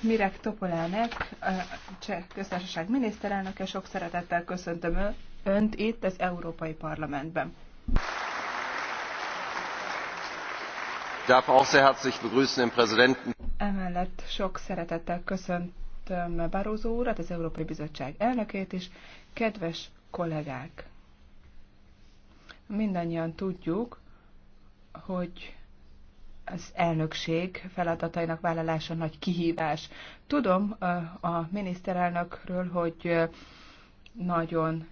Mirek Topolánek, a Cseh Köztársaság miniszterelnöke, sok szeretettel köszöntöm Önt itt az Európai Parlamentben. Darf auch sehr herzlich begrüßen den Präsidenten. Emellett sok szeretettel köszöntöm Barózó urat, az Európai Bizottság elnökét is. Kedves kollégák! Mindannyian tudjuk, hogy az elnökség feladatainak vállalása nagy kihívás. Tudom a miniszterelnökről, hogy nagyon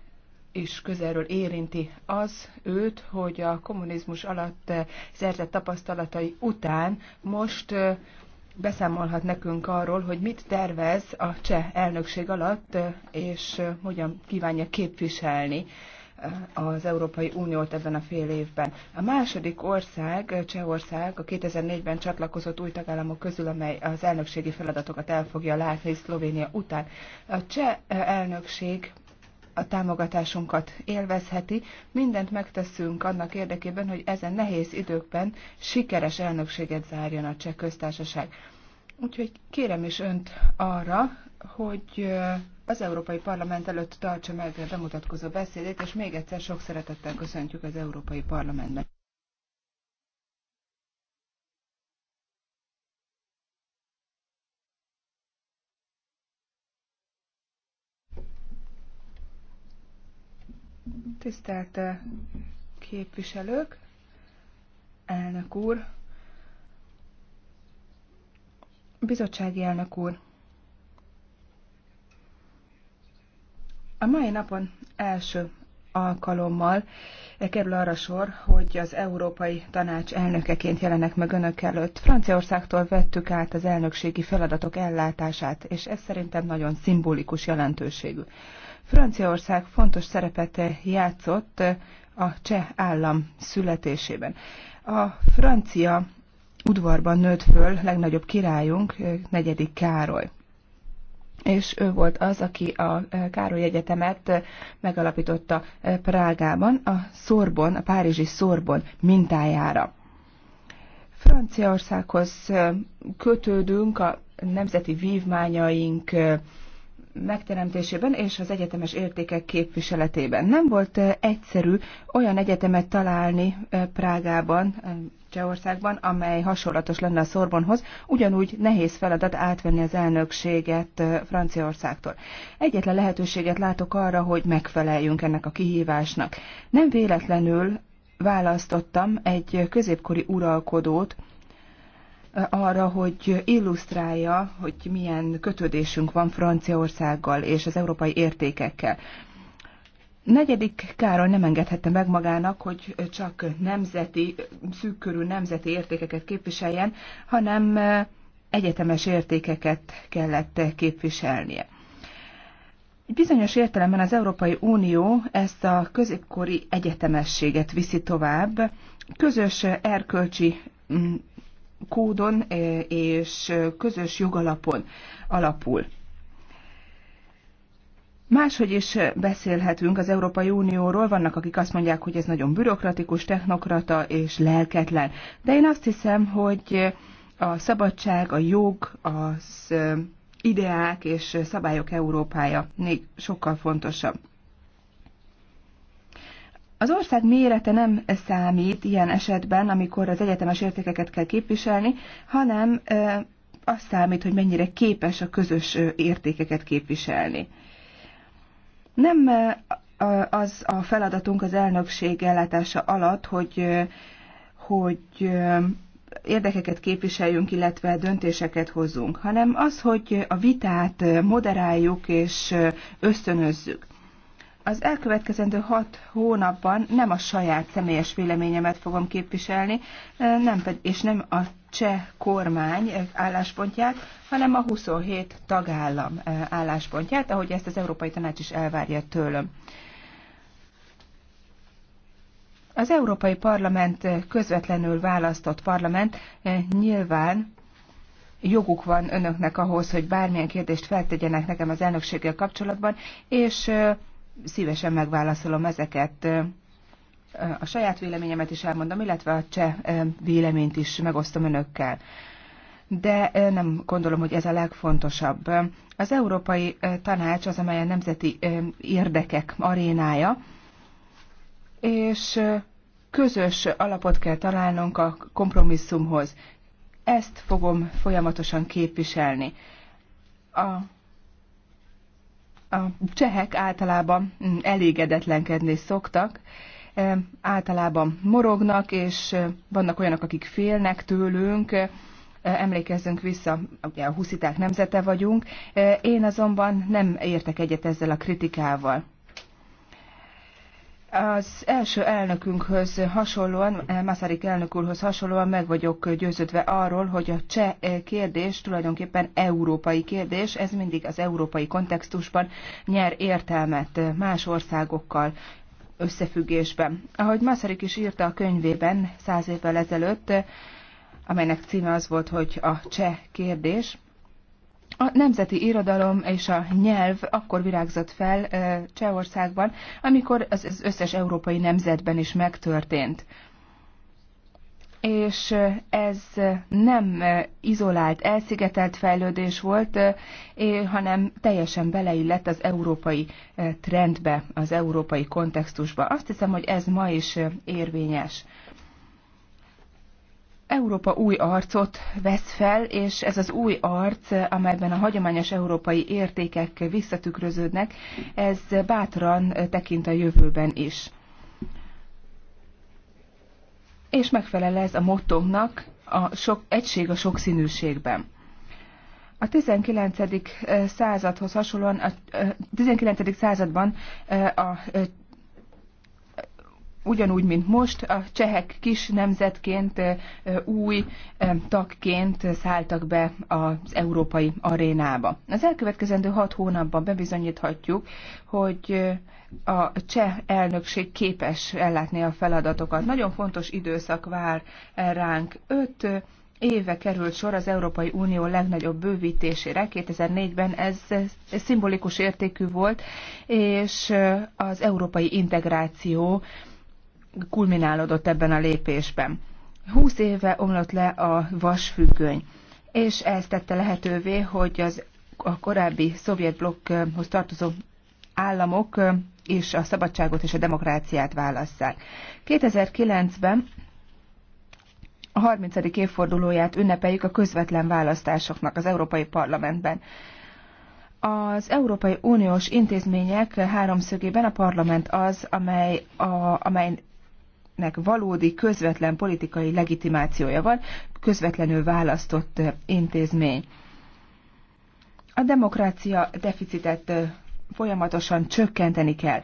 is közelről érinti az őt, hogy a kommunizmus alatt szerzett tapasztalatai után most beszámolhat nekünk arról, hogy mit tervez a cseh elnökség alatt, és hogyan kívánja képviselni az Európai Uniót ebben a fél évben. A második ország, Csehország, a 2004-ben csatlakozott új tagállamok közül, amely az elnökségi feladatokat el fogja látni Szlovénia után. A cseh elnökség a támogatásunkat élvezheti. Mindent megteszünk annak érdekében, hogy ezen nehéz időkben sikeres elnökséget zárjon a cseh köztársaság. Úgyhogy kérem is önt arra, hogy az Európai Parlament előtt tartsa meg a bemutatkozó beszédét, és még egyszer sok szeretettel köszöntjük az Európai Parlamentben. Tisztelt eh, képviselők, elnök úr, bizottsági elnök úr, A mai napon első alkalommal kerül arra sor, hogy az Európai Tanács elnökeként jelenek meg önök előtt. Franciaországtól vettük át az elnökségi feladatok ellátását, és ez szerintem nagyon szimbolikus jelentőségű. Franciaország fontos szerepet játszott a cseh állam születésében. A francia udvarban nőtt föl legnagyobb királyunk, negyedik Károly és ő volt az, aki a Károly Egyetemet megalapította Prágában, a Szorbon, a Párizsi Szorbon mintájára. Franciaországhoz kötődünk a nemzeti vívmányaink megteremtésében és az egyetemes értékek képviseletében. Nem volt egyszerű olyan egyetemet találni Prágában, Csehországban, amely hasonlatos lenne a Szorbonhoz, ugyanúgy nehéz feladat átvenni az elnökséget Franciaországtól. Egyetlen lehetőséget látok arra, hogy megfeleljünk ennek a kihívásnak. Nem véletlenül választottam egy középkori uralkodót, arra, hogy illusztrálja, hogy milyen kötődésünk van Franciaországgal és az európai értékekkel. Negyedik Károly nem engedhette meg magának, hogy csak nemzeti, szűkörű nemzeti értékeket képviseljen, hanem e, egyetemes értékeket kellett képviselnie. Bizonyos értelemben az Európai Unió ezt a középkori egyetemességet viszi tovább, közös erkölcsi kódon e, és e, közös jogalapon alapul. Máshogy is beszélhetünk az Európai Unióról, vannak akik azt mondják, hogy ez nagyon bürokratikus, technokrata és lelketlen. De én azt hiszem, hogy a szabadság, a jog, az e, ideák és szabályok Európája még sokkal fontosabb. Az ország mérete nem számít ilyen esetben, amikor az egyetemes értékeket kell képviselni, hanem az számít, hogy mennyire képes a közös értékeket képviselni. Nem az a feladatunk az elnökség ellátása alatt, hogy, hogy érdekeket képviseljünk, illetve döntéseket hozzunk, hanem az, hogy a vitát moderáljuk és ösztönözzük. Az elkövetkezendő hat hónapban nem a saját személyes véleményemet fogom képviselni, nem ped, és nem a cseh kormány álláspontját, hanem a 27 tagállam álláspontját, ahogy ezt az Európai Tanács is elvárja tőlem. Az Európai Parlament közvetlenül választott parlament nyilván joguk van önöknek ahhoz, hogy bármilyen kérdést feltegyenek nekem az elnökséggel kapcsolatban, és szívesen megválaszolom ezeket. A saját véleményemet is elmondom, illetve a cseh véleményt is megosztom önökkel. De nem gondolom, hogy ez a legfontosabb. Az Európai Tanács az, amely a nemzeti érdekek arénája, és közös alapot kell találnunk a kompromisszumhoz. Ezt fogom folyamatosan képviselni. A a csehek általában mm, elégedetlenkedni szoktak, e, általában morognak, és e, vannak olyanok, akik félnek tőlünk, e, emlékezzünk vissza, ugye a husziták nemzete vagyunk, én azonban nem értek egyet ezzel a kritikával. Az első elnökünkhöz hasonlóan, eh, Masaryk elnök úrhoz hasonlóan meg vagyok győződve arról, hogy a cseh eh, kérdés tulajdonképpen európai kérdés, ez mindig az európai kontextusban nyer értelmet eh, más országokkal összefüggésben. Ahogy Masaryk is írta a könyvében száz évvel ezelőtt, amelynek címe az volt, hogy a cseh kérdés, a nemzeti irodalom és a nyelv akkor virágzott fel Csehországban, amikor az összes európai nemzetben is megtörtént. És ez nem izolált, elszigetelt fejlődés volt, hanem teljesen beleillett az európai trendbe, az európai kontextusba. Azt hiszem, hogy ez ma is érvényes. Európa új arcot vesz fel, és ez az új arc, amelyben a hagyományos európai értékek visszatükröződnek, ez bátran tekint a jövőben is. És megfelel ez a mottónknak, a sok, egység a sokszínűségben. A 19. századhoz hasonlóan, a 19. században a ugyanúgy, mint most, a csehek kis nemzetként, új tagként szálltak be az európai arénába. Az elkövetkezendő hat hónapban bebizonyíthatjuk, hogy a cseh elnökség képes ellátni a feladatokat. Nagyon fontos időszak vár ránk. Öt éve került sor az Európai Unió legnagyobb bővítésére. 2004-ben ez szimbolikus értékű volt, és az európai integráció kulminálódott ebben a lépésben. Húsz éve omlott le a vasfüggöny, és ez tette lehetővé, hogy az, a korábbi szovjet blokkhoz tartozó államok és a szabadságot és a demokráciát válasszák. 2009-ben a 30. évfordulóját ünnepeljük a közvetlen választásoknak az Európai Parlamentben. Az Európai Uniós intézmények háromszögében a parlament az, amely a, amely nek valódi közvetlen politikai legitimációja van, közvetlenül választott eh, intézmény. A demokrácia deficitet eh, folyamatosan csökkenteni kell.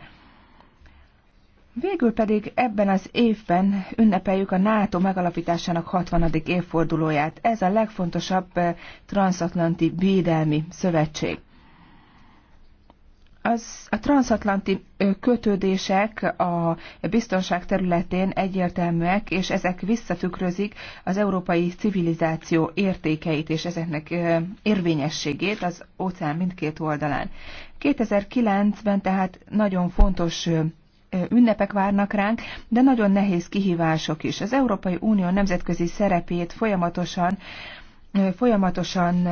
Végül pedig ebben az évben ünnepeljük a NATO megalapításának 60. évfordulóját. Ez a legfontosabb eh, transatlanti védelmi szövetség. Az, a transatlanti kötődések a biztonság területén egyértelműek, és ezek visszatükrözik az európai civilizáció értékeit és ezeknek érvényességét az óceán mindkét oldalán. 2009-ben tehát nagyon fontos ünnepek várnak ránk, de nagyon nehéz kihívások is. Az Európai Unió nemzetközi szerepét folyamatosan folyamatosan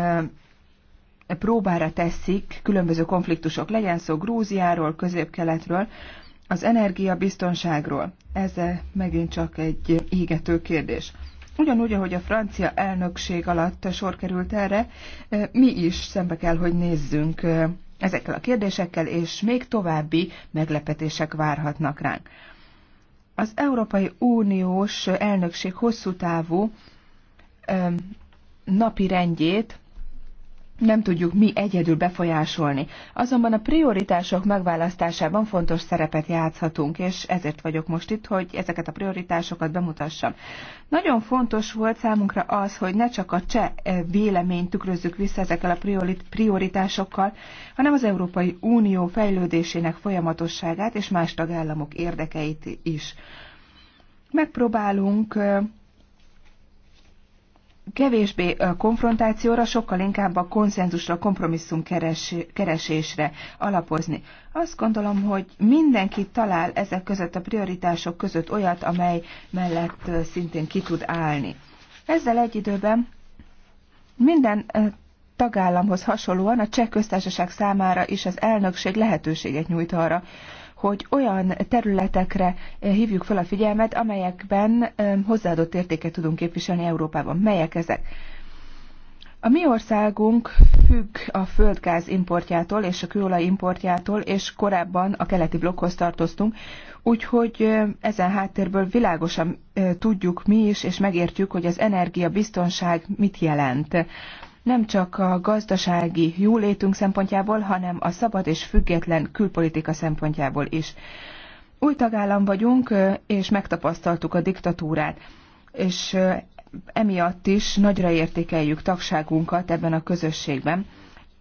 próbára teszik különböző konfliktusok, legyen szó Grúziáról, középkeletről, az energiabiztonságról. Ez megint csak egy égető kérdés. Ugyanúgy, ahogy a francia elnökség alatt sor került erre, eh, mi is szembe kell, hogy nézzünk eh, ezekkel a kérdésekkel, és még további meglepetések várhatnak ránk. Az Európai Uniós elnökség hosszú távú eh, napi rendjét nem tudjuk mi egyedül befolyásolni. Azonban a prioritások megválasztásában fontos szerepet játszhatunk, és ezért vagyok most itt, hogy ezeket a prioritásokat bemutassam. Nagyon fontos volt számunkra az, hogy ne csak a cseh eh, véleményt tükrözzük vissza ezekkel a prioritásokkal, hanem az Európai Unió fejlődésének folyamatosságát és más tagállamok érdekeit is. Megpróbálunk eh, kevésbé konfrontációra, sokkal inkább a konszenzusra, kompromisszum keres, keresésre alapozni. Azt gondolom, hogy mindenki talál ezek között a prioritások között olyat, amely mellett szintén ki tud állni. Ezzel egy időben minden tagállamhoz hasonlóan a cseh köztársaság számára is az elnökség lehetőséget nyújt arra, hogy olyan területekre eh, hívjuk fel a figyelmet, amelyekben eh, hozzáadott értéket tudunk képviselni Európában. Melyek ezek? A mi országunk függ a földgáz importjától és a kőolaj importjától, és korábban a keleti blokkhoz tartoztunk, úgyhogy eh, ezen háttérből világosan tudjuk mi is, és megértjük, hogy az energiabiztonság mit jelent nem csak a gazdasági jólétünk szempontjából, hanem a szabad és független külpolitika szempontjából is. Új tagállam vagyunk, és megtapasztaltuk a diktatúrát, és emiatt is nagyra értékeljük tagságunkat ebben a közösségben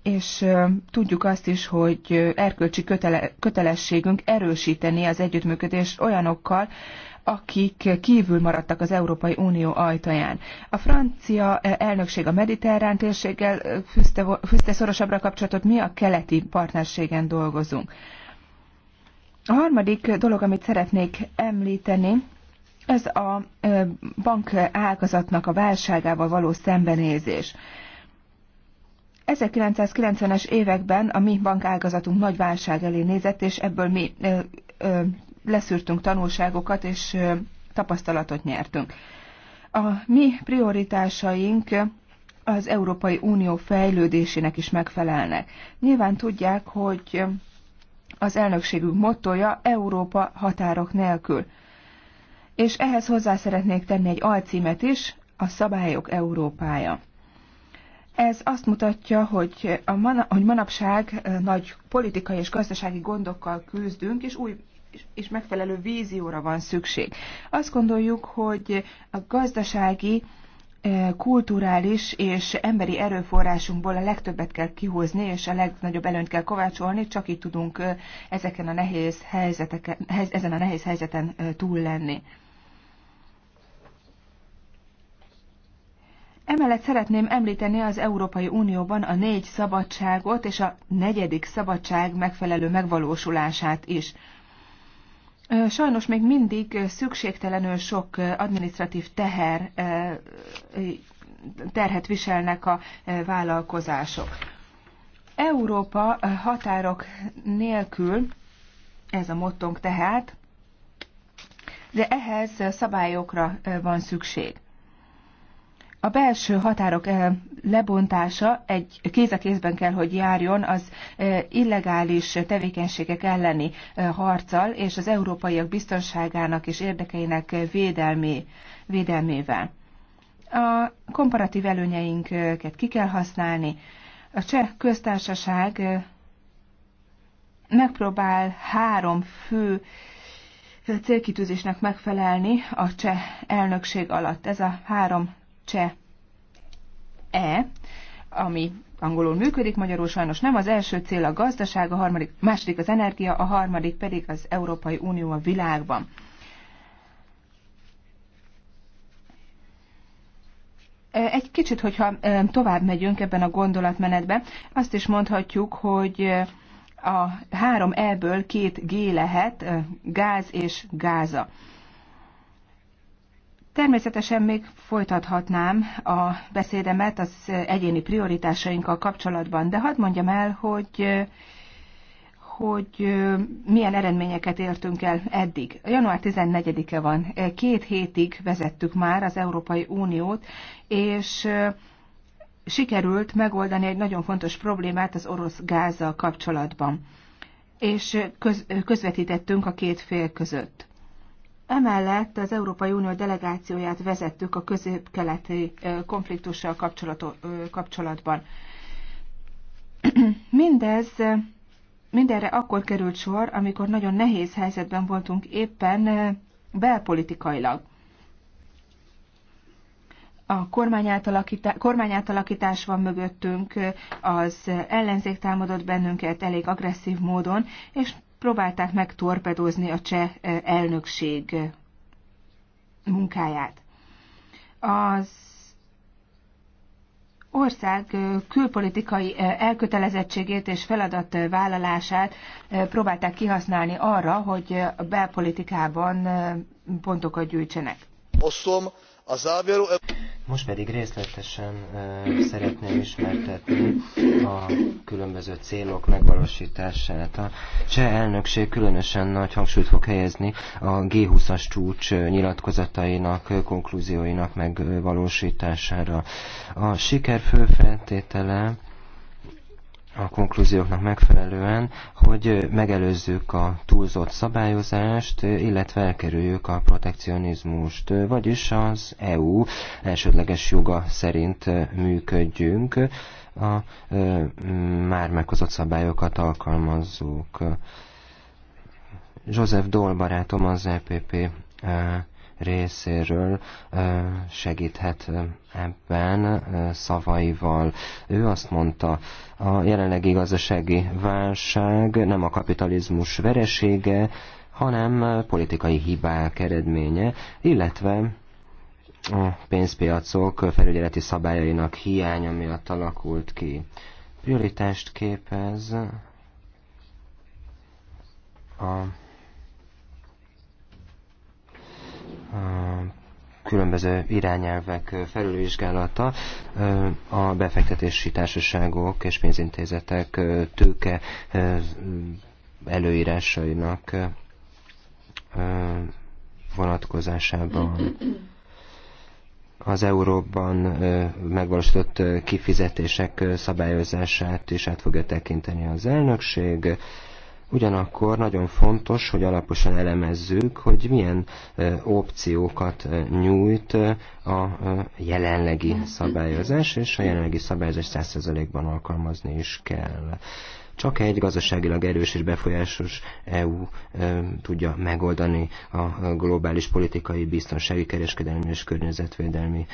és tudjuk azt is, hogy erkölcsi kötele, kötelességünk erősíteni az együttműködést olyanokkal, akik kívül maradtak az Európai Unió ajtaján. A francia eh, elnökség a mediterrán térséggel eh, fűzte, fűzte szorosabbra kapcsolatot, mi a keleti partnerségen dolgozunk. A harmadik dolog, amit szeretnék említeni, ez a eh, bank ágazatnak a válságával való szembenézés. 1990-es években a mi bankágazatunk nagy válság elé nézett, és ebből mi ö, ö, leszűrtünk tanulságokat, és tapasztalatot nyertünk. A mi prioritásaink az Európai Unió fejlődésének is megfelelnek. Nyilván tudják, hogy az elnökségünk mottoja Európa határok nélkül. És ehhez hozzá szeretnék tenni egy alcímet is, a szabályok Európája. Ez azt mutatja, hogy, a man- hogy manapság nagy politikai és gazdasági gondokkal küzdünk, és új és megfelelő vízióra van szükség. Azt gondoljuk, hogy a gazdasági e, kulturális és emberi erőforrásunkból a legtöbbet kell kihozni, és a legnagyobb előnyt kell kovácsolni, csak így tudunk e, ezeken a nehéz helyzeteken, ezen a nehéz helyzeten e, túl lenni. Emellett szeretném említeni az Európai Unióban a négy szabadságot és a negyedik szabadság megfelelő megvalósulását is. Sajnos még mindig szükségtelenül sok administratív teher, terhet viselnek a vállalkozások. Európa határok nélkül, ez a mottonk tehát, de ehhez szabályokra van szükség. A belső határok eh, lebontása egy kéz a kézben kell, hogy járjon az eh, illegális tevékenységek elleni eh, harccal és az európaiak biztonságának és érdekeinek védelmé, védelmével. A komparatív előnyeinket ki kell használni. A cseh köztársaság megpróbál három fő célkitűzésnek megfelelni a cseh elnökség alatt. Ez a három cse, E, ami angolul működik, magyarul sajnos nem. Az első cél a gazdaság, a harmadik, második az energia, a harmadik pedig az Európai Unió a világban. E, egy kicsit, hogyha e, tovább megyünk ebben a gondolatmenetben, azt is mondhatjuk, hogy e, a három E-ből két G lehet, gáz és gáza. Természetesen még folytathatnám a beszédemet az egyéni prioritásainkkal kapcsolatban, de hadd mondjam el, hogy hogy milyen eredményeket értünk el eddig. Január 14-e van. Két hétig vezettük már az Európai Uniót, és sikerült megoldani egy nagyon fontos problémát az orosz gázzal kapcsolatban. És közvetítettünk a két fél között. Emellett az Európai Unió delegációját vezettük a közép-keleti konfliktussal kapcsolatban. Mindez mindenre akkor került sor, amikor nagyon nehéz helyzetben voltunk éppen belpolitikailag. A kormányátalakítás, kormányátalakítás van mögöttünk, az ellenzék támadott bennünket elég agresszív módon, és próbálták megtorpedozni a cseh elnökség munkáját. Az ország külpolitikai elkötelezettségét és feladatvállalását próbálták kihasználni arra, hogy a belpolitikában pontokat gyűjtsenek. Osztom most pedig részletesen szeretném ismertetni a különböző célok megvalósítását. A cseh elnökség különösen nagy hangsúlyt fog helyezni a G20-as csúcs nyilatkozatainak, konklúzióinak megvalósítására. A siker főfeltétele a konklúzióknak megfelelően, hogy megelőzzük a túlzott szabályozást, illetve elkerüljük a protekcionizmust, vagyis az EU elsődleges joga szerint működjünk, a már meghozott szabályokat alkalmazzuk. Joseph Dole barátom az EPP részéről segíthet ebben szavaival. Ő azt mondta, a jelenlegi gazdasági válság nem a kapitalizmus veresége, hanem politikai hibák eredménye, illetve a pénzpiacok felügyeleti szabályainak hiánya miatt alakult ki. Prioritást képez a különböző irányelvek felülvizsgálata a befektetési társaságok és pénzintézetek tőke előírásainak vonatkozásában az euróban megvalósított kifizetések szabályozását is át fogja tekinteni az elnökség. Ugyanakkor nagyon fontos, hogy alaposan elemezzük, hogy milyen opciókat nyújt a jelenlegi szabályozás, és a jelenlegi szabályozás 100%-ban alkalmazni is kell. Csak egy gazdaságilag erős és befolyásos EU tudja megoldani a globális politikai, biztonsági, kereskedelmi és környezetvédelmi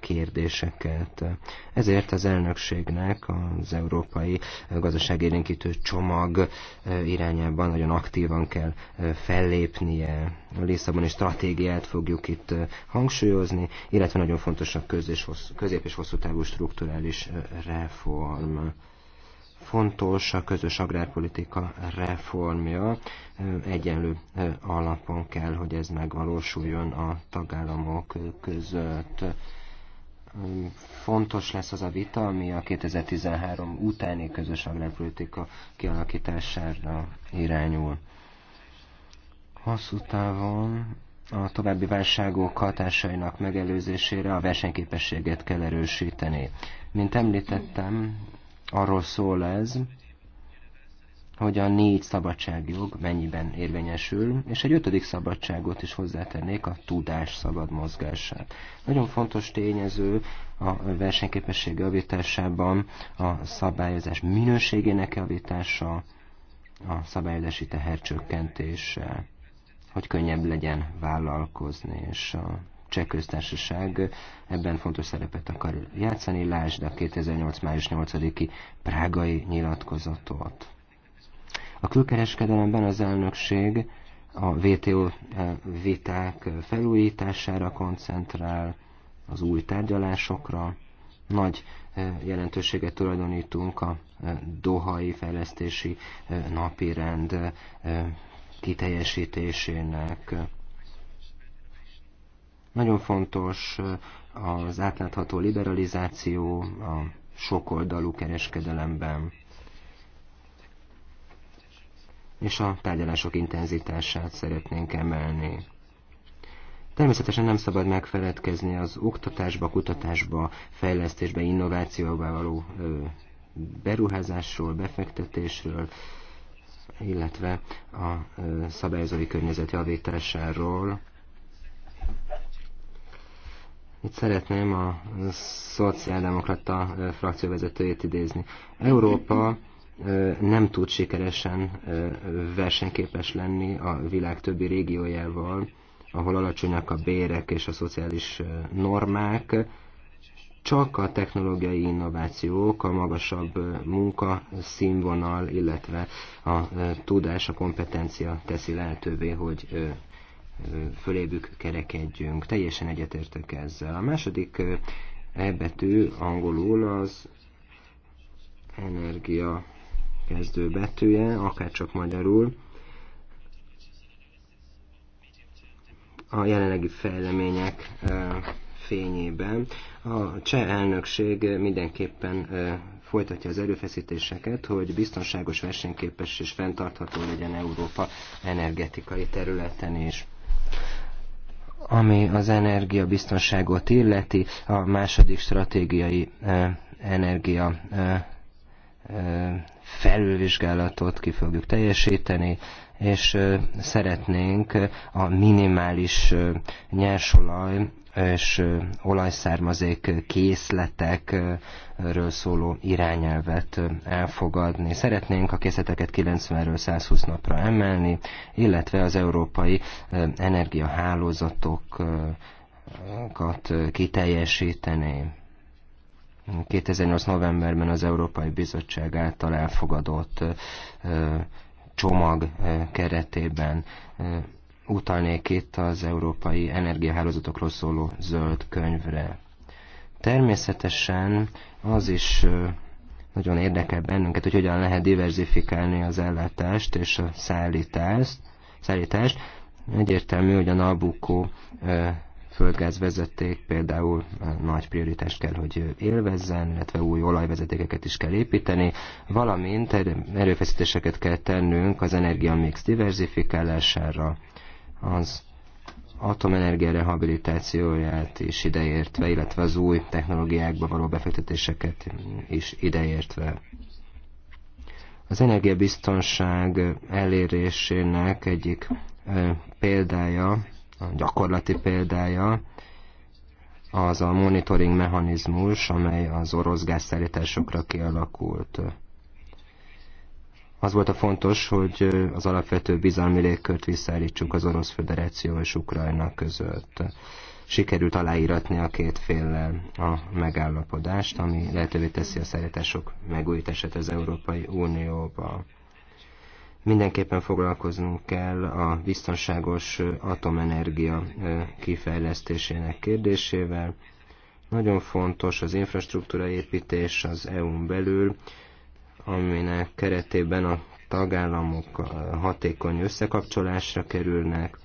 kérdéseket. Ezért az elnökségnek az európai gazdaságérénkítő csomag irányában nagyon aktívan kell fellépnie. A Lisszaboni stratégiát fogjuk itt hangsúlyozni, illetve nagyon fontos a köz közép és hosszú távú strukturális reform. Fontos a közös agrárpolitika reformja. Egyenlő alapon kell, hogy ez megvalósuljon a tagállamok között fontos lesz az a vita, ami a 2013 utáni közös agrárpolitika kialakítására irányul. Hosszú távon a további válságok hatásainak megelőzésére a versenyképességet kell erősíteni. Mint említettem, Arról szól ez, hogy a négy szabadságjog mennyiben érvényesül, és egy ötödik szabadságot is hozzátennék, a tudás szabad mozgását. Nagyon fontos tényező a versenyképesség javításában a szabályozás minőségének javítása, a szabályozási teher csökkentése, hogy könnyebb legyen vállalkozni, és a cseh köztársaság ebben fontos szerepet akar játszani. Lásd a 2008. május 8-i prágai nyilatkozatot. A külkereskedelemben az elnökség a WTO eh, viták felújítására koncentrál, az új tárgyalásokra. Nagy eh, jelentőséget tulajdonítunk a eh, dohai fejlesztési napirend kiteljesítésének. Nagyon fontos az átlátható liberalizáció a sokoldalú kereskedelemben és a tárgyalások intenzitását szeretnénk emelni. Természetesen nem szabad megfeledkezni az oktatásba, kutatásba, fejlesztésbe, innovációba való beruházásról, befektetésről, illetve a szabályozói környezet javításáról, itt szeretném a szociáldemokrata frakcióvezetőjét idézni. Európa nem tud sikeresen versenyképes lenni a világ többi régiójával, ahol alacsonyak a bérek és a szociális normák, csak a technológiai innovációk, a magasabb munka színvonal, illetve a tudás, a kompetencia teszi lehetővé, hogy fölébük kerekedjünk. Teljesen egyetértek ezzel. A második betű angolul az energia kezdő betűje, akár csak magyarul. A jelenlegi fejlemények fényében a cseh elnökség mindenképpen folytatja az erőfeszítéseket, hogy biztonságos, versenyképes és fenntartható legyen Európa energetikai területen is. Ami az energiabiztonságot illeti, a második stratégiai e, energia e, e, felülvizsgálatot ki fogjuk teljesíteni, és szeretnénk a minimális nyersolaj és olajszármazék készletekről szóló irányelvet elfogadni. Szeretnénk a készleteket 90-ről 120 napra emelni, illetve az európai energiahálózatokat kiteljesíteni. 2008. novemberben az Európai Bizottság által elfogadott csomag keretében utalnék itt az európai energiahálózatokról szóló zöld könyvre. Természetesen az is nagyon érdekel bennünket, hogy hogyan lehet diversifikálni az ellátást és a szállítást. szállítást. Egyértelmű, hogy a Nabucco földgázvezeték például nagy prioritást kell, hogy élvezzen, illetve új olajvezetékeket is kell építeni, valamint erőfeszítéseket kell tennünk az energiamix diversifikálására az atomenergia rehabilitációját is ideértve, illetve az új technológiákba való befektetéseket is ideértve. Az energiabiztonság elérésének egyik példája, a gyakorlati példája az a monitoring mechanizmus, amely az orosz gázszállításokra kialakult az volt a fontos, hogy az alapvető bizalmi légkört visszaállítsuk az Orosz Föderáció és Ukrajna között. Sikerült aláíratni a két féllel a megállapodást, ami lehetővé teszi a szeretások megújítását az Európai Unióba. Mindenképpen foglalkoznunk kell a biztonságos atomenergia kifejlesztésének kérdésével. Nagyon fontos az infrastruktúra építés az EU-n belül, aminek keretében a tagállamok hatékony összekapcsolásra kerülnek,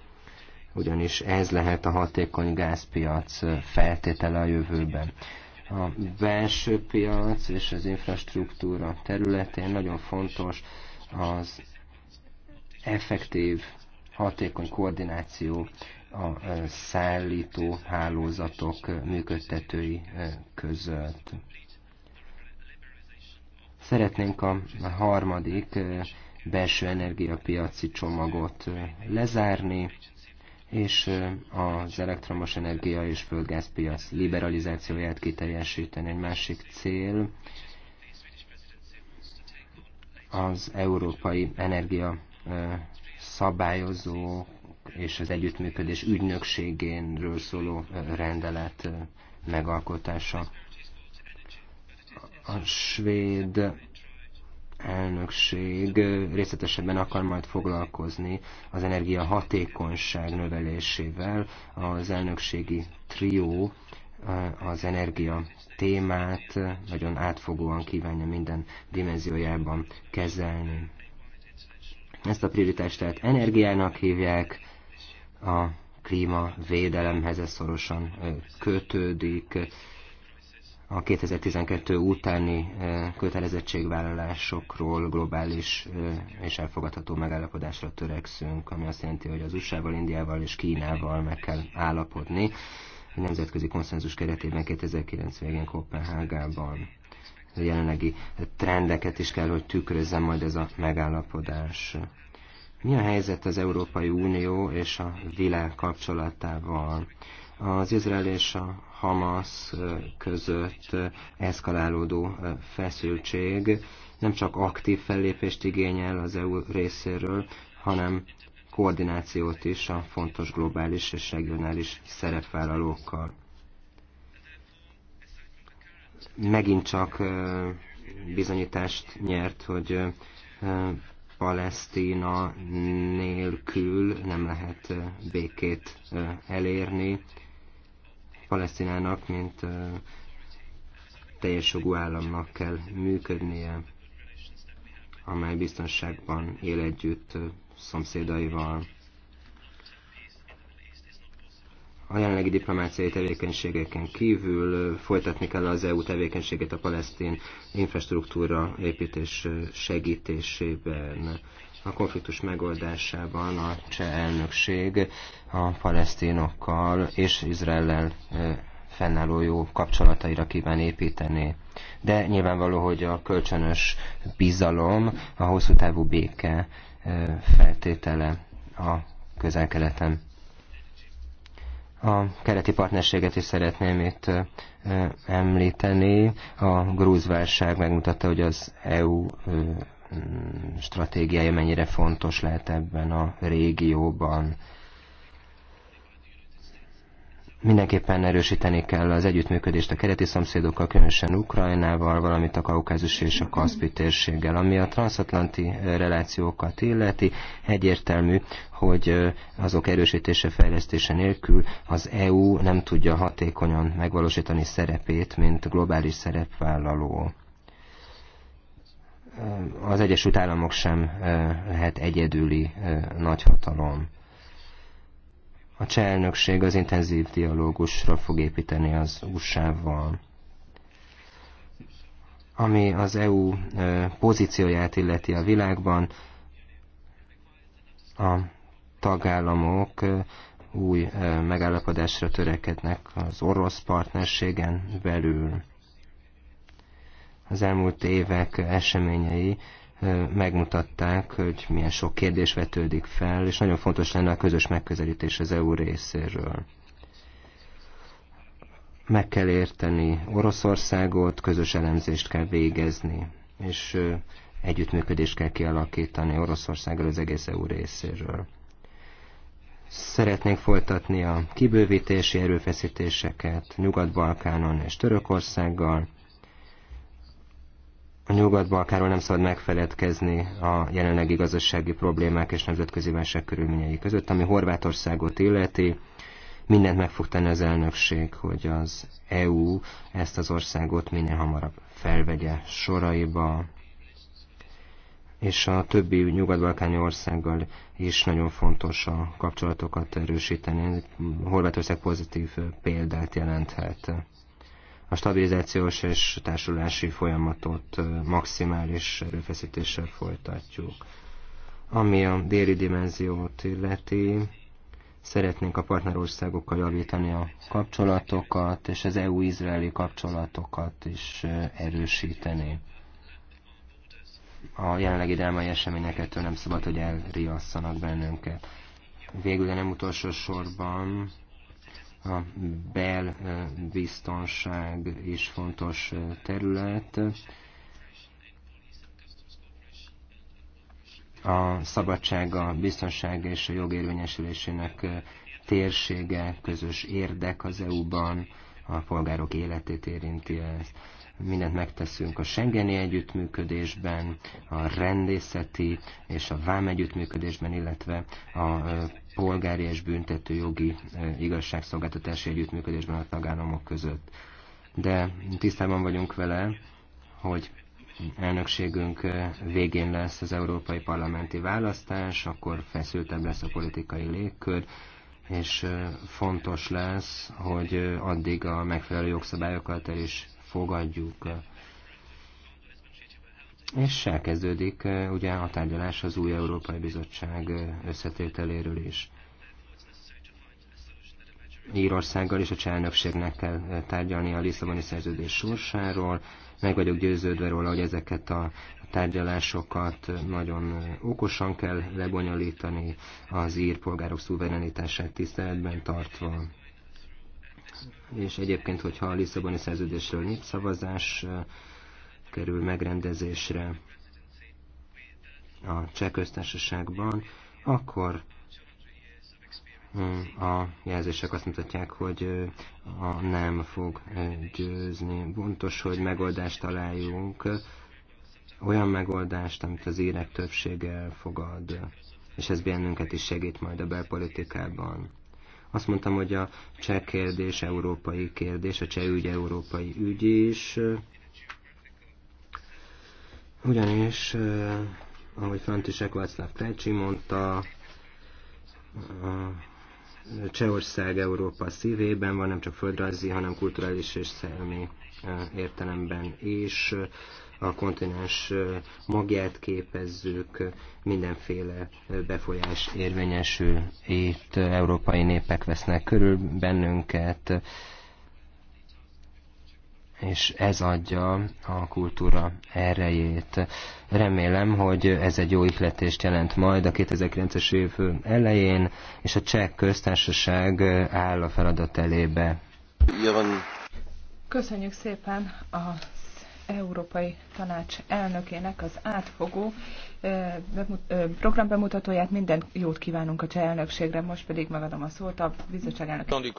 ugyanis ez lehet a hatékony gázpiac feltétele a jövőben. A belső piac és az infrastruktúra területén nagyon fontos az effektív, hatékony koordináció a szállító hálózatok működtetői között. Szeretnénk a harmadik belső energiapiaci csomagot lezárni, és az elektromos energia és földgázpiac liberalizációját kiteljesíteni. Egy másik cél az európai energia szabályozó és az együttműködés ügynökségénről szóló rendelet megalkotása. A svéd elnökség részletesebben akar majd foglalkozni az energia hatékonyság növelésével. Az elnökségi trió eh, az energia témát nagyon átfogóan kívánja minden dimenziójában kezelni. Ezt a prioritást tehát energiának hívják, a klímavédelemhez ez szorosan eh, kötődik, a 2012 utáni e, kötelezettségvállalásokról globális e, és elfogadható megállapodásra törekszünk, ami azt jelenti, hogy az USA-val, Indiával és Kínával meg kell állapodni a nemzetközi konszenzus keretében 2009 végén Kopenhágában. A jelenlegi trendeket is kell, hogy tükrözzem, majd ez a megállapodás. Mi a helyzet az Európai Unió és a világ kapcsolatával? az Izrael és a Hamas között eszkalálódó feszültség nem csak aktív fellépést igényel az EU részéről, hanem koordinációt is a fontos globális és regionális szerepvállalókkal. Megint csak bizonyítást nyert, hogy Palesztina nélkül nem lehet békét elérni, Palesztinának, mint teljes jogú államnak kell működnie, amely biztonságban él együtt szomszédaival. A jelenlegi diplomáciai tevékenységeken kívül folytatni kell az EU tevékenységét a palesztin infrastruktúra építés segítésében a konfliktus megoldásában a cseh elnökség a palesztinokkal és Izraellel fennálló jó kapcsolataira kíván építeni. De nyilvánvaló, hogy a kölcsönös bizalom a hosszú távú béke feltétele a közel-keleten. A keleti partnerséget is szeretném itt említeni. A grúz válság megmutatta, hogy az EU Mm, stratégiája mennyire fontos lehet ebben a régióban. Mindenképpen erősíteni kell az együttműködést a kereti szomszédokkal, különösen Ukrajnával, valamint a kaukázus és a Kaszpi térséggel. Ami a transatlanti relációkat illeti, egyértelmű, hogy azok erősítése, fejlesztése nélkül az EU nem tudja hatékonyan megvalósítani szerepét, mint globális szerepvállaló az Egyesült Államok sem lehet egyedüli nagyhatalom. A cseh elnökség az intenzív dialógusra fog építeni az USA-val. Ami az EU pozícióját illeti a világban, a tagállamok új megállapodásra törekednek az orosz partnerségen belül az elmúlt évek eseményei megmutatták, hogy milyen sok kérdés vetődik fel, és nagyon fontos lenne a közös megközelítés az EU részéről. Meg kell érteni Oroszországot, közös elemzést kell végezni, és együttműködést kell kialakítani Oroszországgal az egész EU részéről. Szeretnénk folytatni a kibővítési erőfeszítéseket Nyugat-Balkánon és Törökországgal, a Nyugat-Balkáról nem szabad megfeledkezni a jelenlegi gazdasági problémák és nemzetközi válság körülményei között, ami Horvátországot illeti. Mindent meg fog tenni az elnökség, hogy az EU ezt az országot minél hamarabb felvegye soraiba, és a többi nyugat-balkáni országgal is nagyon fontos a kapcsolatokat erősíteni. Horvátország pozitív példát jelenthet a stabilizációs és társulási folyamatot maximális erőfeszítéssel folytatjuk. Ami a déli dimenziót illeti, szeretnénk a partnerországokkal javítani a kapcsolatokat, és az EU-izraeli kapcsolatokat is erősíteni. A jelenlegi drámai eseményeket nem szabad, hogy elriasszanak bennünket. Végül, de nem utolsó sorban, a belbiztonság is fontos terület. A szabadsága, biztonság és a jogérvényesülésének térsége, közös érdek az EU-ban, a polgárok életét érinti ez mindent megteszünk a Schengeni együttműködésben, a rendészeti és a vám együttműködésben, illetve a polgári és jogi igazságszolgáltatási együttműködésben a tagállamok között. De tisztában vagyunk vele, hogy elnökségünk végén lesz az európai parlamenti választás, akkor feszültebb lesz a politikai légkör, és fontos lesz, hogy addig a megfelelő jogszabályokat el is fogadjuk. És elkezdődik eh, ugye a tárgyalás az új Európai Bizottság eh, összetételéről is. Írországgal és a cselnökségnek kell eh, tárgyalni a Lisszaboni szerződés sorsáról. Meg vagyok győződve róla, hogy ezeket a tárgyalásokat nagyon okosan kell lebonyolítani, az ír polgárok szuverenitását tiszteletben tartva és egyébként, hogyha a Lisszaboni szerződésről szavazás kerül megrendezésre a cseh köztársaságban, akkor a jelzések azt mutatják, hogy a nem fog győzni. Pontos, hogy megoldást találjunk, olyan megoldást, amit az írek többsége fogad. és ez bennünket is segít majd a belpolitikában. Azt mondtam, hogy a cseh kérdés európai kérdés, a cseh ügy európai ügy is. Ugyanis, eh, ahogy František Václav Krejcsi mondta, a Csehország Európa szívében van, nem csak földrajzi, hanem kulturális és szellemi eh, értelemben is a kontinens magját képezzük, mindenféle befolyás érvényesül. Itt európai népek vesznek körül bennünket, és ez adja a kultúra erejét. Remélem, hogy ez egy jó ihletést jelent majd a 2009-es év elején, és a cseh köztársaság áll a feladat elébe. Köszönjük szépen a Európai Tanács elnökének az átfogó program bemutatóját. Minden jót kívánunk a cseh elnökségre, most pedig megadom a szót a bizottság elnök.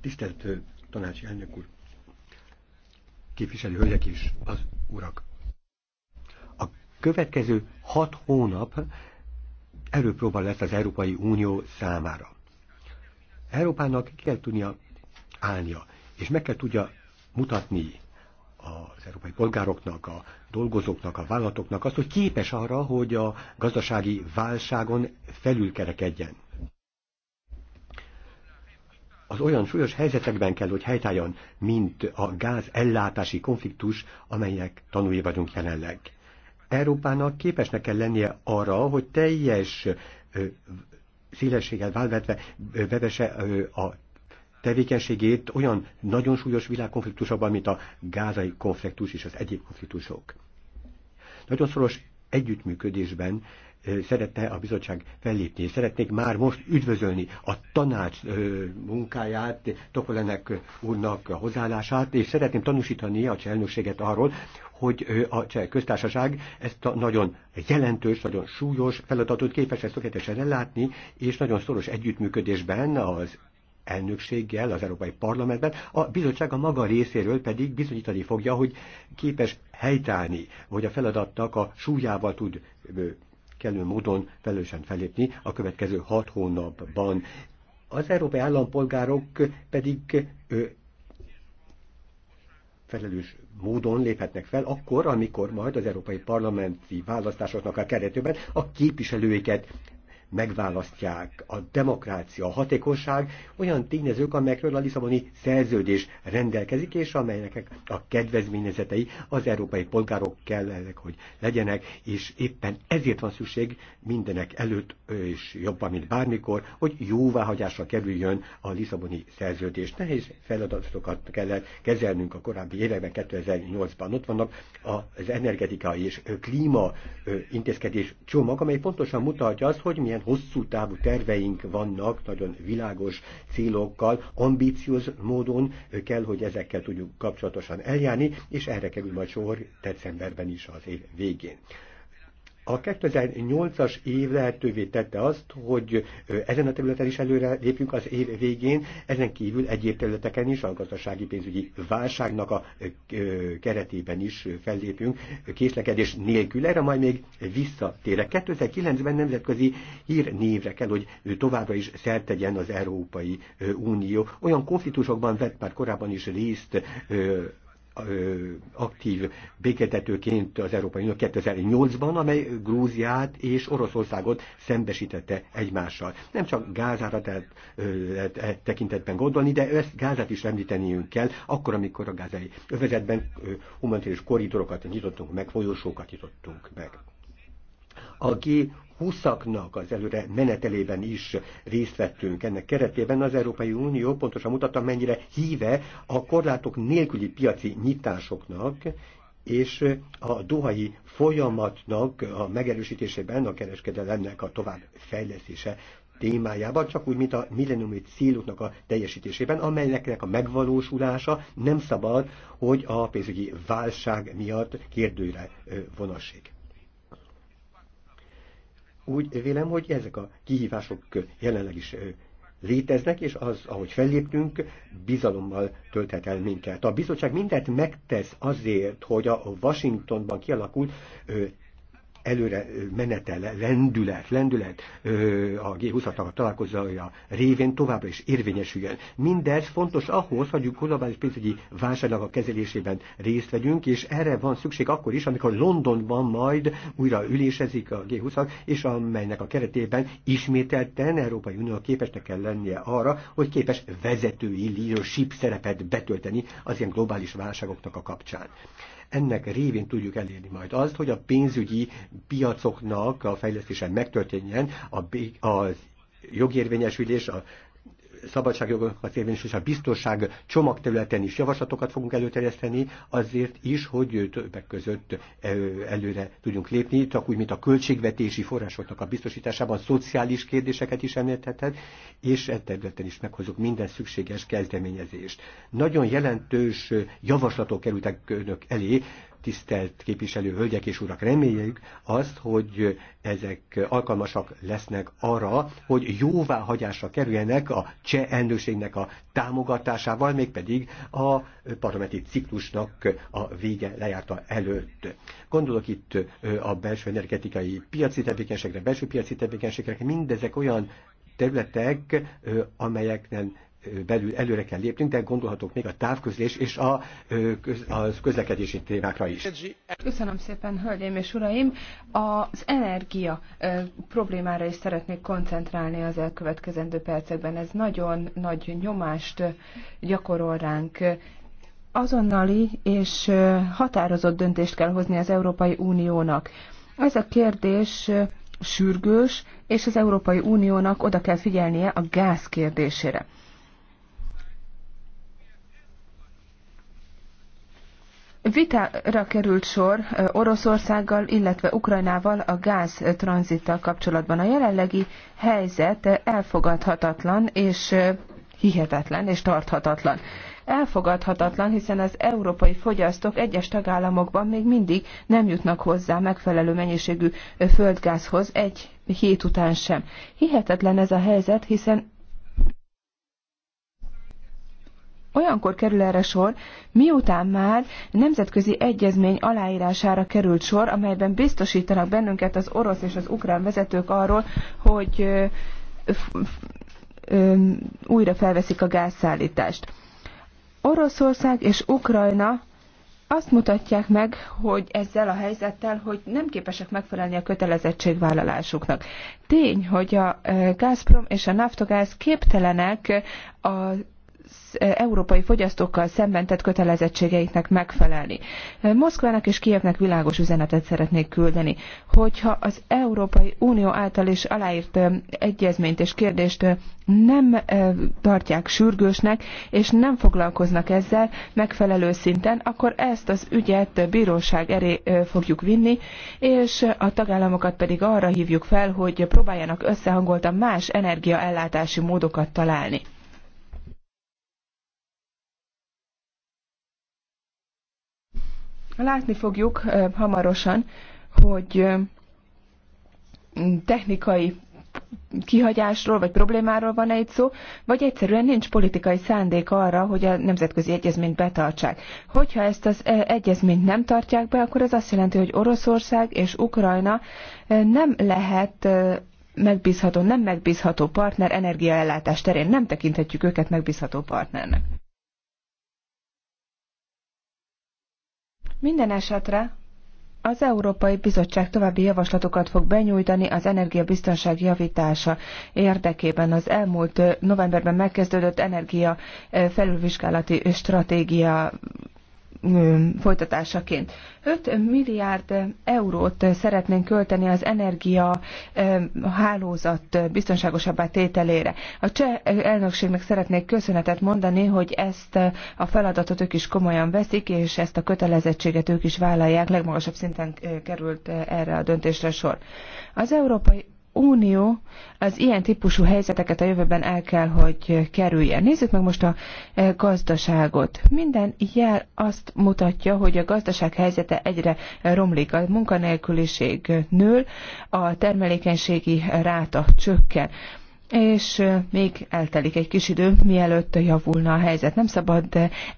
Tisztelt tanácsi elnök úr, képviselő hölgyek és az urak! A következő hat hónap erőpróba lesz az Európai Unió számára. Európának ki kell tudnia állnia, és meg kell tudja mutatni az európai polgároknak, a dolgozóknak, a vállalatoknak azt, hogy képes arra, hogy a gazdasági válságon felülkerekedjen. Az olyan súlyos helyzetekben kell, hogy helytálljon, mint a gáz ellátási konfliktus, amelyek tanulja vagyunk jelenleg. Európának képesnek kell lennie arra, hogy teljes szélességgel válvetve bevese a tevékenységét olyan nagyon súlyos világkonfliktusokban, mint a gázai konfliktus és az egyéb konfliktusok. Nagyon szoros együttműködésben szeretne a bizottság fellépni, és szeretnék már most üdvözölni a tanács munkáját, Tokolenek úrnak a hozzáállását, és szeretném tanúsítani a cselnökséget arról, hogy a cseh köztársaság ezt a nagyon jelentős, nagyon súlyos feladatot képes ezt tökéletesen ellátni, és nagyon szoros együttműködésben az elnökséggel az Európai Parlamentben, a bizottság a maga részéről pedig bizonyítani fogja, hogy képes helytállni, hogy a feladatnak a súlyával tud kellő módon felelősen felépni a következő hat hónapban. Az európai állampolgárok pedig felelős módon léphetnek fel, akkor, amikor majd az európai parlamenti választásoknak a keretében a képviselőiket megválasztják a demokrácia, a hatékonyság olyan tényezők, amelyekről a Lisszaboni szerződés rendelkezik, és amelynek a kedvezményezetei az európai polgárok kellenek, hogy legyenek, és éppen ezért van szükség mindenek előtt, és jobban, mint bármikor, hogy jóváhagyásra kerüljön a Lisszaboni szerződés. Nehéz feladatokat kellett kezelnünk a korábbi években, 2008-ban. Ott vannak az energetikai és klíma intézkedés csomag, amely pontosan mutatja azt, hogy milyen milyen hosszú távú terveink vannak, nagyon világos célokkal, ambíciós módon kell, hogy ezekkel tudjuk kapcsolatosan eljárni, és erre kerül majd sor decemberben is az év végén. A 2008-as év lehetővé tette azt, hogy ezen a területen is előre lépjünk az év végén, ezen kívül egyéb területeken is, a gazdasági pénzügyi válságnak a keretében is fellépünk, késlekedés nélkül. Erre majd még visszatérek. 2009-ben nemzetközi hírnévre kell, hogy továbbra is szert tegyen az Európai Unió. Olyan konfliktusokban vett már korábban is részt aktív béketetőként az Európai Unió 2008-ban, amely Grúziát és Oroszországot szembesítette egymással. Nem csak Gázára tehát, e-, tekintetben gondolni, de ezt Gázát is említeniünk kell, akkor, amikor a gázai övezetben humanitárius koridorokat nyitottunk meg, folyosókat nyitottunk meg. A G huszaknak az előre menetelében is részt vettünk. Ennek keretében az Európai Unió pontosan mutatta, mennyire híve a korlátok nélküli piaci nyitásoknak, és a dohai folyamatnak a megerősítésében a kereskedelemnek a tovább fejlesztése témájában, csak úgy, mint a millenniumi céloknak a teljesítésében, amelyeknek a megvalósulása nem szabad, hogy a pénzügyi válság miatt kérdőre vonassék úgy vélem, hogy ezek a kihívások jelenleg is léteznek, és az, ahogy felléptünk, bizalommal tölthet el minket. A bizottság mindent megtesz azért, hogy a Washingtonban kialakult előre menetel, lendület, lendület a g 20 a találkozója révén továbbra is érvényesüljön. Mindez fontos ahhoz, hogy globális pénzügyi válságnak a kezelésében részt vegyünk, és erre van szükség akkor is, amikor Londonban majd újra ülésezik a g 20 és amelynek a keretében ismételten Európai Unió képesnek kell lennie arra, hogy képes vezetői leadership szerepet betölteni az ilyen globális válságoknak a kapcsán. Ennek révén tudjuk elérni majd azt, hogy a pénzügyi piacoknak a fejlesztése megtörténjen, a, az jogérvényesülés, a szabadságjogokat érvényes, a biztonság csomagterületen is javaslatokat fogunk előterjeszteni, azért is, hogy többek között előre tudjunk lépni, csak úgy, mint a költségvetési forrásoknak a biztosításában szociális kérdéseket is említheted, és e területen is meghozunk minden szükséges kezdeményezést. Nagyon jelentős javaslatok kerültek önök elé, tisztelt képviselő hölgyek és urak, reméljük azt, hogy ezek alkalmasak lesznek arra, hogy jóváhagyásra kerüljenek a cseh elnökségnek a támogatásával, mégpedig a parlamenti ciklusnak a vége lejárta előtt. Gondolok itt a belső energetikai piaci tevékenységre, belső piaci tevékenységre, mindezek olyan területek, amelyeknél belül előre kell lépnünk, de gondolhatok még a távközlés és a, a közlekedési témákra is. Köszönöm szépen, hölgyeim és uraim! Az energia problémára is szeretnék koncentrálni az elkövetkezendő percekben. Ez nagyon nagy nyomást gyakorol ránk azonnali és határozott döntést kell hozni az Európai Uniónak. Ez a kérdés sürgős, és az Európai Uniónak oda kell figyelnie a gáz kérdésére. Vitára került sor Oroszországgal, illetve Ukrajnával a gáz tranzittal kapcsolatban. A jelenlegi helyzet elfogadhatatlan és hihetetlen és tarthatatlan. Elfogadhatatlan, hiszen az európai fogyasztók egyes tagállamokban még mindig nem jutnak hozzá megfelelő mennyiségű földgázhoz egy hét után sem. Hihetetlen ez a helyzet, hiszen olyankor kerül erre sor, miután már nemzetközi egyezmény aláírására került sor, amelyben biztosítanak bennünket az orosz és az ukrán vezetők arról, hogy újra felveszik a gázszállítást. Oroszország és Ukrajna azt mutatják meg, hogy ezzel a helyzettel, hogy nem képesek megfelelni a kötelezettségvállalásuknak. Tény, hogy a Gazprom és a Naftogáz képtelenek a európai fogyasztókkal szemben tett kötelezettségeiknek megfelelni. Moszkvának és Kijevnek világos üzenetet szeretnék küldeni, hogyha az Európai Unió által is aláírt egyezményt és kérdést nem tartják sürgősnek, és nem foglalkoznak ezzel megfelelő szinten, akkor ezt az ügyet bíróság elé fogjuk vinni, és a tagállamokat pedig arra hívjuk fel, hogy próbáljanak összehangoltan más energiaellátási módokat találni. Látni fogjuk hamarosan, hogy technikai kihagyásról vagy problémáról van egy szó, vagy egyszerűen nincs politikai szándék arra, hogy a nemzetközi egyezményt betartsák. Hogyha ezt az egyezményt nem tartják be, akkor ez azt jelenti, hogy Oroszország és Ukrajna nem lehet megbízható, nem megbízható partner energiaellátás terén. Nem tekinthetjük őket megbízható partnernek. Minden esetre az Európai Bizottság további javaslatokat fog benyújtani az energiabiztonság javítása érdekében. Az elmúlt novemberben megkezdődött energia eh, felülvizsgálati stratégia folytatásaként. 5 milliárd eurót szeretnénk költeni az energia hálózat biztonságosabbá tételére. A cseh elnökségnek szeretnék köszönetet mondani, hogy ezt a feladatot ők is komolyan veszik, és ezt a kötelezettséget ők is vállalják. Legmagasabb szinten került erre a döntésre sor. Az Európai Unió az ilyen típusú helyzeteket a jövőben el kell, hogy kerülje. Nézzük meg most a e, gazdaságot. Minden jel azt mutatja, hogy a gazdaság helyzete egyre e, romlik. A munkanélküliség nő, a termelékenységi ráta csökken és még eltelik egy kis idő, mielőtt javulna a helyzet. Nem szabad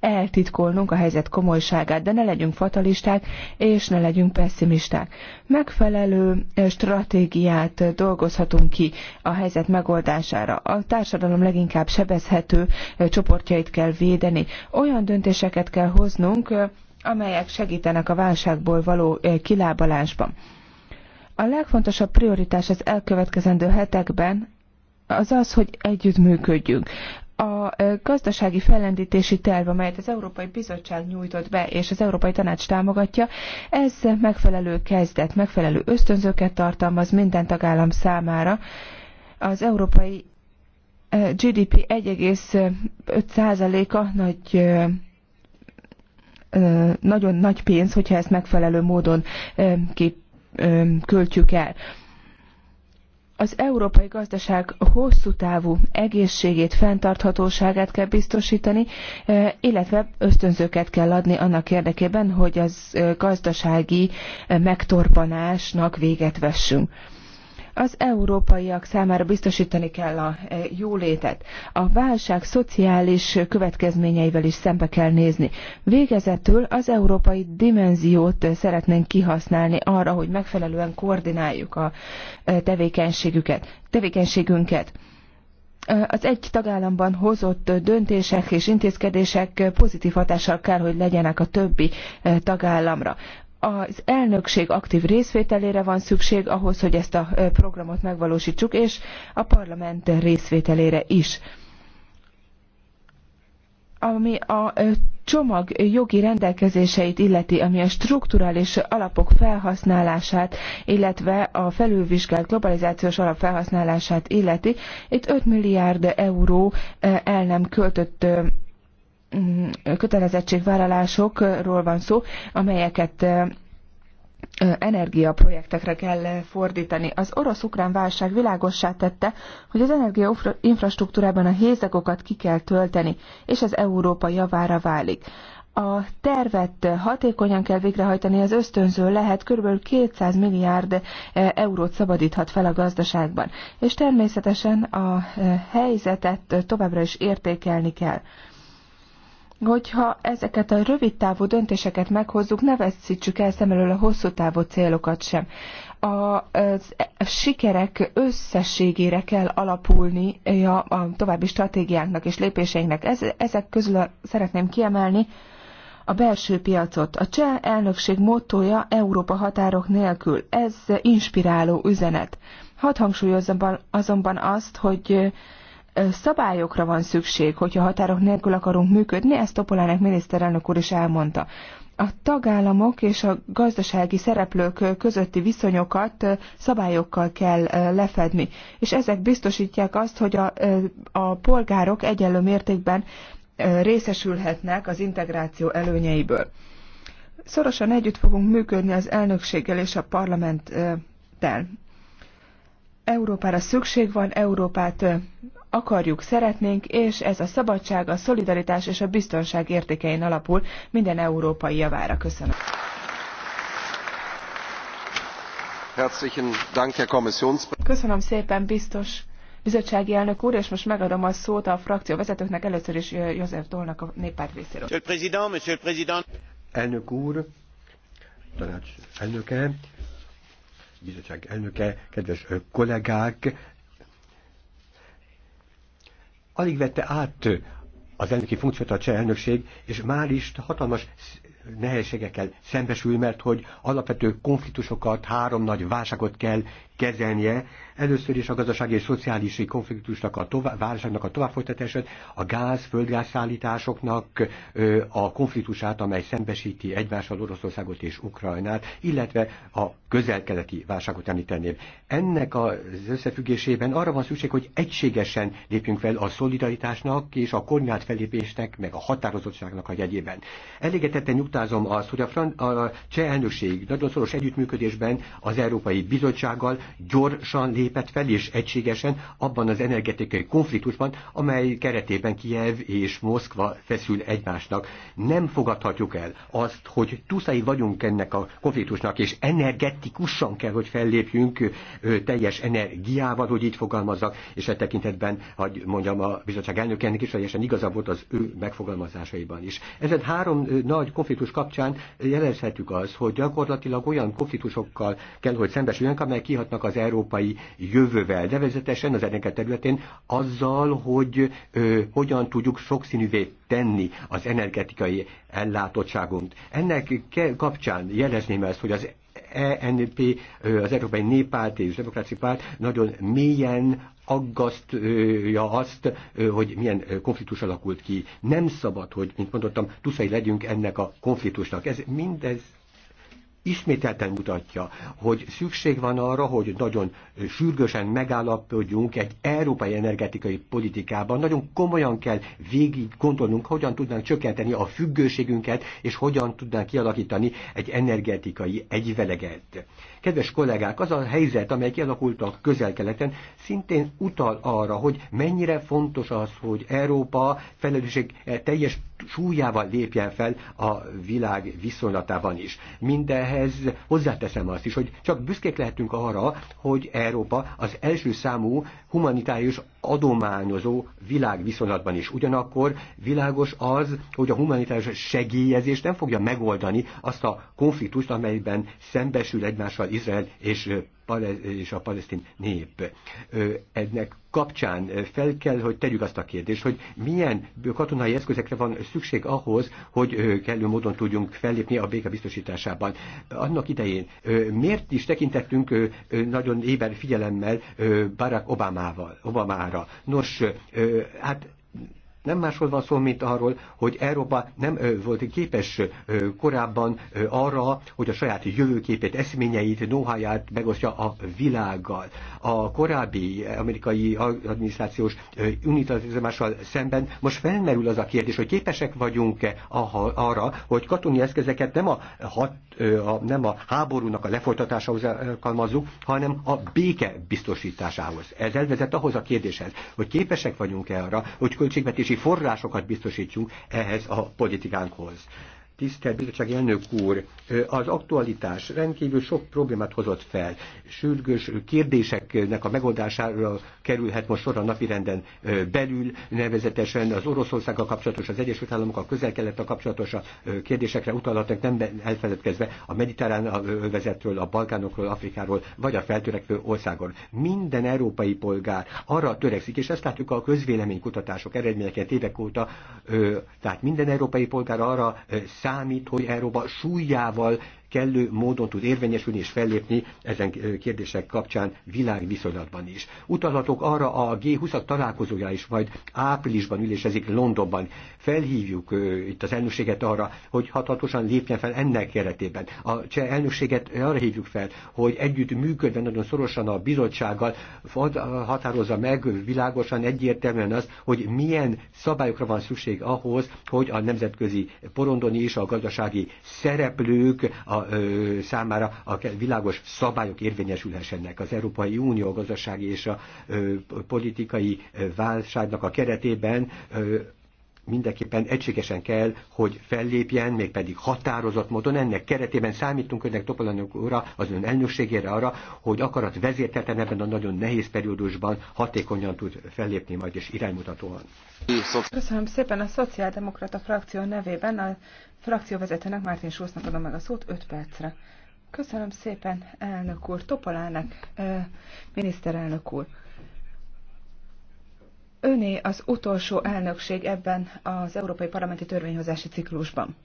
eltitkolnunk a helyzet komolyságát, de ne legyünk fatalisták, és ne legyünk pessimisták. Megfelelő stratégiát dolgozhatunk ki a helyzet megoldására. A társadalom leginkább sebezhető csoportjait kell védeni. Olyan döntéseket kell hoznunk, amelyek segítenek a válságból való kilábalásban. A legfontosabb prioritás az elkövetkezendő hetekben az az, hogy együttműködjünk a gazdasági fellendítési terv, amelyet az Európai Bizottság nyújtott be, és az Európai Tanács támogatja, ez megfelelő kezdet, megfelelő ösztönzőket tartalmaz minden tagállam számára. Az európai GDP 1,5%-a nagy nagyon nagy pénz, hogyha ezt megfelelő módon költjük el az európai gazdaság hosszú távú egészségét, fenntarthatóságát kell biztosítani, eh, illetve ösztönzőket kell adni annak érdekében, hogy az eh, gazdasági eh, megtorpanásnak véget vessünk. Az európaiak számára biztosítani kell a e, jólétet. A válság szociális következményeivel is szembe kell nézni. Végezetül az európai dimenziót szeretnénk kihasználni arra, hogy megfelelően koordináljuk a e, tevékenységüket, tevékenységünket e, az egy tagállamban hozott döntések és intézkedések pozitív hatással kell, hogy legyenek a többi tagállamra az elnökség aktív részvételére van szükség ahhoz, hogy ezt a programot megvalósítsuk, és a parlament részvételére is. Ami a csomag jogi rendelkezéseit illeti, ami a strukturális alapok felhasználását, illetve a felülvizsgált globalizációs alap felhasználását illeti, itt 5 milliárd euró el nem költött Mm, kötelezettségvállalásokról van szó, amelyeket energiaprojektekre kell fordítani. Az orosz-ukrán válság világossá tette, hogy az energiainfrastruktúrában a hézagokat ki kell tölteni, és ez Európa javára válik. A tervet hatékonyan kell végrehajtani, az ösztönző lehet, kb. 200 milliárd eurót szabadíthat fel a gazdaságban. És természetesen a helyzetet továbbra is értékelni kell hogyha ezeket a rövid távú döntéseket meghozzuk, ne veszítsük el szem elől a hosszú távú célokat sem. A, a sikerek összességére kell alapulni a, a további stratégiánknak és lépéseinknek. Ez, ezek közül a, szeretném kiemelni a belső piacot. A cseh elnökség mottoja Európa határok nélkül. Ez inspiráló üzenet. Hadd hangsúlyozom azonban azt, hogy szabályokra van szükség, hogyha határok nélkül akarunk működni, ezt Topolának miniszterelnök úr is elmondta. A tagállamok és a gazdasági szereplők közötti viszonyokat szabályokkal kell lefedni, és ezek biztosítják azt, hogy a, a polgárok egyenlő mértékben részesülhetnek az integráció előnyeiből. Szorosan együtt fogunk működni az elnökséggel és a parlamenttel. Európára szükség van, Európát akarjuk, szeretnénk, és ez a szabadság, a szolidaritás és a biztonság értékein alapul minden európai javára. Köszönöm. Köszönöm szépen, biztos bizottsági elnök úr, és most megadom a szót a frakció vezetőknek, először is József Dolnak a néppárt részéről. Elnök úr, tanács elnöke, bizottság elnöke, kedves kollégák, alig vette át az elnöki funkciót a cseh elnökség, és már is hatalmas nehézségekkel szembesül, mert hogy alapvető konfliktusokat, három nagy válságot kell kezelnie, Először is a gazdasági és szociális konfliktusnak, a tovább, válságnak a továbbfolytatását, a gáz, földgázszállításoknak a konfliktusát, amely szembesíti egymással Oroszországot és Ukrajnát, illetve a közel-keleti válságot említeném. Ennek az összefüggésében arra van szükség, hogy egységesen lépjünk fel a szolidaritásnak és a koordinált felépésnek, meg a határozottságnak a jegyében. Elégetetten nyugtázom azt, hogy a, Fran- a cseh elnökség nagyon szoros együttműködésben az Európai Bizottsággal gyorsan lép lépett fel, és egységesen abban az energetikai konfliktusban, amely keretében Kiev és Moszkva feszül egymásnak. Nem fogadhatjuk el azt, hogy túszai vagyunk ennek a konfliktusnak, és energetikusan kell, hogy fellépjünk teljes energiával, hogy így fogalmazzak, és e tekintetben, hogy mondjam, a bizottság elnökének is teljesen igaza volt az ő megfogalmazásaiban is. Ezen három nagy konfliktus kapcsán jelezhetjük az, hogy gyakorlatilag olyan konfliktusokkal kell, hogy szembesüljünk, amelyek kihatnak az európai jövővel, nevezetesen az energia területén azzal, hogy ö, hogyan tudjuk sokszínűvé tenni az energetikai ellátottságunk. Ennek kapcsán jelezném ezt, hogy az ENP, az Európai Néppárt és Demokráci Párt nagyon mélyen aggasztja azt, hogy milyen konfliktus alakult ki. Nem szabad, hogy, mint mondottam, tuszai legyünk ennek a konfliktusnak. Ez mindez ismételten mutatja, hogy szükség van arra, hogy nagyon sürgősen megállapodjunk egy európai energetikai politikában. Nagyon komolyan kell végig gondolnunk, hogyan tudnánk csökkenteni a függőségünket, és hogyan tudnánk kialakítani egy energetikai egyveleget. Kedves kollégák, az a helyzet, amely kialakult a közel-keleten, szintén utal arra, hogy mennyire fontos az, hogy Európa felelősség eh, teljes súlyával lépjen fel a világ viszonylatában is. Mindehhez hozzáteszem azt is, hogy csak büszkék lehetünk arra, hogy Európa az első számú humanitárius adományozó világviszonylatban is. Ugyanakkor világos az, hogy a humanitárius segélyezés nem fogja megoldani azt a konfliktust, amelyben szembesül egymással Izrael és és a palesztin nép. Ennek kapcsán fel kell, hogy tegyük azt a kérdést, hogy milyen katonai eszközekre van szükség ahhoz, hogy kellő módon tudjunk fellépni a béke biztosításában. Annak idején miért is tekintettünk nagyon éber figyelemmel Barack Obamával, Obamára? Nos, hát nem másról van szó, mint arról, hogy Európa nem volt képes korábban arra, hogy a saját jövőképét, eszményeit, nóháját megosztja a világgal. A korábbi amerikai adminisztrációs unitarizással szemben most felmerül az a kérdés, hogy képesek vagyunk-e arra, hogy katonai eszközeket nem a, hat, a, nem a háborúnak a lefolytatásához alkalmazzuk, hanem a béke biztosításához. Ez elvezet ahhoz a kérdéshez, hogy képesek vagyunk-e arra, hogy költségvetési forrásokat biztosítsunk ehhez a politikánkhoz. Tisztelt Bizottság elnök úr, az aktualitás rendkívül sok problémát hozott fel. Sürgős kérdéseknek a megoldására kerülhet most sor a napirenden belül, nevezetesen az Oroszországgal kapcsolatos, az Egyesült Államokkal közel-kelettel kapcsolatos a kérdésekre utalhatnak, nem elfeledkezve a mediterrán övezetről, a Balkánokról, Afrikáról, vagy a feltörekvő országon. Minden európai polgár arra törekszik, és ezt látjuk a közvéleménykutatások eredményeként évek óta, tehát minden európai polgár arra számít, hogy Európa súlyával kellő módon tud érvényesülni és fellépni ezen kérdések kapcsán világviszonylatban is. Utalhatok arra a G20-ak találkozója is majd áprilisban ülésezik Londonban. Felhívjuk uh, itt az elnökséget arra, hogy hatatosan lépjen fel ennek keretében. A cseh elnökséget arra hívjuk fel, hogy együtt működve nagyon szorosan a bizottsággal határozza meg világosan, egyértelműen az, hogy milyen szabályokra van szükség ahhoz, hogy a nemzetközi porondon is a gazdasági szereplők, a ö, számára a világos szabályok érvényesülhessenek. Az Európai Unió gazdasági és a ö, politikai válságnak a keretében ö, mindenképpen egységesen kell, hogy fellépjen, mégpedig határozott módon. Ennek keretében számítunk önnek Topolanok úrra, az ön elnökségére arra, hogy akarat vezérteten ebben a nagyon nehéz periódusban hatékonyan tud fellépni majd és iránymutatóan. Köszönöm szépen a Szociáldemokrata frakció nevében a frakcióvezetőnek, Mártin Sósznak adom meg a szót 5 percre. Köszönöm szépen, elnök úr, Topolának, miniszterelnök úr. Öné az utolsó elnökség ebben az Európai Parlamenti Törvényhozási ciklusban.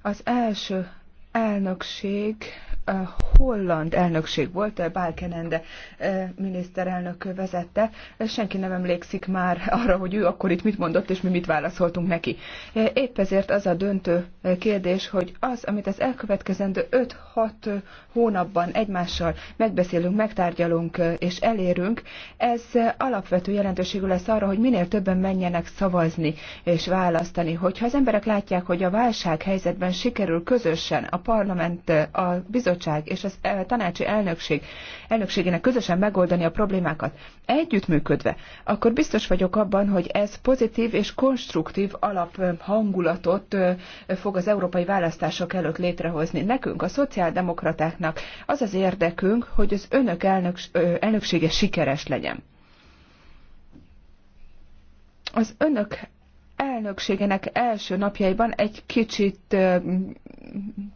Az első elnökség holland elnökség volt, Balkenende miniszterelnök vezette. Senki nem emlékszik már arra, hogy ő akkor itt mit mondott, és mi mit válaszoltunk neki. Épp ezért az a döntő kérdés, hogy az, amit az elkövetkezendő 5-6 hónapban egymással megbeszélünk, megtárgyalunk és elérünk, ez alapvető jelentőségű lesz arra, hogy minél többen menjenek szavazni és választani. Hogyha az emberek látják, hogy a válsághelyzetben sikerül közösen a parlament, a bizottság és a eh, tanácsi elnökség elnökségének közösen megoldani a problémákat, együttműködve, akkor biztos vagyok abban, hogy ez pozitív és konstruktív alaphangulatot eh, fog az európai választások előtt létrehozni. Nekünk, a szociáldemokratáknak az az érdekünk, hogy az önök elnöks, eh, elnöksége sikeres legyen. Az önök elnökségenek első napjaiban egy kicsit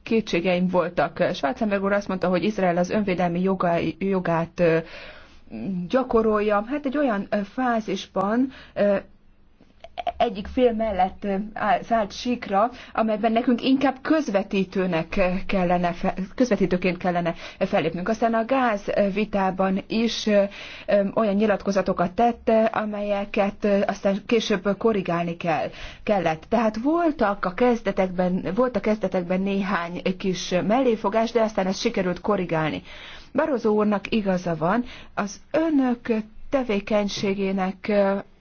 kétségeim voltak. Schwarzenberg úr azt mondta, hogy Izrael az önvédelmi joga, jogát gyakorolja. Hát egy olyan fázisban egyik fél mellett szállt síkra, amelyben nekünk inkább közvetítőnek kellene, közvetítőként kellene fellépnünk. Aztán a gáz vitában is olyan nyilatkozatokat tette, amelyeket aztán később korrigálni kell, kellett. Tehát voltak a kezdetekben, volt a kezdetekben néhány kis melléfogás, de aztán ezt sikerült korrigálni. Barozó úrnak igaza van, az önök tevékenységének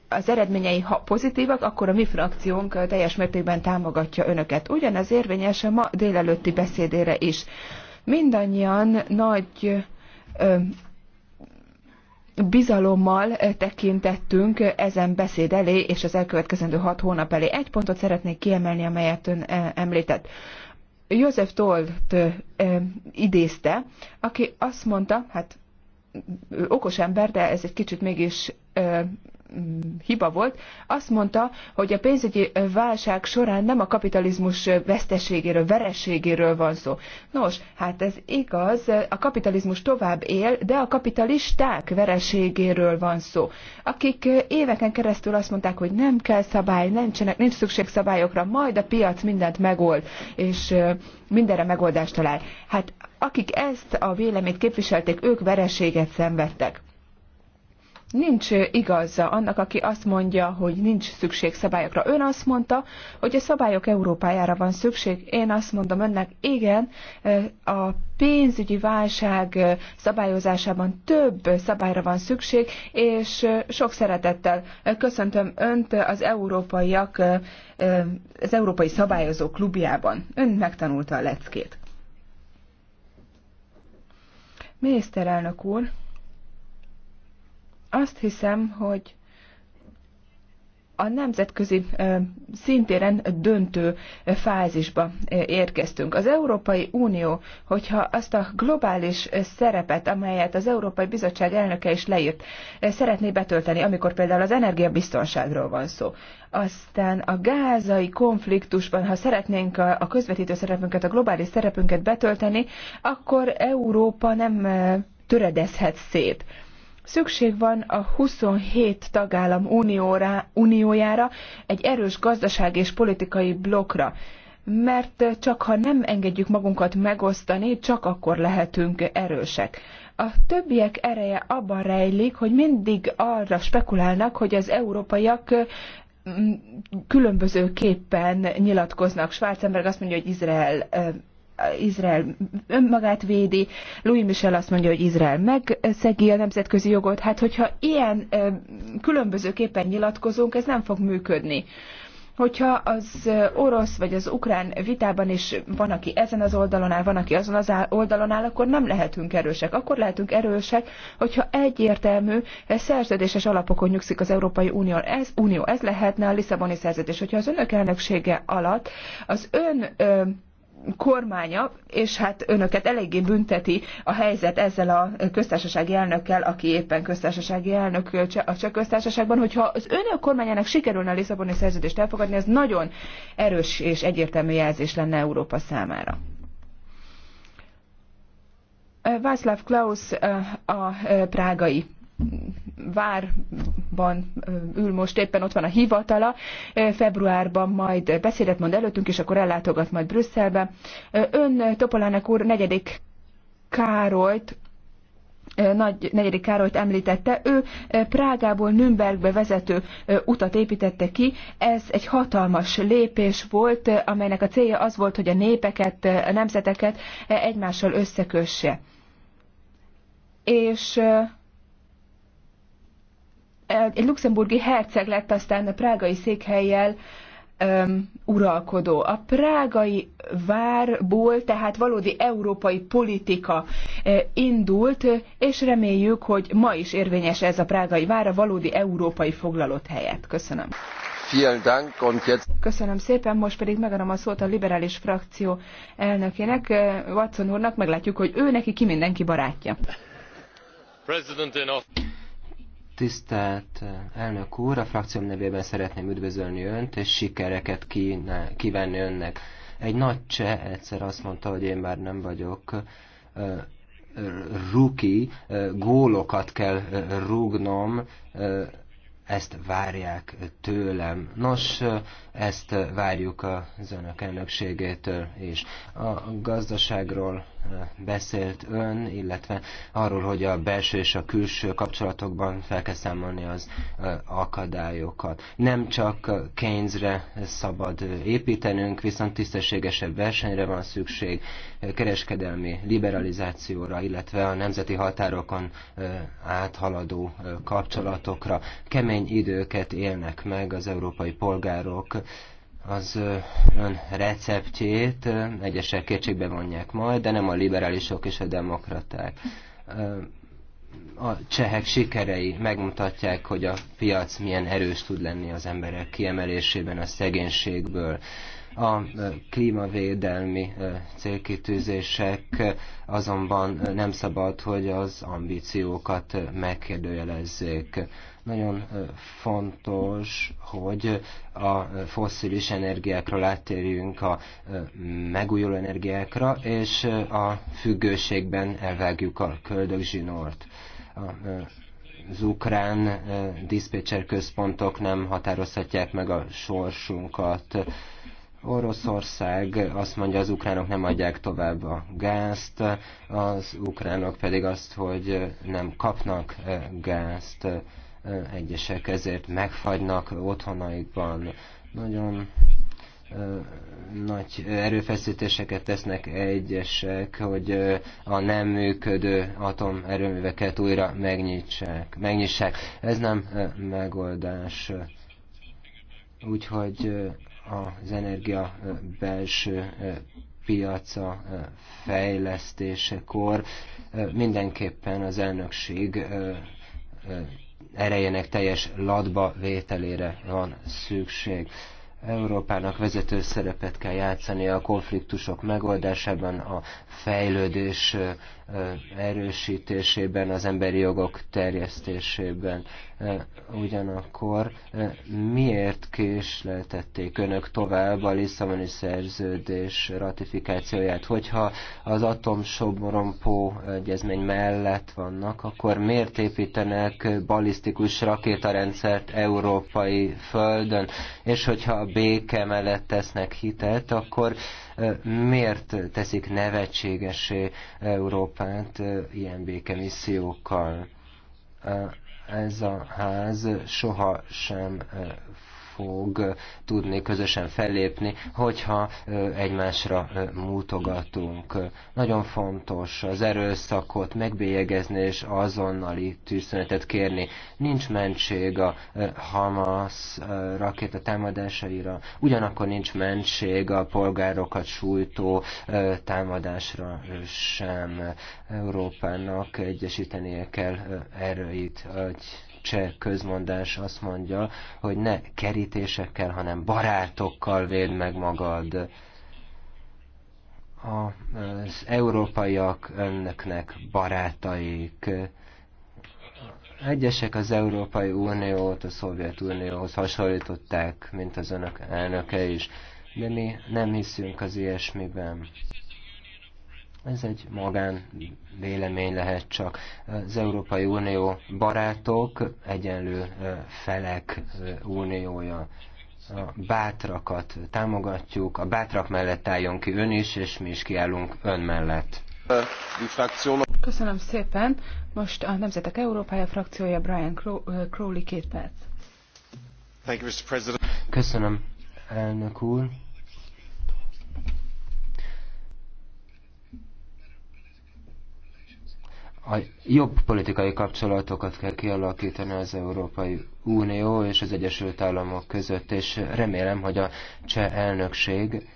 az eredményei, ha pozitívak, akkor a mi frakciónk teljes mértékben támogatja önöket. Ugyanez érvényes a ma délelőtti beszédére is. Mindannyian nagy ö, bizalommal tekintettünk ezen beszéd elé és az elkövetkezendő hat hónap elé. Egy pontot szeretnék kiemelni, amelyet ön említett. József Tolt idézte, aki azt mondta, hát okos ember, de ez egy kicsit mégis Mm, hiba volt, azt mondta, hogy a pénzügyi válság során nem a kapitalizmus veszteségéről, vereségéről van szó. Nos, hát ez igaz, a kapitalizmus tovább él, de a kapitalisták vereségéről van szó, akik éveken keresztül azt mondták, hogy nem kell szabály, nincsenek, nincs szükség szabályokra, majd a piac mindent megold, és mindenre megoldást talál. Hát akik ezt a véleményt képviselték, ők vereséget szenvedtek. Nincs igaza annak, aki azt mondja, hogy nincs szükség szabályokra. Ön azt mondta, hogy a szabályok Európájára van szükség. Én azt mondom önnek, igen, a pénzügyi válság szabályozásában több szabályra van szükség, és sok szeretettel köszöntöm önt az európaiak, az Európai Szabályozó Klubjában. Ön megtanulta a leckét. Miniszterelnök úr, azt hiszem, hogy a nemzetközi szintéren döntő fázisba érkeztünk. Az Európai Unió, hogyha azt a globális szerepet, amelyet az Európai Bizottság elnöke is leírt, szeretné betölteni, amikor például az energiabiztonságról van szó, aztán a gázai konfliktusban, ha szeretnénk a közvetítő szerepünket, a globális szerepünket betölteni, akkor Európa nem töredezhet szét Szükség van a 27 tagállam uniójára, egy erős gazdaság és politikai blokkra mert csak ha nem engedjük magunkat megosztani, csak akkor lehetünk erősek. A többiek ereje abban rejlik, hogy mindig arra spekulálnak, hogy az európaiak mm, különbözőképpen nyilatkoznak. Schwarzenberg azt mondja, hogy Izrael Izrael önmagát védi, Louis Michel azt mondja, hogy Izrael megszegi a nemzetközi jogot. Hát, hogyha ilyen különbözőképpen nyilatkozunk, ez nem fog működni hogyha az orosz vagy az ukrán vitában is van, aki ezen az oldalon áll, van, aki azon az oldalon áll, akkor nem lehetünk erősek. Akkor lehetünk erősek, hogyha egyértelmű szerződéses alapokon nyugszik az Európai Unió. Ez, Unió, ez lehetne a Lisszaboni szerződés. Hogyha az önök elnöksége alatt az ön kormánya, és hát önöket eléggé bünteti a helyzet ezzel a köztársasági elnökkel, aki éppen köztársasági elnök a cseh köztársaságban, hogyha az önök kormányának sikerülne a Lisszaboni szerződést elfogadni, ez nagyon erős és egyértelmű jelzés lenne Európa számára. Václav Klaus a prágai várban ül most éppen, ott van a hivatala, februárban majd beszédet mond előttünk, és akkor ellátogat majd Brüsszelbe. Ön Topolának úr negyedik Károlyt nagy, negyedik Károlyt említette, ő Prágából Nürnbergbe vezető utat építette ki. Ez egy hatalmas lépés volt, amelynek a célja az volt, hogy a népeket, a nemzeteket egymással összekösse. És egy luxemburgi herceg lett aztán a prágai székhelyjel um, uralkodó. A prágai várból tehát valódi európai politika eh, indult, és reméljük, hogy ma is érvényes ez a prágai vár a valódi európai foglalott helyet. Köszönöm. Köszönöm szépen, most pedig megadom a szót a liberális frakció elnökének, Watson úrnak, meglátjuk, hogy ő neki ki mindenki barátja. Tisztelt eh, elnök úr, a frakcióm nevében szeretném üdvözölni önt, és sikereket kívánni önnek. Egy nagy cseh egyszer azt mondta, hogy én már nem vagyok eh, ruki, eh, gólokat kell rúgnom, ezt várják tőlem. Nos, ezt várjuk az önök elnökségétől is. A gazdaságról beszélt ön, illetve arról, hogy a belső és a külső kapcsolatokban fel kell számolni az akadályokat. Nem csak Keynesre szabad építenünk, viszont tisztességesebb versenyre van szükség, kereskedelmi liberalizációra, illetve a nemzeti határokon áthaladó kapcsolatokra. Kemény időket élnek meg az európai polgárok az ön receptjét egyesek kétségbe vonják majd, de nem a liberálisok és a demokraták. A csehek sikerei megmutatják, hogy a piac milyen erős tud lenni az emberek kiemelésében a szegénységből a klímavédelmi célkitűzések azonban nem szabad, hogy az ambíciókat megkérdőjelezzék. Nagyon fontos, hogy a fosszilis energiákról áttérjünk a megújuló energiákra, és a függőségben elvágjuk a köldögzsinort. Az ukrán diszpécser központok nem határozhatják meg a sorsunkat. Oroszország azt mondja, az ukránok nem adják tovább a gázt, az ukránok pedig azt, hogy nem kapnak gázt egyesek ezért megfagynak otthonaikban. Nagyon nagy erőfeszítéseket tesznek egyesek, hogy a nem működő atomerőműveket újra megnyitsák. megnyissák. Ez nem megoldás. Úgyhogy az energia belső piaca fejlesztésekor mindenképpen az elnökség erejének teljes latba vételére van szükség. Európának vezető szerepet kell játszani a konfliktusok megoldásában, a fejlődés erősítésében, az emberi jogok terjesztésében. Ugyanakkor miért késleltették önök tovább a Lisszaboni szerződés ratifikációját? Hogyha az atomsobrompó egyezmény mellett vannak, akkor miért építenek balisztikus rakétarendszert európai földön? És hogyha a béke mellett tesznek hitet, akkor miért teszik nevetségesé Európát ilyen békemissziókkal. Ez a ház soha sem fog tudni közösen fellépni, hogyha egymásra mutogatunk. Nagyon fontos az erőszakot megbélyegezni és azonnali tűzszünetet kérni. Nincs mentség a Hamas rakéta támadásaira, ugyanakkor nincs mentség a polgárokat sújtó támadásra sem. Európának egyesítenie kell erőit, hogy cseh közmondás azt mondja, hogy ne kerítésekkel, hanem barátokkal védd meg magad. Az európaiak önöknek barátaik. Egyesek az Európai Uniót a Szovjetunióhoz hasonlították, mint az önök elnöke is, de mi nem hiszünk az ilyesmiben. Ez egy magán vélemény lehet csak. Az Európai Unió barátok, egyenlő felek uniója. A bátrakat támogatjuk, a bátrak mellett álljon ki ön is, és mi is kiállunk ön mellett. Köszönöm szépen. Most a Nemzetek Európája frakciója Brian Crowley két perc. Köszönöm, elnök úr. a jobb politikai kapcsolatokat kell kialakítani az Európai Unió és az Egyesült Államok között, és remélem, hogy a cseh elnökség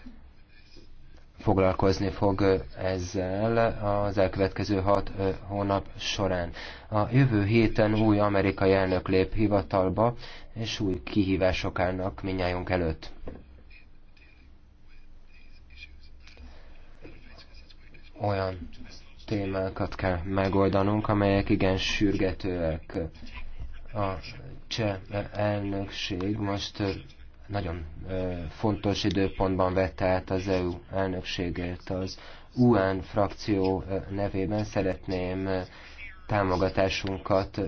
foglalkozni fog ezzel az elkövetkező hat hónap során. A jövő héten új amerikai elnök lép hivatalba, és új kihívások állnak minnyájunk előtt. Olyan témákat kell megoldanunk, amelyek igen sürgetőek. A cseh elnökség most nagyon fontos időpontban vette át az EU elnökségét. Az UN frakció nevében szeretném támogatásunkat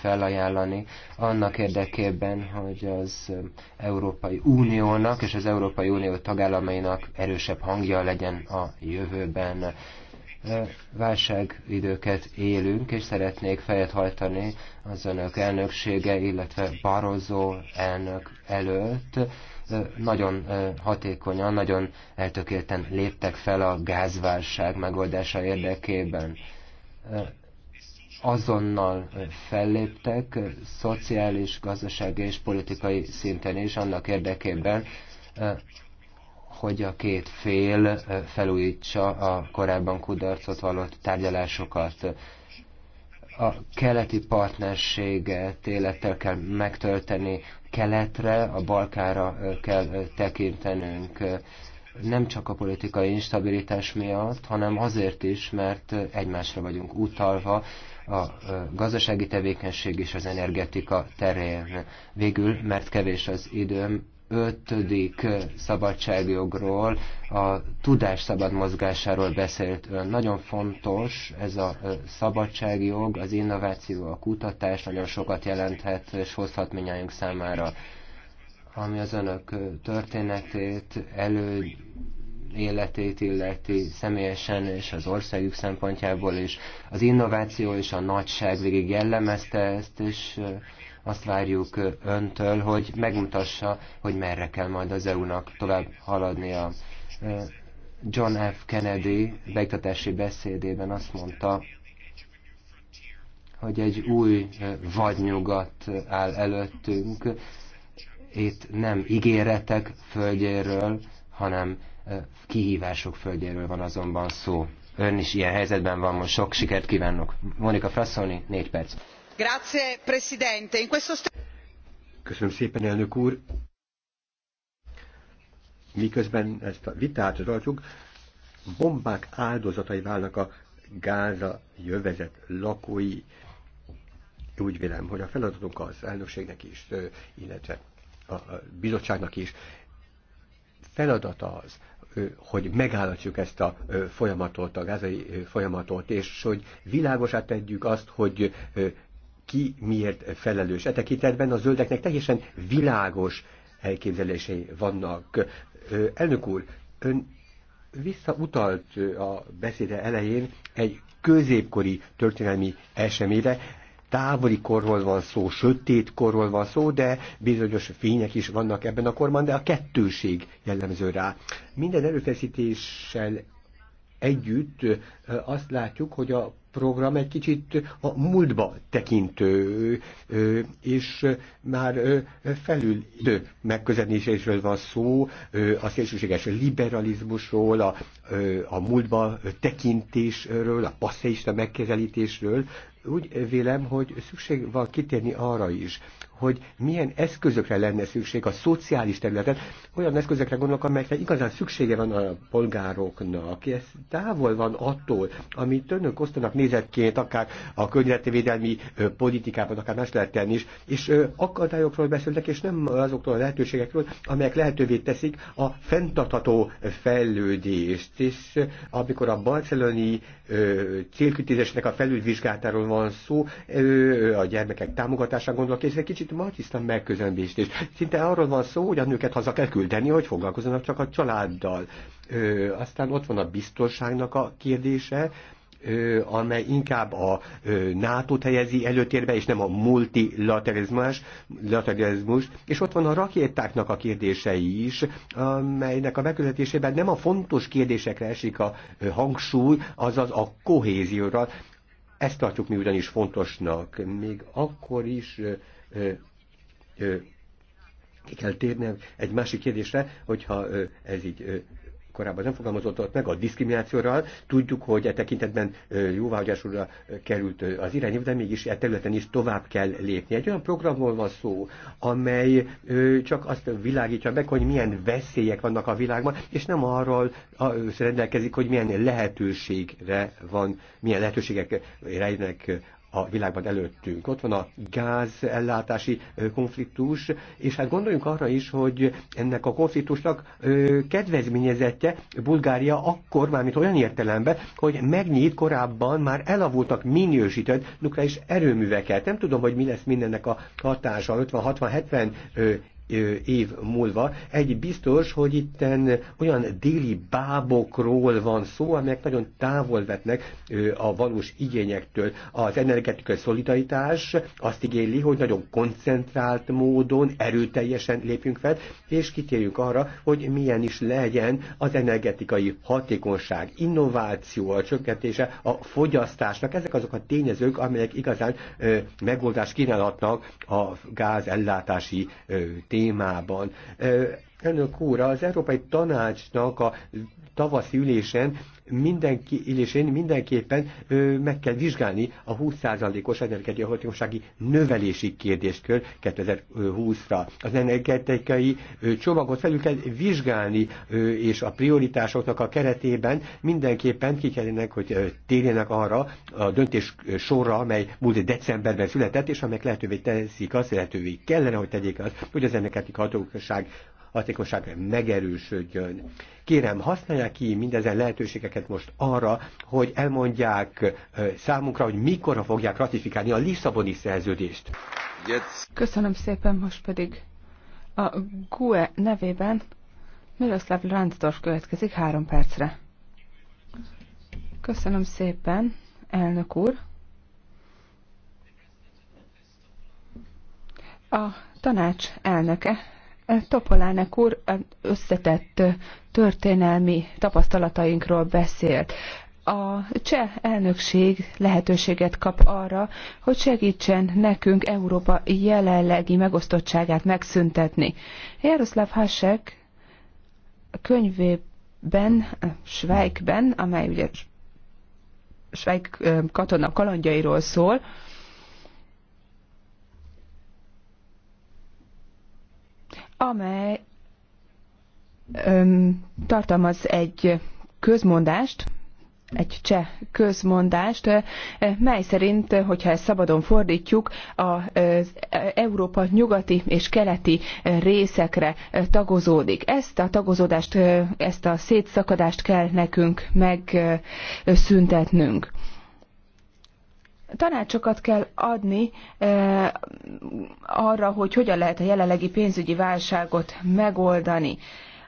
felajánlani annak érdekében, hogy az Európai Uniónak és az Európai Unió tagállamainak erősebb hangja legyen a jövőben. Válságidőket élünk, és szeretnék fejet hajtani az önök elnöksége, illetve Barozó elnök előtt. Nagyon hatékonyan, nagyon eltökélten léptek fel a gázválság megoldása érdekében azonnal felléptek szociális, gazdasági és politikai szinten is annak érdekében, hogy a két fél felújítsa a korábban kudarcot vallott tárgyalásokat. A keleti partnerséget élettel kell megtölteni, keletre, a Balkára kell tekintenünk nem csak a politikai instabilitás miatt, hanem azért is, mert egymásra vagyunk utalva a gazdasági tevékenység és az energetika terén. Végül, mert kevés az időm, ötödik szabadságjogról, a tudás szabad mozgásáról beszélt ön. Nagyon fontos ez a szabadságjog, az innováció, a kutatás nagyon sokat jelenthet és hozhat minnyájunk számára. Ami az önök történetét, elő életét illeti személyesen és az országjuk szempontjából is. Az innováció és a nagyság végig jellemezte ezt, és azt várjuk öntől, hogy megmutassa, hogy merre kell majd az EU-nak tovább haladnia. John F. Kennedy beiktatási beszédében azt mondta, hogy egy új vadnyugat áll előttünk. Itt nem ígéretek földjéről, hanem kihívások földjéről van azonban szó. Ön is ilyen helyzetben van most. Sok sikert kívánok. Monika Frassoni, négy perc. Köszönöm szépen, elnök úr. Miközben ezt a vitát tartjuk, bombák áldozatai válnak a Gáza jövezet lakói. Úgy vélem, hogy a feladatunk az elnökségnek is, illetve a bizottságnak is feladata az, hogy megállítsuk ezt a folyamatot, a gázai folyamatot, és hogy világosát tegyük azt, hogy ki miért felelős. E tekintetben a zöldeknek teljesen világos elképzelései vannak. Elnök úr, ön visszautalt a beszéde elején egy középkori történelmi eseményre, távoli korról van szó, sötét korról van szó, de bizonyos fények is vannak ebben a korban, de a kettőség jellemző rá. Minden erőfeszítéssel együtt azt látjuk, hogy a program egy kicsit a múltba tekintő, és már felül megközelítésről van szó, a szélsőséges liberalizmusról, a, a múltba tekintésről, a passzeista megközelítésről, úgy vélem, hogy szükség van kitérni arra is, hogy milyen eszközökre lenne szükség a szociális területen, olyan eszközökre gondolok, amelyekre igazán szüksége van a polgároknak. Ez távol van attól, amit önök osztanak nézetként, akár a környezetvédelmi politikában, akár más területen is, és akadályokról beszélnek, és nem azoktól a lehetőségekről, amelyek lehetővé teszik a fenntartható fejlődést. És amikor a barceloni célkütézésnek a felülvizsgálatáról van van szó, ő a gyermekek támogatásán gondolok, és egy kicsit marxisztan megközelítést is. Szinte arról van szó, hogy a nőket haza kell küldeni, hogy foglalkozzanak csak a családdal. Ö, aztán ott van a biztonságnak a kérdése, amely inkább a nato helyezi előtérbe, és nem a multilaterizmus, és ott van a rakétáknak a kérdései is, amelynek a megközelítésében nem a fontos kérdésekre esik a hangsúly, azaz a kohézióra, ezt tartjuk mi ugyanis fontosnak, még akkor is ö, ö, ki kell térnem egy másik kérdésre, hogyha ez így korábban nem fogalmazott, meg a diszkriminációral. Tudjuk, hogy e tekintetben jóváhagyásra került az irányú, de mégis e területen is tovább kell lépni. Egy olyan programról van szó, amely csak azt világítja meg, hogy milyen veszélyek vannak a világban, és nem arról rendelkezik, hogy milyen lehetőségre van, milyen lehetőségek rejnek a világban előttünk. Ott van a gázellátási konfliktus, és hát gondoljunk arra is, hogy ennek a konfliktusnak kedvezményezetje Bulgária akkor, mármint olyan értelemben, hogy megnyit korábban már elavultak minősített nukleáris erőműveket. Nem tudom, hogy mi lesz mindennek a hatása 50-60-70 év múlva. Egy biztos, hogy itten olyan déli bábokról van szó, amelyek nagyon távol vetnek a valós igényektől. Az energetikai szolidaritás azt igényli, hogy nagyon koncentrált módon, erőteljesen lépjünk fel, és kitérjünk arra, hogy milyen is legyen az energetikai hatékonyság, innováció, a csökkentése, a fogyasztásnak. Ezek azok a tényezők, amelyek igazán megoldást kínálhatnak a gázellátási tényezők témában. Elnök úr, az Európai Tanácsnak a tavaszi ülésen mindenki, ülésén mindenképpen ö, meg kell vizsgálni a 20%-os energetikai növelési kérdéskör 2020-ra. Az energetikai ö, csomagot felül kell vizsgálni, ö, és a prioritásoknak a keretében mindenképpen ki kellene, hogy ö, térjenek arra a döntés sorra, amely múlt decemberben született, és amelyek lehetővé teszik azt, lehetővé kellene, hogy tegyék azt, hogy az energetikai hatóság hatékonyság megerősödjön. Kérem, használják ki mindezen lehetőségeket most arra, hogy elmondják számunkra, hogy mikor fogják ratifikálni a Lisszaboni szerződést. Köszönöm szépen, most pedig a GUE nevében Miroslav Randsdorf következik három percre. Köszönöm szépen, elnök úr. A tanács elnöke Topolánek úr összetett történelmi tapasztalatainkról beszélt. A cseh elnökség lehetőséget kap arra, hogy segítsen nekünk Európa jelenlegi megosztottságát megszüntetni. Jaroszláv Hasek könyvében, Svájkben, amely ugye Svájk katona kalandjairól szól, amely öm, tartalmaz egy közmondást, egy cseh közmondást, mely szerint, hogyha ezt szabadon fordítjuk, az Európa nyugati és keleti részekre tagozódik. Ezt a tagozódást, ezt a szétszakadást kell nekünk megszüntetnünk tanácsokat kell adni eh, arra, hogy hogyan lehet a jelenlegi pénzügyi válságot megoldani.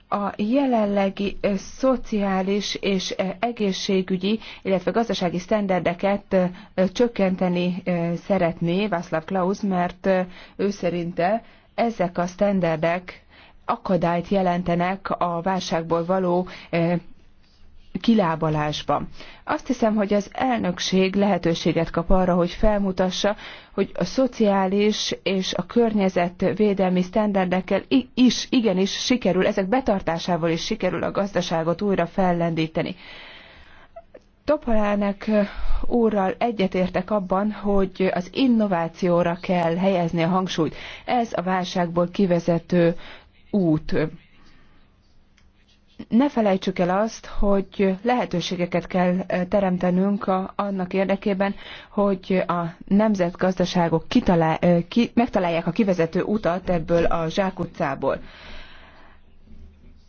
A jelenlegi eh, szociális és eh, egészségügyi, illetve gazdasági sztenderdeket eh, csökkenteni eh, szeretné Václav Klaus, mert eh, ő szerinte ezek a sztenderdek akadályt jelentenek a válságból való eh, kilábalásba. Azt hiszem, hogy az elnökség lehetőséget kap arra, hogy felmutassa, hogy a szociális és a környezetvédelmi sztenderdekkel is, igenis sikerül, ezek betartásával is sikerül a gazdaságot újra fellendíteni. Topolának úrral egyetértek abban, hogy az innovációra kell helyezni a hangsúlyt. Ez a válságból kivezető út ne felejtsük el azt, hogy lehetőségeket kell teremtenünk a, annak érdekében, hogy a nemzetgazdaságok kitalál, ki, megtalálják a kivezető utat ebből a zsákutcából.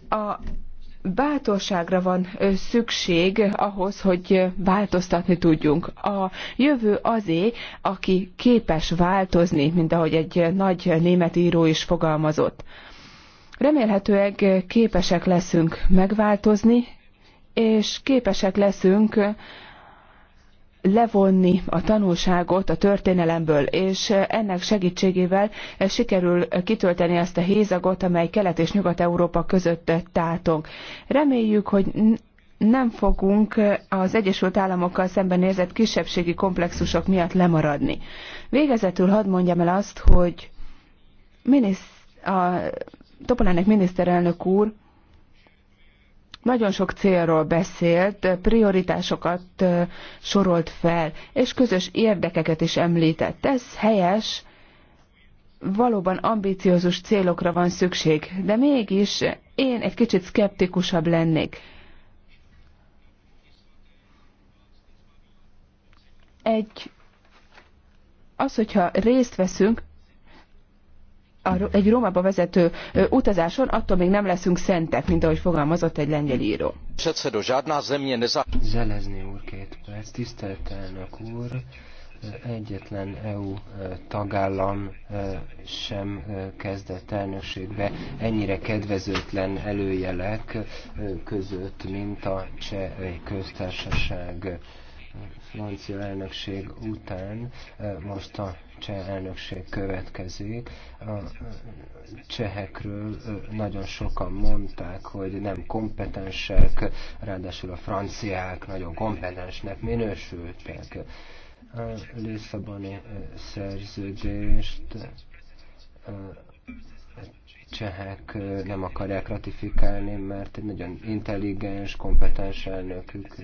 A bátorságra van szükség ahhoz, hogy változtatni tudjunk. A jövő azé, aki képes változni, mint ahogy egy nagy német író is fogalmazott. Remélhetőleg képesek leszünk megváltozni, és képesek leszünk levonni a tanulságot a történelemből, és ennek segítségével sikerül kitölteni ezt a hézagot, amely Kelet és Nyugat-Európa között tátong. Reméljük, hogy nem fogunk az Egyesült Államokkal szemben érzett kisebbségi komplexusok miatt lemaradni. Végezetül hadd mondjam el azt, hogy miniszt a Topolánek miniszterelnök úr nagyon sok célról beszélt, prioritásokat sorolt fel, és közös érdekeket is említett. Ez helyes, valóban ambíciózus célokra van szükség, de mégis én egy kicsit szkeptikusabb lennék. Egy, az, hogyha részt veszünk, egy Rómába vezető utazáson, attól még nem leszünk szentek, mint ahogy fogalmazott egy lengyel író. Zelezni úr, két perc, tisztelt elnök úr egyetlen EU tagállam sem kezdett elnökségbe ennyire kedvezőtlen előjelek között, mint a cseh köztársaság francia elnökség után most a cseh elnökség következik. A csehekről nagyon sokan mondták, hogy nem kompetensek, ráadásul a franciák nagyon kompetensnek minősültek. A Lisszaboni szerződést csehek nem akarják ratifikálni, mert egy nagyon intelligens, kompetens elnökük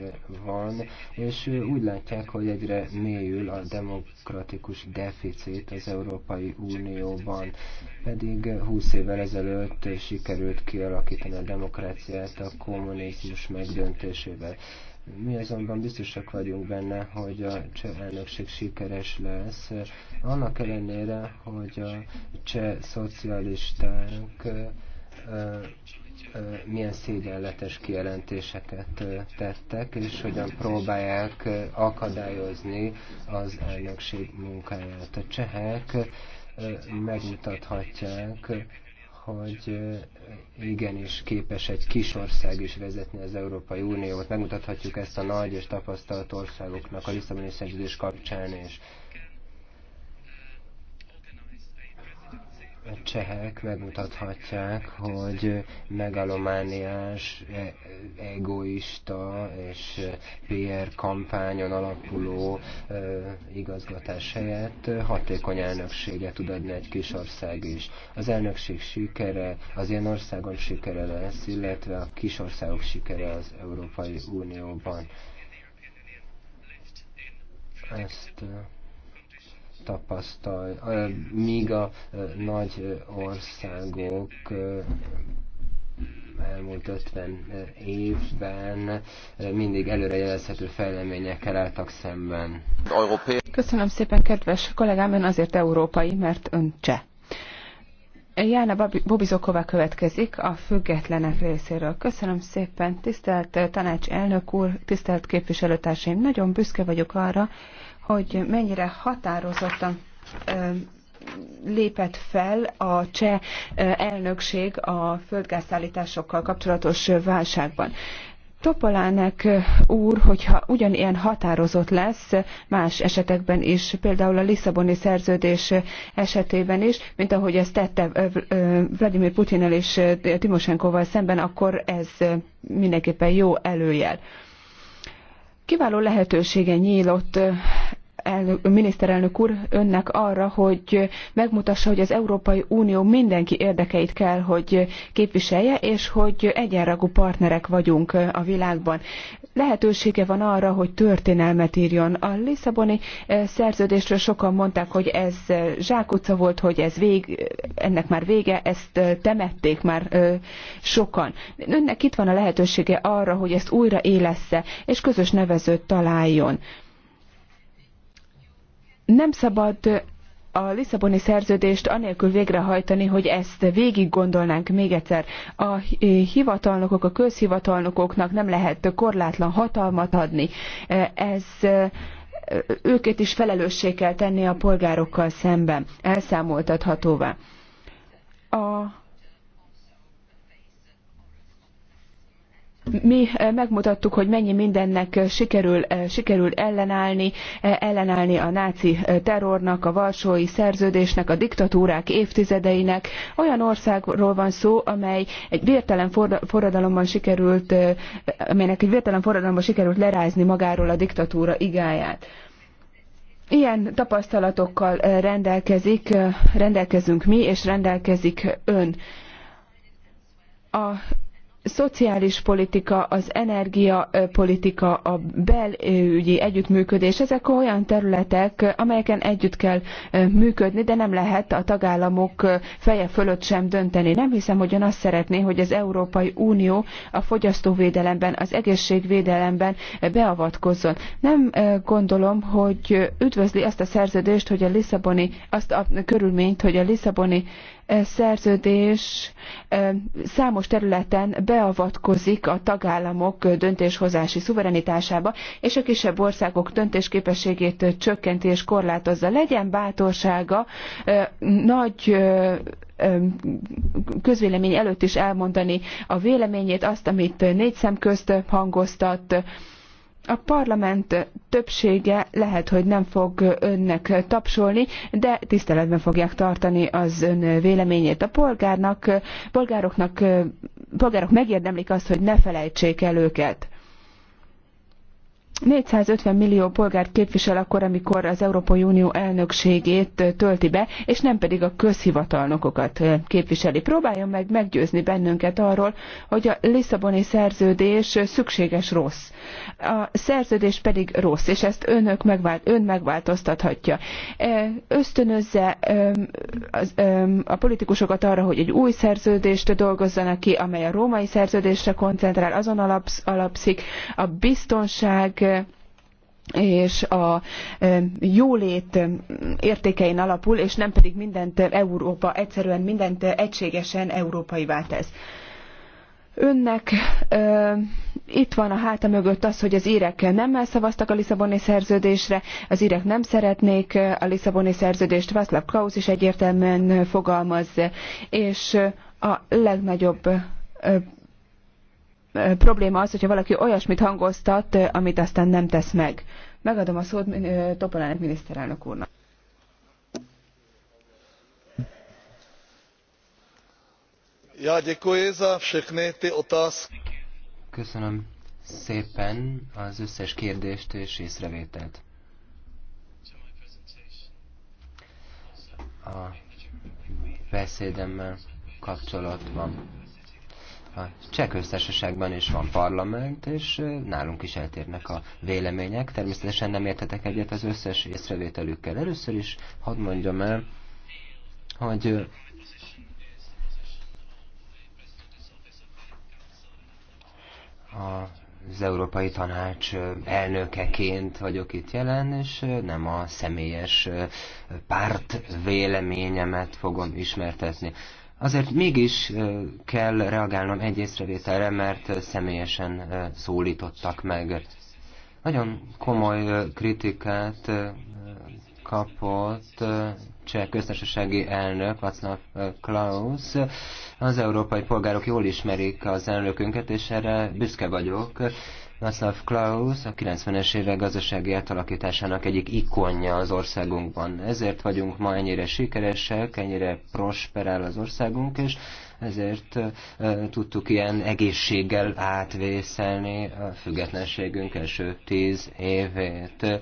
van, és úgy látják, hogy egyre mélyül a demokratikus deficit az Európai Unióban. Pedig 20 évvel ezelőtt sikerült kialakítani a demokráciát a kommunizmus megdöntésével. Mi azonban biztosak vagyunk benne, hogy a cseh elnökség sikeres lesz. Annak ellenére, hogy a cseh szocialisták milyen szégyenletes kijelentéseket tettek, és hogyan próbálják akadályozni az elnökség munkáját. A csehek megmutathatják, hogy igenis képes egy kis ország is vezetni az Európai Uniót. Megmutathatjuk ezt a nagy és tapasztalt országoknak a Lisszaboni szerződés kapcsán, és csehek megmutathatják, hogy megalomániás, e, egoista és PR kampányon alapuló e, igazgatás helyett hatékony elnökséget tud adni egy kis ország is. Az elnökség sikere, az én országom sikere lesz, illetve a kis országok sikere az Európai Unióban. Ezt tapasztal, míg a nagy országok elmúlt 50 évben mindig előrejelezhető fejleményekkel álltak szemben. Köszönöm szépen, kedves kollégám, ön azért európai, mert ön cseh. Jána Bobizokova következik a függetlenek részéről. Köszönöm szépen, tisztelt eh, tanács elnök úr, tisztelt képviselőtársaim. Nagyon büszke vagyok arra, hogy mennyire határozottan eh, lépett fel a cseh eh, elnökség a földgázszállításokkal kapcsolatos válságban. Topolánek úr, hogyha ugyanilyen határozott lesz más esetekben is, például a Lisszaboni szerződés esetében is, mint ahogy ezt tette Vladimir Putinnel és Timosenkoval szemben, akkor ez mindenképpen jó előjel. Kiváló lehetősége nyílott elnök, miniszterelnök úr önnek arra, hogy megmutassa, hogy az Európai Unió mindenki érdekeit kell, hogy képviselje, és hogy egyenragú partnerek vagyunk a világban. Lehetősége van arra, hogy történelmet írjon. A Lisszaboni eh, szerződésről sokan mondták, hogy ez eh, zsákutca volt, hogy ez vég, ennek már vége, ezt eh, temették már sokan. Önnek itt van a lehetősége arra, hogy ezt újra élesse, és közös nevezőt találjon nem szabad a Lisszaboni szerződést anélkül végrehajtani, hogy ezt végig gondolnánk még egyszer. A hivatalnokok, a közhivatalnokoknak nem lehet korlátlan hatalmat adni. Ez őket is felelősség kell tenni a polgárokkal szemben, elszámoltathatóvá. A mi eh, megmutattuk, hogy mennyi mindennek eh, sikerül, eh, sikerül ellenállni, ellenállni a náci terrornak, a valsói szerződésnek, a diktatúrák évtizedeinek. Olyan országról van szó, amely egy vértelen forradalomban sikerült, amelynek egy vértelen forradalomban sikerült lerázni magáról a diktatúra igáját. Ilyen tapasztalatokkal rendelkezik, rendelkezünk mi, és rendelkezik ön. A szociális politika, az energiapolitika, a belügyi együttműködés, ezek olyan területek, amelyeken együtt kell működni, de nem lehet a tagállamok feje fölött sem dönteni. Nem hiszem, hogy ön azt szeretné, hogy az Európai Unió a fogyasztóvédelemben, az egészségvédelemben beavatkozzon. Nem gondolom, hogy üdvözli azt a szerződést, hogy a Lisszaboni, azt a körülményt, hogy a Lisszaboni szerződés számos területen beavatkozik a tagállamok döntéshozási szuverenitásába, és a kisebb országok döntésképességét csökkenti és korlátozza. Legyen bátorsága nagy közvélemény előtt is elmondani a véleményét, azt, amit négy szem közt hangoztat, a parlament többsége lehet, hogy nem fog önnek tapsolni, de tiszteletben fogják tartani az ön véleményét. A polgárnak, polgároknak, polgárok megérdemlik azt, hogy ne felejtsék el őket. 450 millió polgárt képvisel akkor, amikor az Európai Unió elnökségét tölti be, és nem pedig a közhivatalnokokat képviseli. Próbáljon meg meggyőzni bennünket arról, hogy a Lisszaboni szerződés szükséges rossz. A szerződés pedig rossz, és ezt önök megvált, ön megváltoztathatja. E, ösztönözze a politikusokat arra, hogy egy új szerződést dolgozzanak ki, amely a római szerződésre koncentrál, azon alapszik, a biztonság és a jólét értékein alapul, és nem pedig mindent Európa, egyszerűen mindent egységesen európaivá tesz. Önnek ö, itt van a háta mögött az, hogy az írek nem szavaztak a Lisszaboni szerződésre, az írek nem szeretnék a Lisszaboni szerződést, Václav Klaus is egyértelműen fogalmaz, és a legnagyobb probléma az, hogyha valaki olyasmit hangoztat, amit aztán nem tesz meg. Megadom a szót Topolának miniszterelnök úrnak. Ja, děkuji za všechny ty otázky. Köszönöm szépen az összes kérdést és észrevételt. A beszédemmel kapcsolatban a cseh köztársaságban is van parlament, és nálunk is eltérnek a vélemények. Természetesen nem értetek egyet az összes észrevételükkel. Először is hadd mondjam el, hogy az Európai Tanács elnökeként vagyok itt jelen, és nem a személyes párt véleményemet fogom ismertetni. Azért mégis kell reagálnom egy észrevételre, mert személyesen szólítottak meg. Nagyon komoly kritikát kapott cseh köztársasági elnök Václav Klaus. Az európai polgárok jól ismerik az elnökünket, és erre büszke vagyok. Václav Klaus a 90-es évek gazdasági átalakításának egyik ikonja az országunkban. Ezért vagyunk ma ennyire sikeresek, ennyire prosperál az országunk, és ezért e, tudtuk ilyen egészséggel átvészelni a függetlenségünk első tíz évét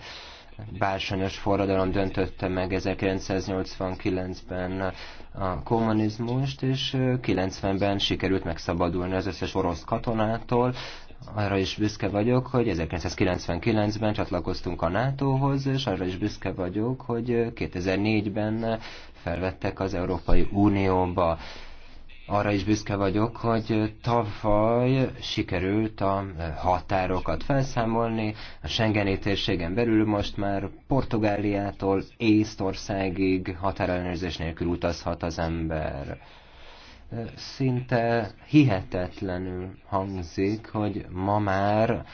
bársonyos forradalom döntötte meg 1989-ben a kommunizmust, és 90-ben sikerült megszabadulni az összes orosz katonától, arra is büszke vagyok, hogy 1999-ben csatlakoztunk a NATO-hoz, és arra is büszke vagyok, hogy 2004-ben felvettek az Európai Unióba. Arra is büszke vagyok, hogy tavaly sikerült a határokat felszámolni. A Schengeni térségen belül most már Portugáliától Észtországig határellenőrzés nélkül utazhat az ember szinte hihetetlenül hangzik, hogy ma már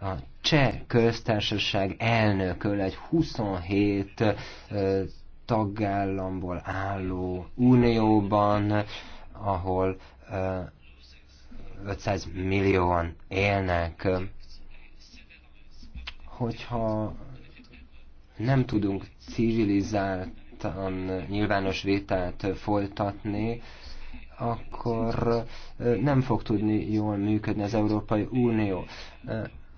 a cseh köztársaság elnököl egy 27 tagállamból álló unióban, ahol 500 millióan élnek. Hogyha nem tudunk civilizáltan nyilvános vétát folytatni, akkor nem fog tudni jól működni az Európai Unió.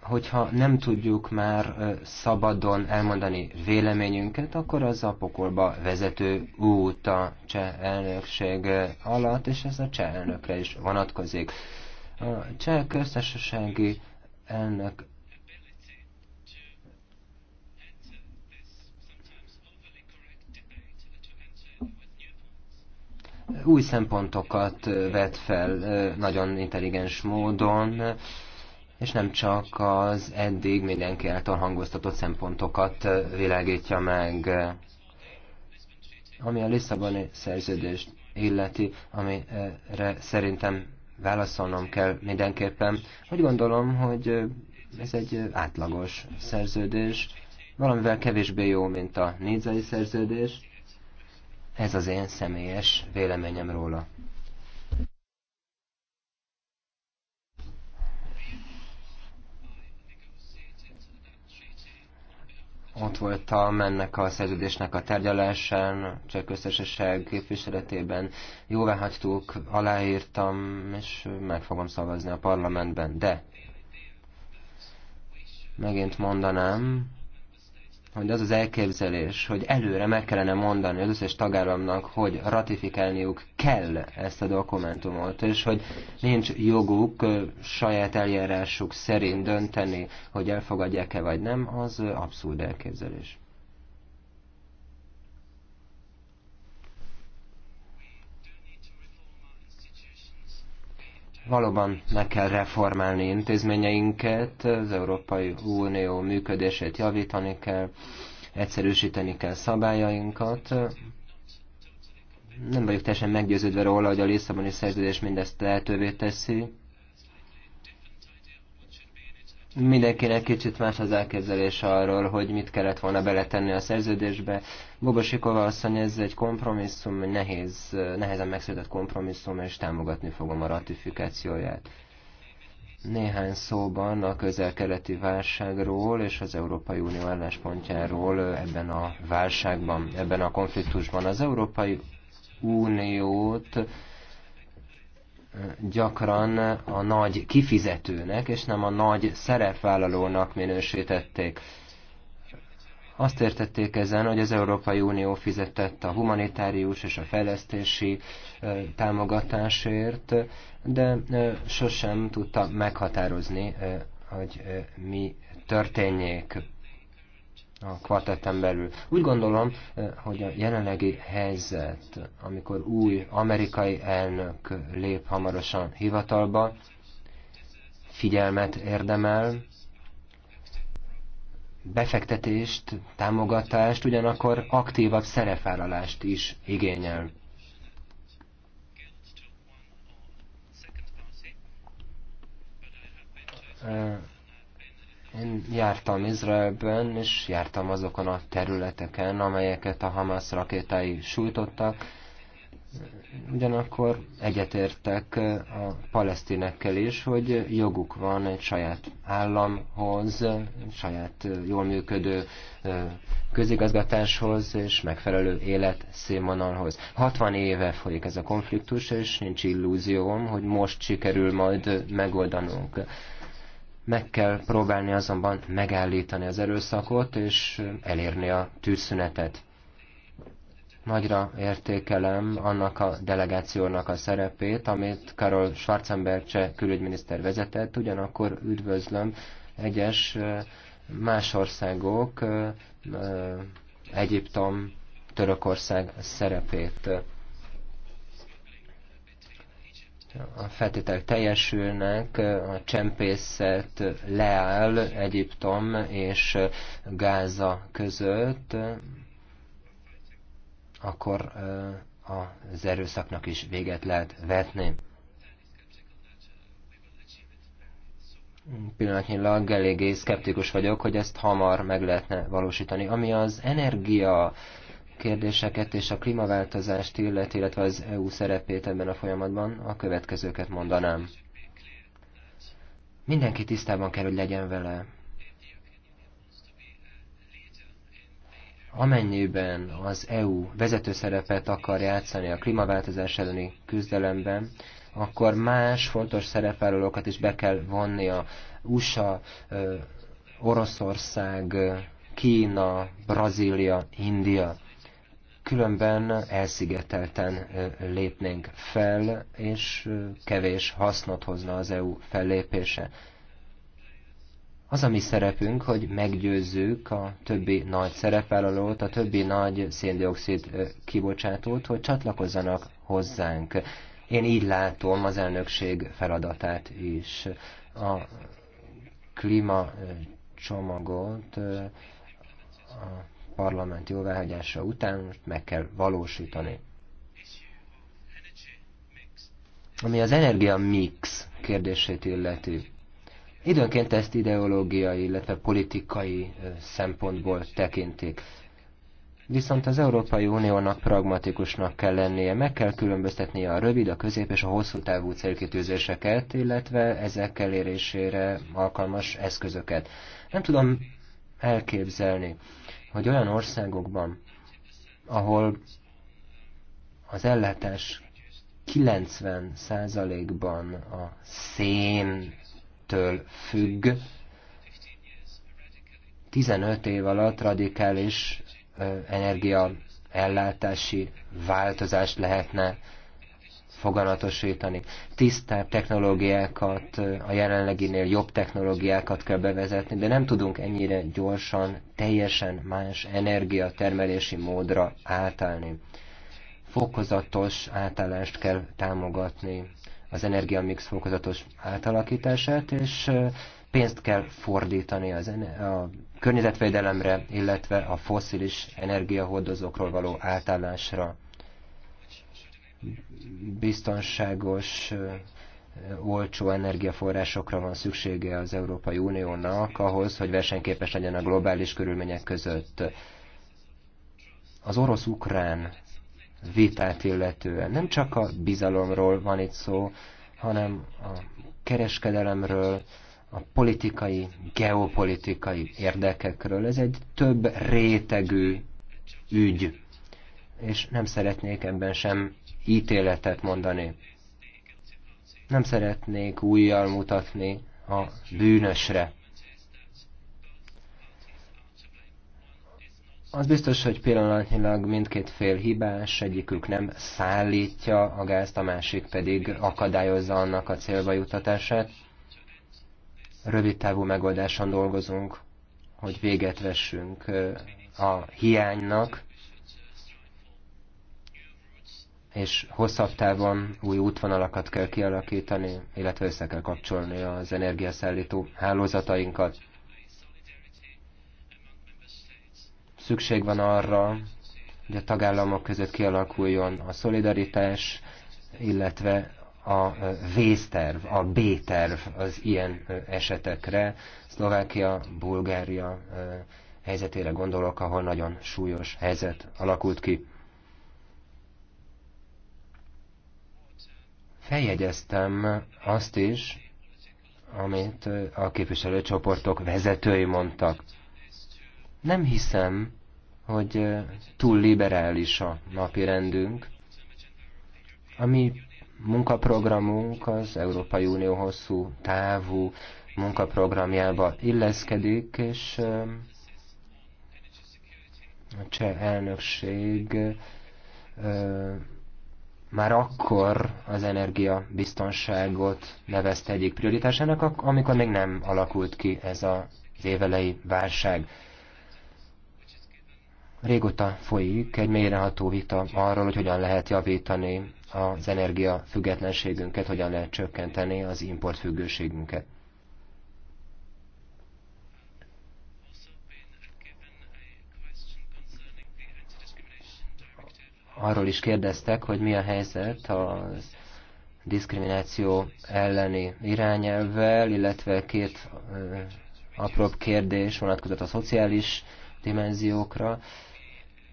Hogyha nem tudjuk már szabadon elmondani véleményünket, akkor az a pokolba vezető út a cseh elnökség alatt, és ez a cseh elnökre is vonatkozik. A cseh köztársasági elnök új szempontokat vet fel nagyon intelligens módon, és nem csak az eddig mindenki által hangoztatott szempontokat világítja meg, ami a Lisszaboni szerződést illeti, amire szerintem válaszolnom kell mindenképpen. Úgy gondolom, hogy ez egy átlagos szerződés, valamivel kevésbé jó, mint a nézai szerződés, ez az én személyes véleményem róla. ott voltam ennek a szerződésnek a tergyalásán, csak összeseség képviseletében jóvá hagytuk, aláírtam, és meg fogom szavazni a parlamentben. De megint mondanám, hogy az az elképzelés, hogy előre meg kellene mondani az összes tagállamnak, hogy ratifikálniuk kell ezt a dokumentumot, és hogy nincs joguk saját eljárásuk szerint dönteni, hogy elfogadják-e vagy nem, az abszurd elképzelés. Valóban meg kell reformálni intézményeinket, az Európai Unió működését javítani kell, egyszerűsíteni kell szabályainkat. Nem vagyok teljesen meggyőződve róla, hogy a Lisszaboni szerződés mindezt lehetővé teszi mindenkinek kicsit más az elképzelése arról, hogy mit kellett volna beletenni a szerződésbe. Bobosikova asszony, ez egy kompromisszum, nehéz, nehezen megszületett kompromisszum, és támogatni fogom a ratifikációját. Néhány szóban a közel-keleti válságról és az Európai Unió álláspontjáról ebben a válságban, ebben a konfliktusban. Az Európai Uniót gyakran a nagy kifizetőnek, és nem a nagy szerepvállalónak minősítették. Azt értették ezen, hogy az Európai Unió fizetett a humanitárius és a fejlesztési támogatásért, de sosem tudta meghatározni, hogy mi történjék a kvartetten belül. Úgy gondolom, eh, hogy a jelenlegi helyzet, amikor új amerikai elnök lép hamarosan hivatalba, figyelmet érdemel, befektetést, támogatást, ugyanakkor aktívabb szerepvállalást is igényel. Uh, én jártam Izraelben, és jártam azokon a területeken, amelyeket a Hamas rakétái sújtottak. Ugyanakkor egyetértek a palesztinekkel is, hogy joguk van egy saját államhoz, saját jól működő közigazgatáshoz és megfelelő életszínvonalhoz. 60 éve folyik ez a konfliktus, és nincs illúzióm, hogy most sikerül majd megoldanunk. Meg kell próbálni azonban megállítani az erőszakot, és elérni a tűzszünetet. Nagyra értékelem annak a delegációnak a szerepét, amit Karol Schwarzenberg cseh külügyminiszter vezetett, ugyanakkor üdvözlöm egyes más országok, Egyiptom, Törökország szerepét a feltételek teljesülnek, a csempészet leáll Egyiptom és Gáza között, akkor az erőszaknak is véget lehet vetni. Pillanatnyilag eléggé szkeptikus vagyok, hogy ezt hamar meg lehetne valósítani. Ami az energia kérdéseket és a klímaváltozást illet, illetve az EU szerepét ebben a folyamatban a következőket mondanám. Mindenki tisztában kell, hogy legyen vele. Amennyiben az EU vezető szerepet akar játszani a klímaváltozás elleni küzdelemben, akkor más fontos szerepvállalókat is be kell vonni a USA, Oroszország, Kína, Brazília, India különben elszigetelten lépnénk fel, és kevés hasznot hozna az EU fellépése. Az a mi szerepünk, hogy meggyőzzük a többi nagy szerepvállalót, a többi nagy széndiokszid kibocsátót, hogy csatlakozzanak hozzánk. Én így látom az elnökség feladatát is. A klímacsomagot a parlament jóváhagyása után most meg kell valósítani. Ami az energia mix kérdését illeti. Időnként ezt ideológiai, illetve politikai szempontból tekintik. Viszont az Európai Uniónak pragmatikusnak kell lennie, meg kell különböztetnie a rövid, a közép és a hosszú távú célkitűzéseket, illetve ezek elérésére alkalmas eszközöket. Nem tudom elképzelni, hogy olyan országokban, ahol az ellátás 90%-ban a széntől függ, 15 év alatt radikális energiaellátási ellátási változást lehetne fogalatosítani. Tisztább technológiákat, a jelenleginél jobb technológiákat kell bevezetni, de nem tudunk ennyire gyorsan, teljesen más energiatermelési módra átállni. Fokozatos átállást kell támogatni, az energiamix fokozatos átalakítását, és pénzt kell fordítani az a környezetvédelemre, illetve a foszilis energiahordozókról való átállásra biztonságos, olcsó energiaforrásokra van szüksége az Európai Uniónak ahhoz, hogy versenyképes legyen a globális körülmények között. Az orosz-ukrán vitát illetően nem csak a bizalomról van itt szó, hanem a kereskedelemről, a politikai, geopolitikai érdekekről. Ez egy több rétegű ügy, és nem szeretnék ebben sem ítéletet mondani. Nem szeretnék újjal mutatni a bűnösre. Az biztos, hogy pillanatnyilag mindkét fél hibás, egyikük nem szállítja a gázt, a másik pedig akadályozza annak a célba jutatását. Rövid távú megoldáson dolgozunk, hogy véget vessünk a hiánynak, és hosszabb távon új útvonalakat kell kialakítani, illetve össze kell kapcsolni az energiaszállító hálózatainkat. Szükség van arra, hogy a tagállamok között kialakuljon a szolidaritás, illetve a vészterv, a B-terv az ilyen esetekre. Szlovákia, Bulgária helyzetére gondolok, ahol nagyon súlyos helyzet alakult ki. Feljegyeztem azt is, amit a képviselőcsoportok vezetői mondtak. Nem hiszem, hogy túl liberális a napi rendünk. A mi munkaprogramunk az Európai Unió hosszú távú munkaprogramjába illeszkedik, és a cseh elnökség már akkor az energiabiztonságot nevezte egyik prioritásának, amikor még nem alakult ki ez az évelei válság. Régóta folyik egy mélyreható vita arról, hogy hogyan lehet javítani az energia függetlenségünket, hogyan lehet csökkenteni az importfüggőségünket. arról is kérdeztek, hogy mi a helyzet az diszkrimináció elleni irányelvvel, illetve két apróbb kérdés vonatkozott a szociális dimenziókra.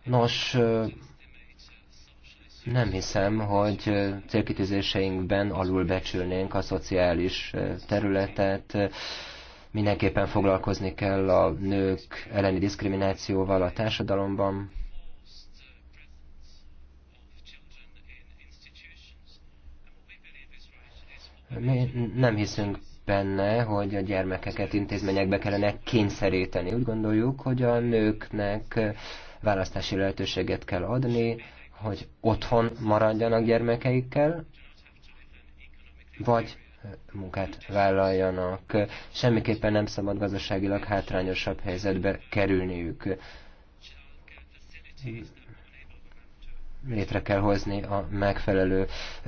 Nos, nem hiszem, hogy célkitűzéseinkben alulbecsülnénk a szociális területet. Mindenképpen foglalkozni kell a nők elleni diszkriminációval a társadalomban. Mi nem hiszünk benne, hogy a gyermekeket intézményekbe kellene kényszeríteni. Úgy gondoljuk, hogy a nőknek választási lehetőséget kell adni, hogy otthon maradjanak gyermekeikkel, vagy munkát vállaljanak. Semmiképpen nem szabad gazdaságilag hátrányosabb helyzetbe kerülniük létre kell hozni a megfelelő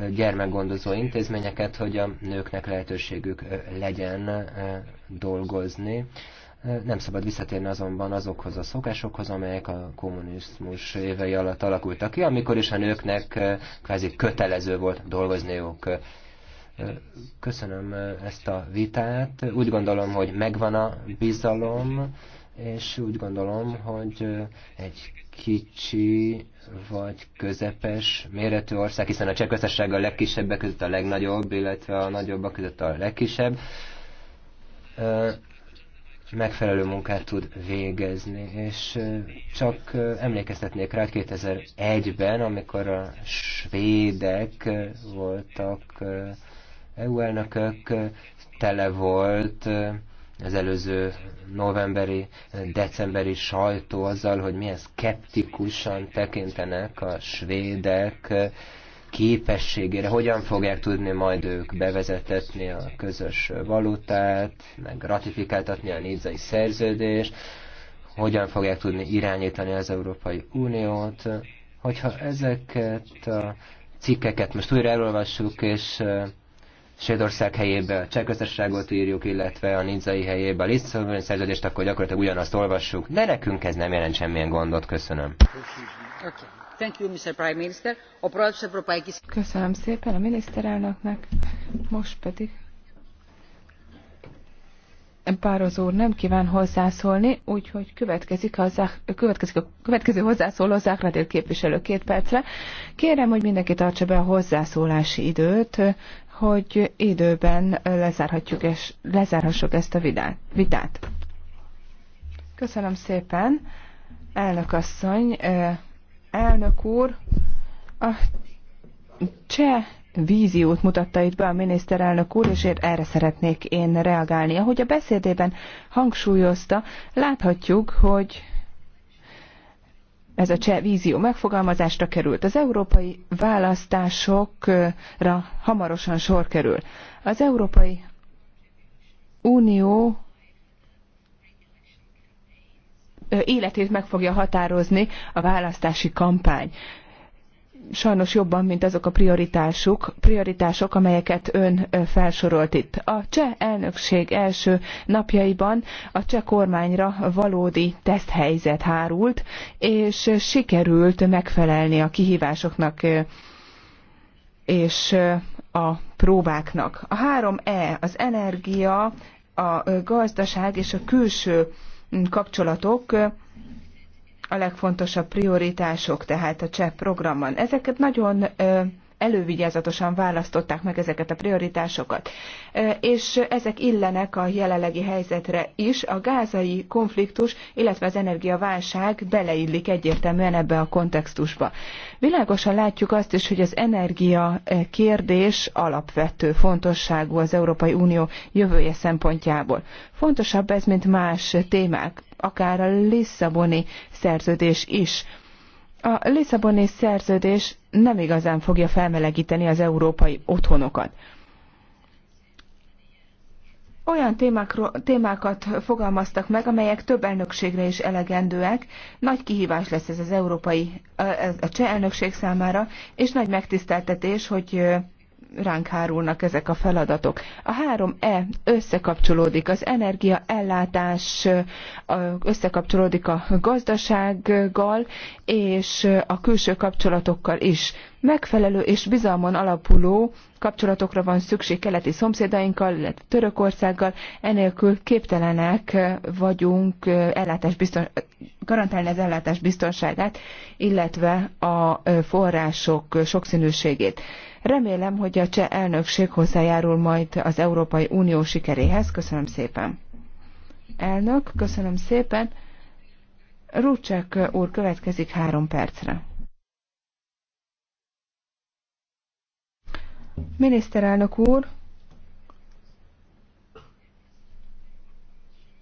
gyermekgondozó intézményeket, hogy a nőknek lehetőségük legyen dolgozni. Nem szabad visszatérni azonban azokhoz a szokásokhoz, amelyek a kommunizmus évei alatt alakultak ki, amikor is a nőknek kvázi kötelező volt dolgozniuk. Köszönöm ezt a vitát. Úgy gondolom, hogy megvan a bizalom és úgy gondolom, hogy egy kicsi vagy közepes méretű ország, hiszen a csehköztársaság a legkisebbek között a legnagyobb, illetve a nagyobbak között a legkisebb, megfelelő munkát tud végezni. És csak emlékeztetnék rá 2001-ben, amikor a svédek voltak EU elnökök, tele volt az előző novemberi, decemberi sajtó azzal, hogy milyen szkeptikusan tekintenek a svédek képességére, hogyan fogják tudni majd ők bevezetetni a közös valutát, meg ratifikáltatni a nidzai szerződést, hogyan fogják tudni irányítani az Európai Uniót. Hogyha ezeket a cikkeket most újra elolvassuk, és Svédország helyébe a Csehköztársaságot írjuk, illetve a Nidzai helyébe a Lisztszövőn szerződést, akkor gyakorlatilag ugyanazt olvassuk. De nekünk ez nem jelent semmilyen gondot. Köszönöm. Köszönöm szépen a miniszterelnöknek. Most pedig Pároz úr nem kíván hozzászólni, úgyhogy következik a, következik a következő hozzászóló Zákradél képviselő két percre. Kérem, hogy mindenki tartsa be a hozzászólási időt hogy időben lezárhatjuk és lezárhassuk ezt a vitát. Köszönöm szépen, elnök asszony, elnök úr, a cseh víziót mutatta itt be a miniszterelnök úr, és erre szeretnék én reagálni. Ahogy a beszédében hangsúlyozta, láthatjuk, hogy ez a cseh vízió megfogalmazásra került. Az európai választásokra hamarosan sor kerül. Az Európai Unió életét meg fogja határozni a választási kampány sajnos jobban, mint azok a prioritások, prioritások, amelyeket ön felsorolt itt. A cseh elnökség első napjaiban a cseh kormányra valódi teszthelyzet hárult, és sikerült megfelelni a kihívásoknak és a próbáknak. A 3E, az energia, a gazdaság és a külső kapcsolatok a legfontosabb prioritások, tehát a CSEP programban. Ezeket nagyon elővigyázatosan választották meg ezeket a prioritásokat. És ezek illenek a jelenlegi helyzetre is. A gázai konfliktus, illetve az energiaválság beleillik egyértelműen ebbe a kontextusba. Világosan látjuk azt is, hogy az energia kérdés alapvető fontosságú az Európai Unió jövője szempontjából. Fontosabb ez, mint más témák akár a Lisszaboni szerződés is. A Lisszaboni szerződés nem igazán fogja felmelegíteni az európai otthonokat. Olyan témákról, témákat fogalmaztak meg, amelyek több elnökségre is elegendőek. Nagy kihívás lesz ez az európai, a cseh elnökség számára, és nagy megtiszteltetés, hogy ránk hárulnak ezek a feladatok. A 3E összekapcsolódik, az energiaellátás összekapcsolódik a gazdasággal és a külső kapcsolatokkal is. Megfelelő és bizalmon alapuló kapcsolatokra van szükség keleti szomszédainkkal, illetve Törökországgal, enélkül képtelenek vagyunk ellátás bizton... garantálni az ellátás biztonságát, illetve a források sokszínűségét. Remélem, hogy a cseh elnökség hozzájárul majd az Európai Unió sikeréhez. Köszönöm szépen. Elnök, köszönöm szépen. Rúcsák úr következik három percre. Miniszterelnök úr,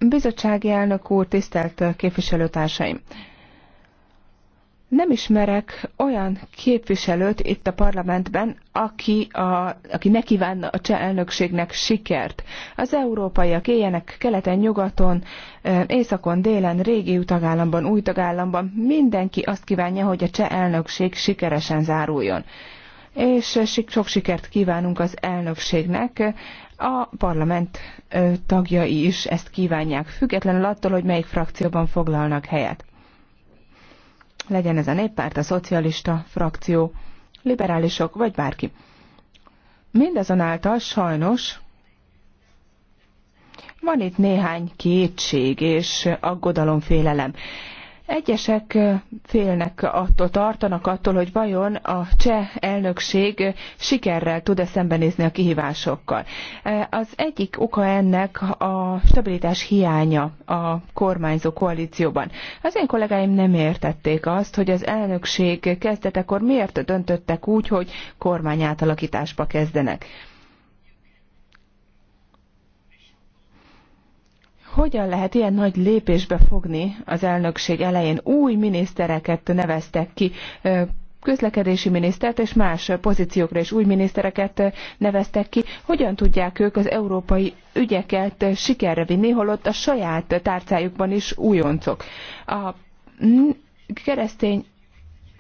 bizottsági elnök úr, tisztelt képviselőtársaim! Nem ismerek olyan képviselőt itt a parlamentben, aki, a, aki ne kívánna a cseh elnökségnek sikert. Az európaiak éljenek keleten, nyugaton, északon, délen, régi tagállamban, új tagállamban. Mindenki azt kívánja, hogy a cseh elnökség sikeresen záruljon. És sok sikert kívánunk az elnökségnek. A parlament tagjai is ezt kívánják, függetlenül attól, hogy melyik frakcióban foglalnak helyet legyen ez a néppárt, a szocialista frakció, liberálisok vagy bárki. Mindazonáltal sajnos van itt néhány kétség és aggodalomfélelem. félelem Egyesek félnek attól, tartanak attól, hogy vajon a cseh elnökség sikerrel tud-e szembenézni a kihívásokkal. Az egyik oka ennek a stabilitás hiánya a kormányzó koalícióban. Az én kollégáim nem értették azt, hogy az elnökség kezdetekor miért döntöttek úgy, hogy kormányátalakításba kezdenek Hogyan lehet ilyen nagy lépésbe fogni az elnökség elején? Új minisztereket neveztek ki, közlekedési minisztert és más pozíciókra is új minisztereket neveztek ki. Hogyan tudják ők az európai ügyeket sikerre vinni, holott a saját tárcájukban is újoncok? A keresztény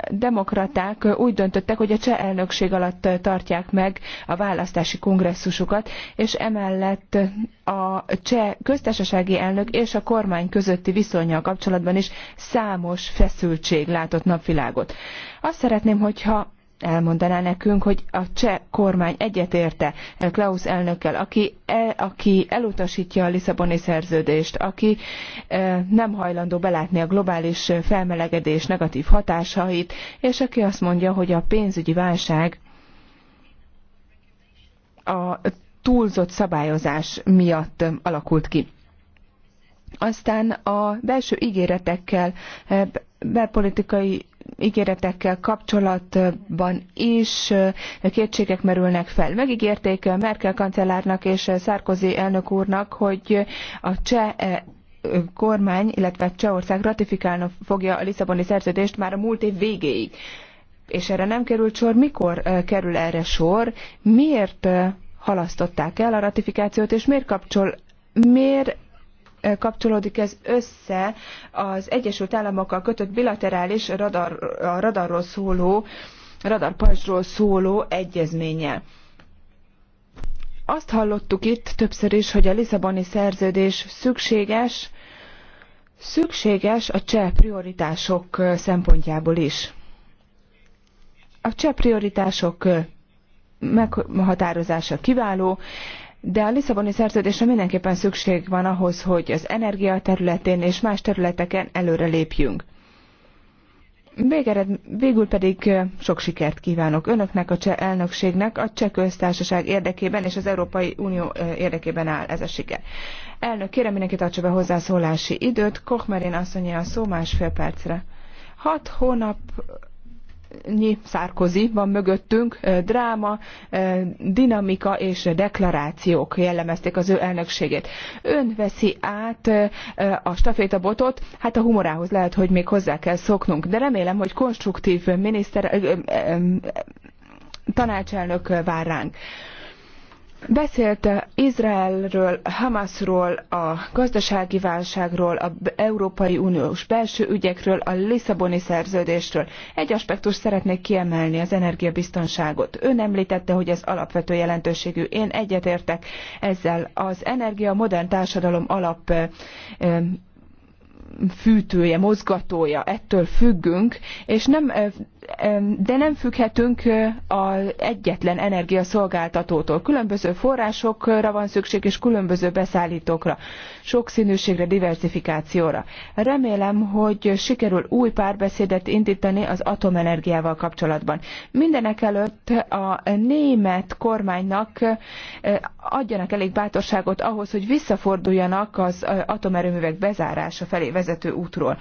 demokraták úgy döntöttek, hogy a cseh elnökség alatt tartják meg a választási kongresszusukat, és emellett a cseh köztársasági elnök és a kormány közötti viszonyjal kapcsolatban is számos feszültség látott napvilágot. Azt szeretném, hogyha elmondaná nekünk, hogy a cseh kormány egyetérte Klaus elnökkel, aki, el, aki elutasítja a Lisszaboni szerződést, aki e, nem hajlandó belátni a globális felmelegedés negatív hatásait, és aki azt mondja, hogy a pénzügyi válság a túlzott szabályozás miatt alakult ki. Aztán a belső ígéretekkel, e, belpolitikai ígéretekkel kapcsolatban is kétségek merülnek fel. Megígérték Merkel kancellárnak és Sarkozy elnök úrnak, hogy a cseh kormány, illetve Csehország ratifikálna fogja a Lisszaboni szerződést már a múlt év végéig. És erre nem került sor. Mikor kerül erre sor? Miért halasztották el a ratifikációt, és miért kapcsol, miért kapcsolódik ez össze az Egyesült Államokkal kötött bilaterális radar, a radarról szóló, radarpajzsról szóló egyezménnyel. Azt hallottuk itt többször is, hogy a Lisszaboni szerződés szükséges, szükséges a cseh prioritások szempontjából is. A cseh prioritások meghatározása kiváló, de a Lisszaboni szerződésre mindenképpen szükség van ahhoz, hogy az energia területén és más területeken előre lépjünk. Végered, végül pedig sok sikert kívánok önöknek, a cseh elnökségnek, a cseh köztársaság érdekében és az Európai Unió érdekében áll ez a siker. Elnök, kérem mindenki tartsa be hozzászólási időt. Kochmerin asszonyja a szó másfél percre. Hat hónap nyi szárkozi van mögöttünk, dráma, dinamika és deklarációk jellemezték az ő elnökségét. Ön veszi át a stafétabotot, hát a humorához lehet, hogy még hozzá kell szoknunk, de remélem, hogy konstruktív miniszter, tanácselnök vár ránk. Beszélt Izraelről, Hamasról, a gazdasági válságról, a Európai Uniós belső ügyekről, a Lisszaboni szerződésről. Egy aspektus szeretnék kiemelni, az energiabiztonságot. Ön említette, hogy ez alapvető jelentőségű. Én egyetértek ezzel. Az energia a modern társadalom alap fűtője, mozgatója, ettől függünk, és nem, de nem függhetünk az egyetlen energiaszolgáltatótól. Különböző forrásokra van szükség, és különböző beszállítókra sokszínűségre, diversifikációra. Remélem, hogy sikerül új párbeszédet indítani az atomenergiával kapcsolatban. Mindenek előtt a német kormánynak eh, adjanak elég bátorságot ahhoz, hogy visszaforduljanak az eh, atomerőművek bezárása felé vezető útról.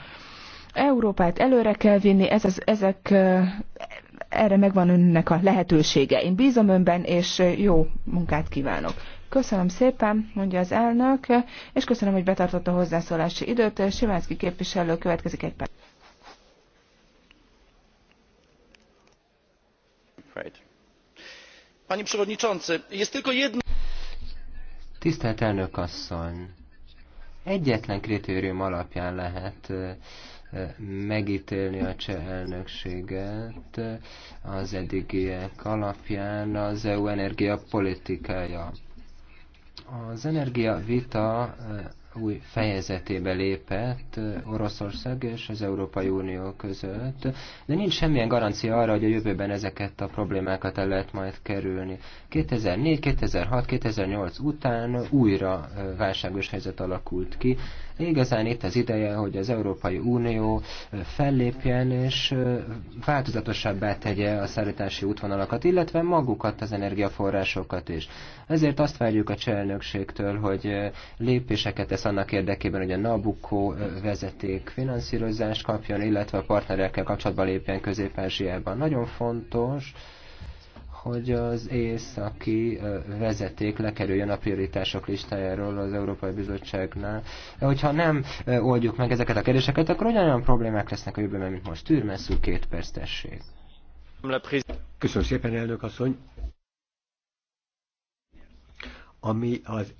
Európát előre kell vinni, ez az, ezek, eh, erre megvan önnek a lehetősége. Én bízom önben, és jó munkát kívánok. Köszönöm szépen, mondja az elnök, és köszönöm, hogy betartotta a hozzászólási időt. Simánszki képviselő következik egy perc. Panie Przewodniczący, jest tylko jedno... Tisztelt elnök asszony, egyetlen kritérium alapján lehet megítélni a cseh elnökséget az eddigiek alapján az EU energiapolitikája. Az energia vita eh, új fejezetébe lépett eh, Oroszország és az Európai Unió között, de nincs semmilyen garancia arra, hogy a jövőben ezeket a problémákat el lehet majd kerülni. 2004, 2006, 2008 után újra eh, válságos helyzet alakult ki, Igazán itt az ideje, hogy az Európai Unió fellépjen és változatosabbá tegye a szállítási útvonalakat, illetve magukat az energiaforrásokat is. Ezért azt várjuk a cselnökségtől, hogy lépéseket tesz annak érdekében, hogy a Nabucco vezeték finanszírozást kapjon, illetve a partnerekkel kapcsolatban lépjen Közép-Ázsiában. Nagyon fontos, hogy az északi vezeték lekerüljön a prioritások listájáról az Európai Bizottságnál. Hogyha nem oldjuk meg ezeket a kérdéseket, akkor ugyanolyan problémák lesznek a jövőben, mint most. Türmeszú két perc tessék. Köszönöm szépen, elnök asszony. Ami az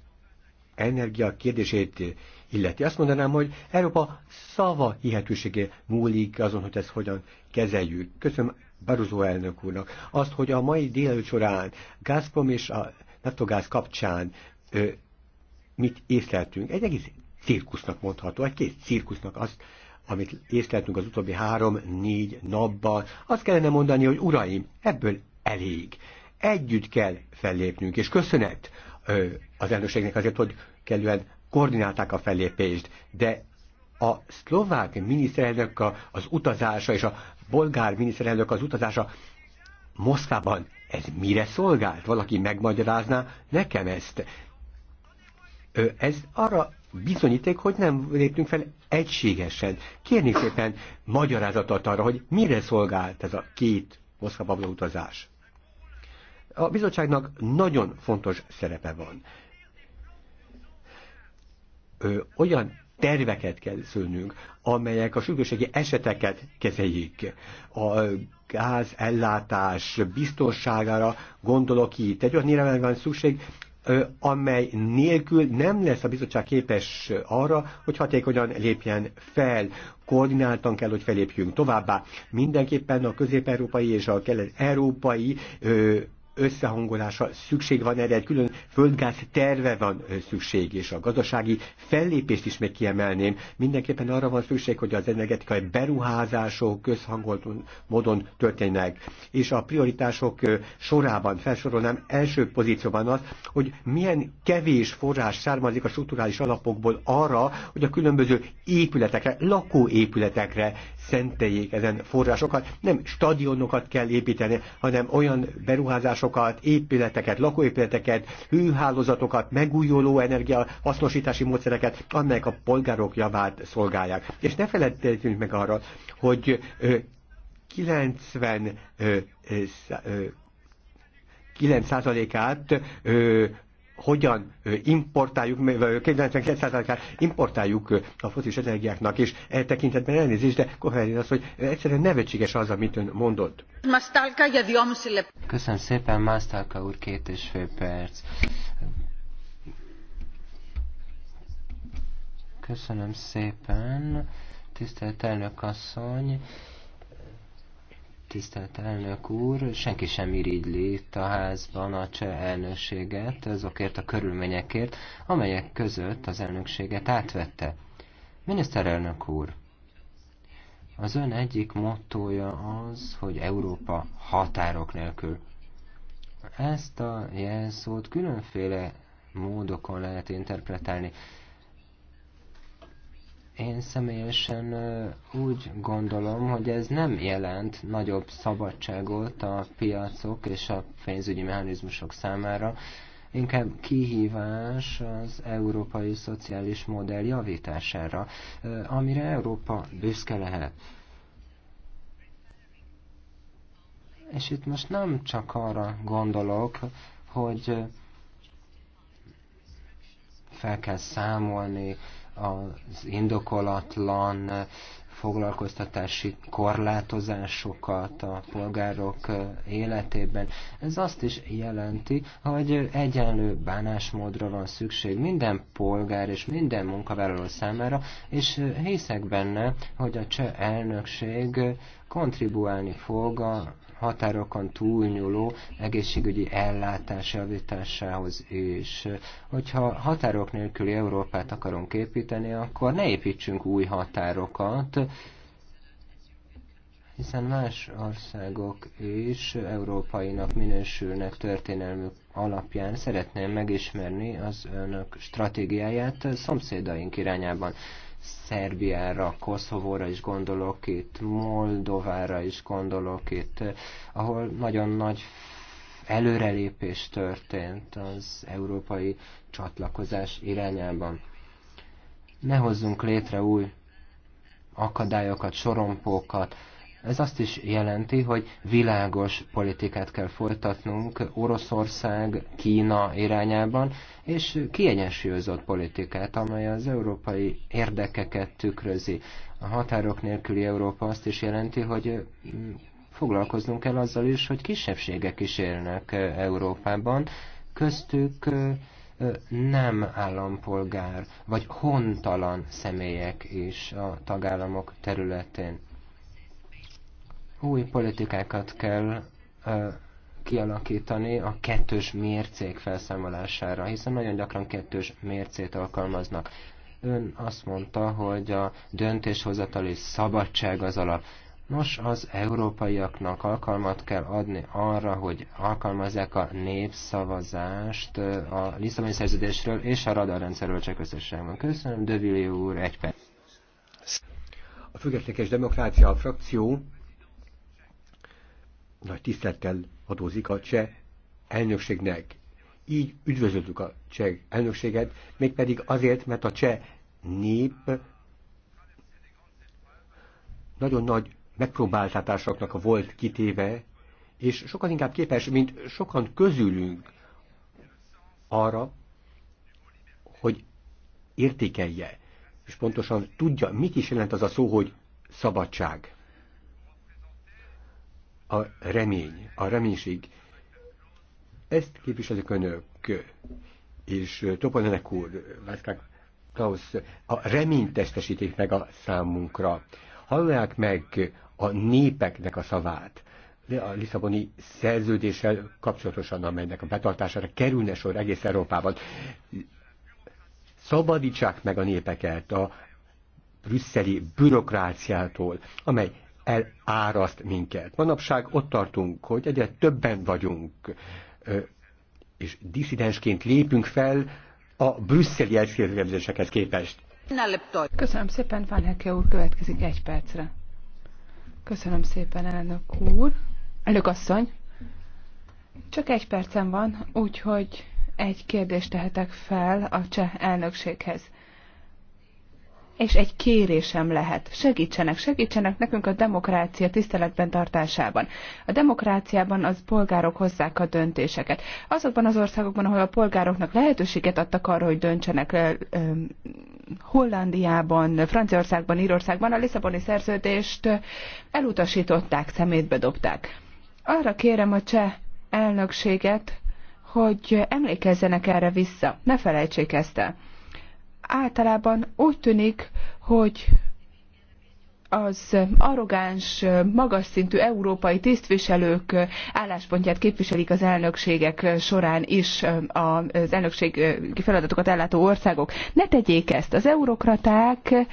energia kérdését illeti. Azt mondanám, hogy Európa szava hihetősége múlik azon, hogy ezt hogyan kezeljük. Köszönöm Barozó elnök úrnak, azt, hogy a mai délelőtt során Gazprom és a Naftogáz kapcsán ö, mit észleltünk, egy egész cirkusznak mondható, egy két cirkusznak azt, amit észleltünk az utóbbi három-négy napban, azt kellene mondani, hogy uraim, ebből elég. Együtt kell fellépnünk, és köszönet ö, az elnökségnek azért, hogy kellően koordinálták a fellépést, de a szlovák miniszterelnök az utazása és a bolgár miniszterelnök az utazása Moszkvában. Ez mire szolgált? Valaki megmagyarázná nekem ezt. Ez arra bizonyíték, hogy nem léptünk fel egységesen. Kérnék szépen magyarázatot arra, hogy mire szolgált ez a két Moszkvába utazás. A bizottságnak nagyon fontos szerepe van. Ö, olyan terveket kell szülnünk, amelyek a sürgősségi eseteket kezeljék. A gázellátás biztonságára gondolok itt. Egy olyan irányban van szükség, amely nélkül nem lesz a bizottság képes arra, hogy hatékonyan lépjen fel. Koordináltan kell, hogy felépjünk továbbá. Mindenképpen a közép-európai és a kelet-európai összehangolása szükség van erre, egy külön földgáz terve van szükség, és a gazdasági fellépést is még kiemelném. Mindenképpen arra van szükség, hogy az energetikai beruházások közhangolt módon történnek. És a prioritások sorában felsorolnám első pozícióban az, hogy milyen kevés forrás származik a strukturális alapokból arra, hogy a különböző épületekre, lakóépületekre szenteljék ezen forrásokat. Nem stadionokat kell építeni, hanem olyan beruházásokat, épületeket, lakóépületeket, hőhálózatokat, megújuló energia hasznosítási módszereket, amelyek a polgárok javát szolgálják. És ne feledjünk meg arra, hogy 90 9%-át hogyan importáljuk, 92 importáljuk a foszilis energiáknak, és e tekintetben elnézést, de Koherin az, hogy egyszerűen nevetséges az, amit ön mondott. Köszönöm szépen, Mastalka úr, két és fél perc. Köszönöm szépen, tisztelt elnök asszony. Tisztelt elnök úr, senki sem irigyli itt a házban a cseh elnökséget azokért a körülményekért, amelyek között az elnökséget átvette. Miniszterelnök úr, az ön egyik mottoja az, hogy Európa határok nélkül. Ezt a jelszót különféle módokon lehet interpretálni. Én személyesen úgy gondolom, hogy ez nem jelent nagyobb szabadságot a piacok és a pénzügyi mechanizmusok számára, inkább kihívás az európai szociális modell javítására, amire Európa büszke lehet. És itt most nem csak arra gondolok, hogy fel kell számolni az indokolatlan foglalkoztatási korlátozásokat a polgárok életében. Ez azt is jelenti, hogy egyenlő bánásmódra van szükség minden polgár és minden munkavállaló számára, és hiszek benne, hogy a cseh elnökség kontribuálni fog a határokon túlnyúló egészségügyi ellátás javításához is. Hogyha határok nélküli Európát akarunk építeni, akkor ne építsünk új határokat, hiszen más országok is európainak minősülnek történelmük alapján. Szeretném megismerni az önök stratégiáját szomszédaink irányában. Szerbiára, Koszovóra is gondolok itt, Moldovára is gondolok itt, ahol nagyon nagy előrelépés történt az európai csatlakozás irányában. Ne hozzunk létre új akadályokat, sorompókat, ez azt is jelenti, hogy világos politikát kell folytatnunk Oroszország, Kína irányában, és kiegyensúlyozott politikát, amely az európai érdekeket tükrözi. A határok nélküli Európa azt is jelenti, hogy mm, foglalkoznunk kell azzal is, hogy kisebbségek is élnek Európában, köztük nem állampolgár, vagy hontalan személyek is a tagállamok területén. Új politikákat kell kialakítani a kettős mércék felszámolására, hiszen nagyon gyakran kettős mércét alkalmaznak. Ön azt mondta, hogy a döntéshozatali szabadság az alap. Nos, az európaiaknak alkalmat kell adni arra, hogy alkalmazzák a népszavazást a Lisszaboni szerződésről és a radarrendszerről csak összességben. Köszönöm, Dövili úr, egy perc. A Függetleges Demokrácia a frakció nagy tisztelettel adózik a cseh elnökségnek. Így üdvözöltük a cseh elnökséget, mégpedig azért, mert a cseh nép nagyon nagy megpróbáltatásoknak volt kitéve, és sokan inkább képes, mint sokan közülünk arra, hogy értékelje, és pontosan tudja, mit is jelent az a szó, hogy szabadság a remény, a reménység. Ezt képviselik önök, és Topolenek úr, Vászkák Klaus, a reményt testesítik meg a számunkra. Hallják meg a népeknek a szavát, de a Lisszaboni szerződéssel kapcsolatosan, amelynek a betartására kerülne sor egész Európában. Szabadítsák meg a népeket a brüsszeli bürokráciától, amely eláraszt minket. Manapság ott tartunk, hogy egyre többen vagyunk, és diszidensként lépünk fel a brüsszeli elszélkezésekhez képest. Köszönöm szépen, van Vánhelke úr, következik egy percre. Köszönöm szépen, elnök úr. Elnök asszony, csak egy percem van, úgyhogy egy kérdést tehetek fel a cseh elnökséghez és egy kérésem lehet. Segítsenek, segítsenek nekünk a demokrácia tiszteletben tartásában. A demokráciában az polgárok hozzák a döntéseket. Azokban az országokban, ahol a polgároknak lehetőséget adtak arra, hogy döntsenek Hollandiában, Franciaországban, Írországban a Lisszaboni szerződést elutasították, szemétbe dobták. Arra kérem a cseh elnökséget, hogy emlékezzenek erre vissza, ne felejtsék ezt el általában úgy tűnik, hogy az arrogáns, magas szintű európai tisztviselők álláspontját képviselik az elnökségek során is az elnökségi feladatokat ellátó országok. Ne tegyék ezt! Az eurokraták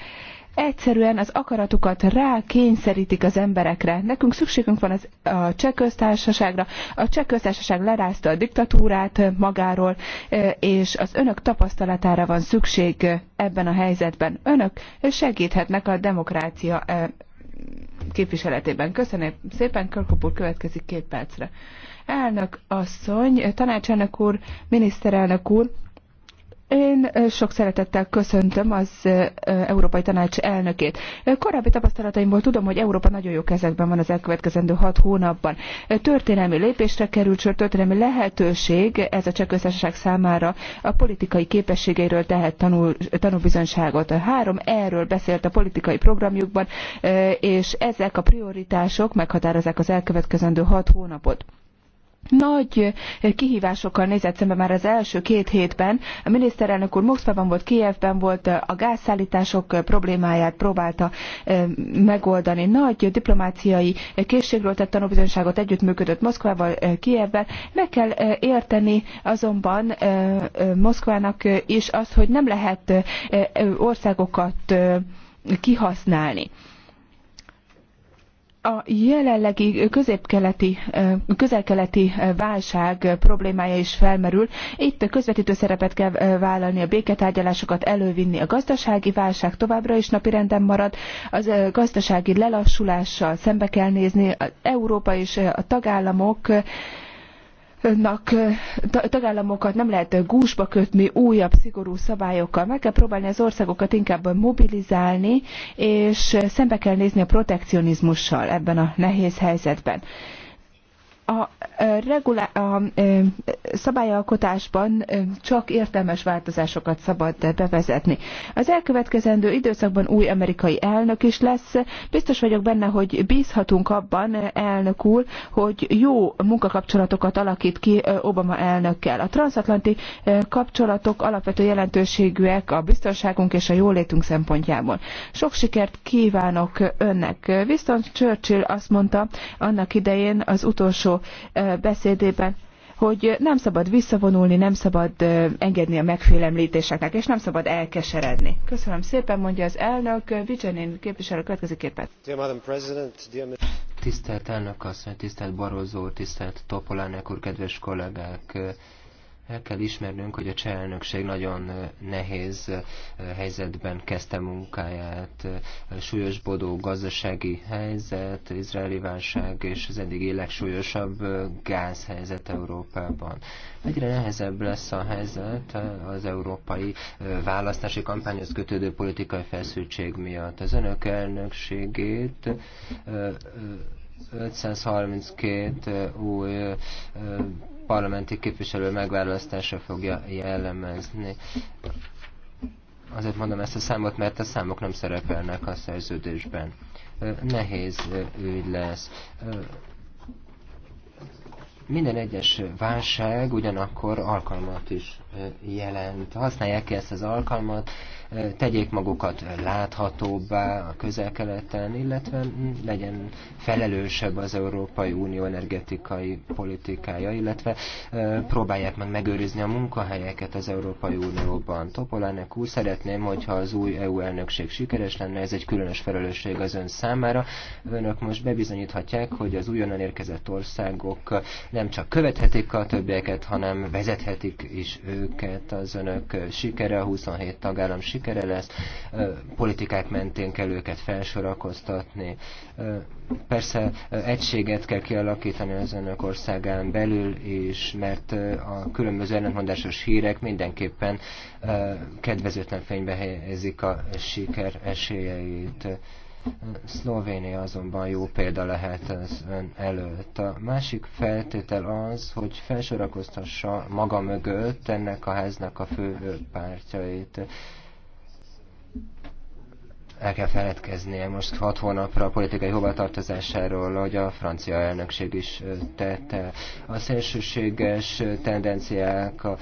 egyszerűen az akaratukat rá kényszerítik az emberekre. Nekünk szükségünk van az, a cseh köztársaságra. A cseh köztársaság lerázta a diktatúrát magáról, e, és az önök tapasztalatára van szükség ebben a helyzetben. Önök segíthetnek a demokrácia e, képviseletében. Köszönöm szépen, Körkop úr következik két percre. Elnök asszony, tanácselnök úr, miniszterelnök úr, én sok szeretettel köszöntöm az Európai Tanács elnökét. Korábbi tapasztalataimból tudom, hogy Európa nagyon jó kezekben van az elkövetkezendő hat hónapban. Történelmi lépésre került sor, történelmi lehetőség ez a csekköztársaság számára a politikai képességeiről tehet tanul, tanúbizonyságot. Három erről beszélt a politikai programjukban, és ezek a prioritások meghatározzák az elkövetkezendő hat hónapot nagy eh, kihívásokkal nézett szembe már az első két hétben. A miniszterelnök úr Moszkvában volt, Kijevben volt, eh, a gázszállítások eh, problémáját próbálta megoldani. Nagy diplomáciai készségről tett tanúbizonyságot, együttműködött Moszkvával, Kijevben. Meg kell érteni azonban Moszkvának is azt, hogy nem lehet országokat kihasználni a jelenlegi középkeleti, közelkeleti válság problémája is felmerül. Itt közvetítő szerepet kell vállalni, a béketárgyalásokat elővinni. A gazdasági válság továbbra is napirenden marad, az gazdasági lelassulással szembe kell nézni. Az Európa és a tagállamok nak tagállamokat nem lehet gúzsba kötni újabb szigorú szabályokkal. Meg kell próbálni az országokat inkább mobilizálni, és szembe kell nézni a protekcionizmussal ebben a nehéz helyzetben a, regulá- a szabályalkotásban csak értelmes változásokat szabad bevezetni. Az elkövetkezendő időszakban új amerikai elnök is lesz. Biztos vagyok benne, hogy bízhatunk abban, elnök úr, hogy jó munkakapcsolatokat alakít ki Obama elnökkel. A transatlanti kapcsolatok alapvető jelentőségűek a biztonságunk és a jólétünk szempontjából. Sok sikert kívánok önnek. Winston Churchill azt mondta annak idején az utolsó beszédében, hogy nem szabad visszavonulni, nem szabad engedni a megfélemlítéseknek, és nem szabad elkeseredni. Köszönöm szépen, mondja az elnök. Vicsenin képviselő éppen. Tisztelt elnök asszony, tisztelt Barozó, tisztelt Topolánek úr, kedves kollégák! El kell ismernünk, hogy a cseh elnökség nagyon nehéz helyzetben kezdte munkáját. Súlyos bodó gazdasági helyzet, izraeli válság és az eddigi legsúlyosabb gázhelyzet Európában. Egyre nehezebb lesz a helyzet az európai választási kampányhoz kötődő politikai feszültség miatt. Az önök elnökségét 532 új parlamenti képviselő megválasztása fogja jellemezni. Azért mondom ezt a számot, mert a számok nem szerepelnek a szerződésben. Nehéz ügy lesz minden egyes válság ugyanakkor alkalmat is jelent. Használják ki ezt az alkalmat, tegyék magukat láthatóbbá a közel-keleten, illetve legyen felelősebb az Európai Unió energetikai politikája, illetve próbálják meg megőrizni a munkahelyeket az Európai Unióban. Topolának úr, szeretném, hogyha az új EU elnökség sikeres lenne, ez egy különös felelősség az ön számára. Önök most bebizonyíthatják, hogy az újonnan érkezett országok nem csak követhetik a többieket, hanem vezethetik is őket. Az önök sikere a 27 tagállam sikere sikere lesz, politikák mentén kell őket felsorakoztatni. Persze egységet kell kialakítani az önök országán belül is, mert a különböző ellentmondásos hírek mindenképpen kedvezőtlen fénybe helyezik a siker esélyeit. Szlovénia azonban jó példa lehet az ön előtt. A másik feltétel az, hogy felsorakoztassa maga mögött ennek a háznak a fő pártjait el kell feledkeznie most hat hónapra a politikai hovatartozásáról, hogy a francia elnökség is tette. A szélsőséges tendenciák, a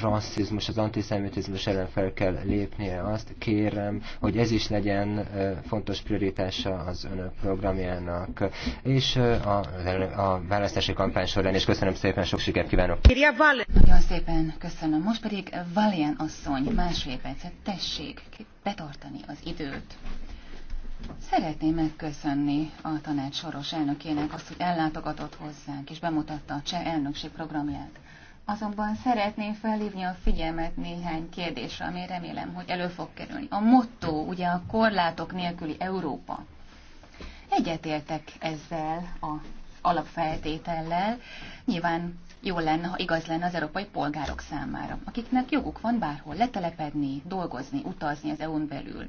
rasszizmus, az antiszemitizmus ellen fel kell lépnie. Azt kérem, hogy ez is legyen fontos prioritása az önök programjának, és a, a választási kampány során, is köszönöm szépen, sok sikert kívánok! Nagyon szépen köszönöm. Most pedig Valian asszony, másfél percet, tessék! betartani az időt. Szeretném megköszönni a tanács soros elnökének azt, hogy ellátogatott hozzánk és bemutatta a cseh elnökség programját. Azonban szeretném felhívni a figyelmet néhány kérdésre, ami remélem, hogy elő fog kerülni. A motto, ugye a korlátok nélküli Európa. Egyetértek ezzel a alapfeltétellel. Nyilván jó lenne, ha igaz lenne az európai polgárok számára, akiknek joguk van bárhol letelepedni, dolgozni, utazni az EU-n belül.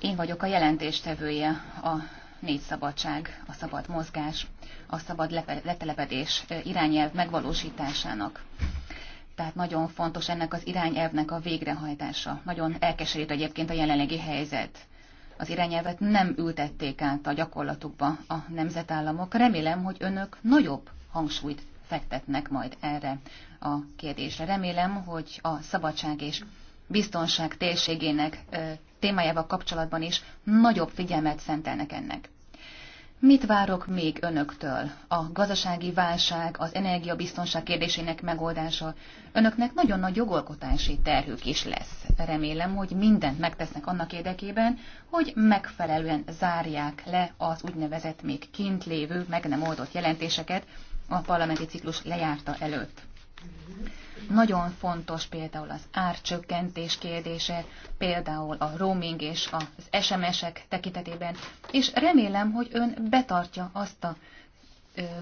Én vagyok a jelentéstevője a négy szabadság, a szabad mozgás, a szabad letelepedés irányelv megvalósításának. Tehát nagyon fontos ennek az irányelvnek a végrehajtása. Nagyon elkeserít egyébként a jelenlegi helyzet. Az irányelvet nem ültették át a gyakorlatukba a nemzetállamok. Remélem, hogy önök nagyobb hangsúlyt fektetnek majd erre a kérdésre. Remélem, hogy a szabadság és biztonság térségének témájával kapcsolatban is nagyobb figyelmet szentelnek ennek. Mit várok még önöktől? A gazdasági válság, az energiabiztonság kérdésének megoldása. Önöknek nagyon nagy jogalkotási terhük is lesz. Remélem, hogy mindent megtesznek annak érdekében, hogy megfelelően zárják le az úgynevezett még kint lévő, meg nem oldott jelentéseket, a parlamenti ciklus lejárta előtt. Nagyon fontos például az árcsökkentés kérdése, például a roaming és az SMS-ek tekintetében, és remélem, hogy ön betartja azt a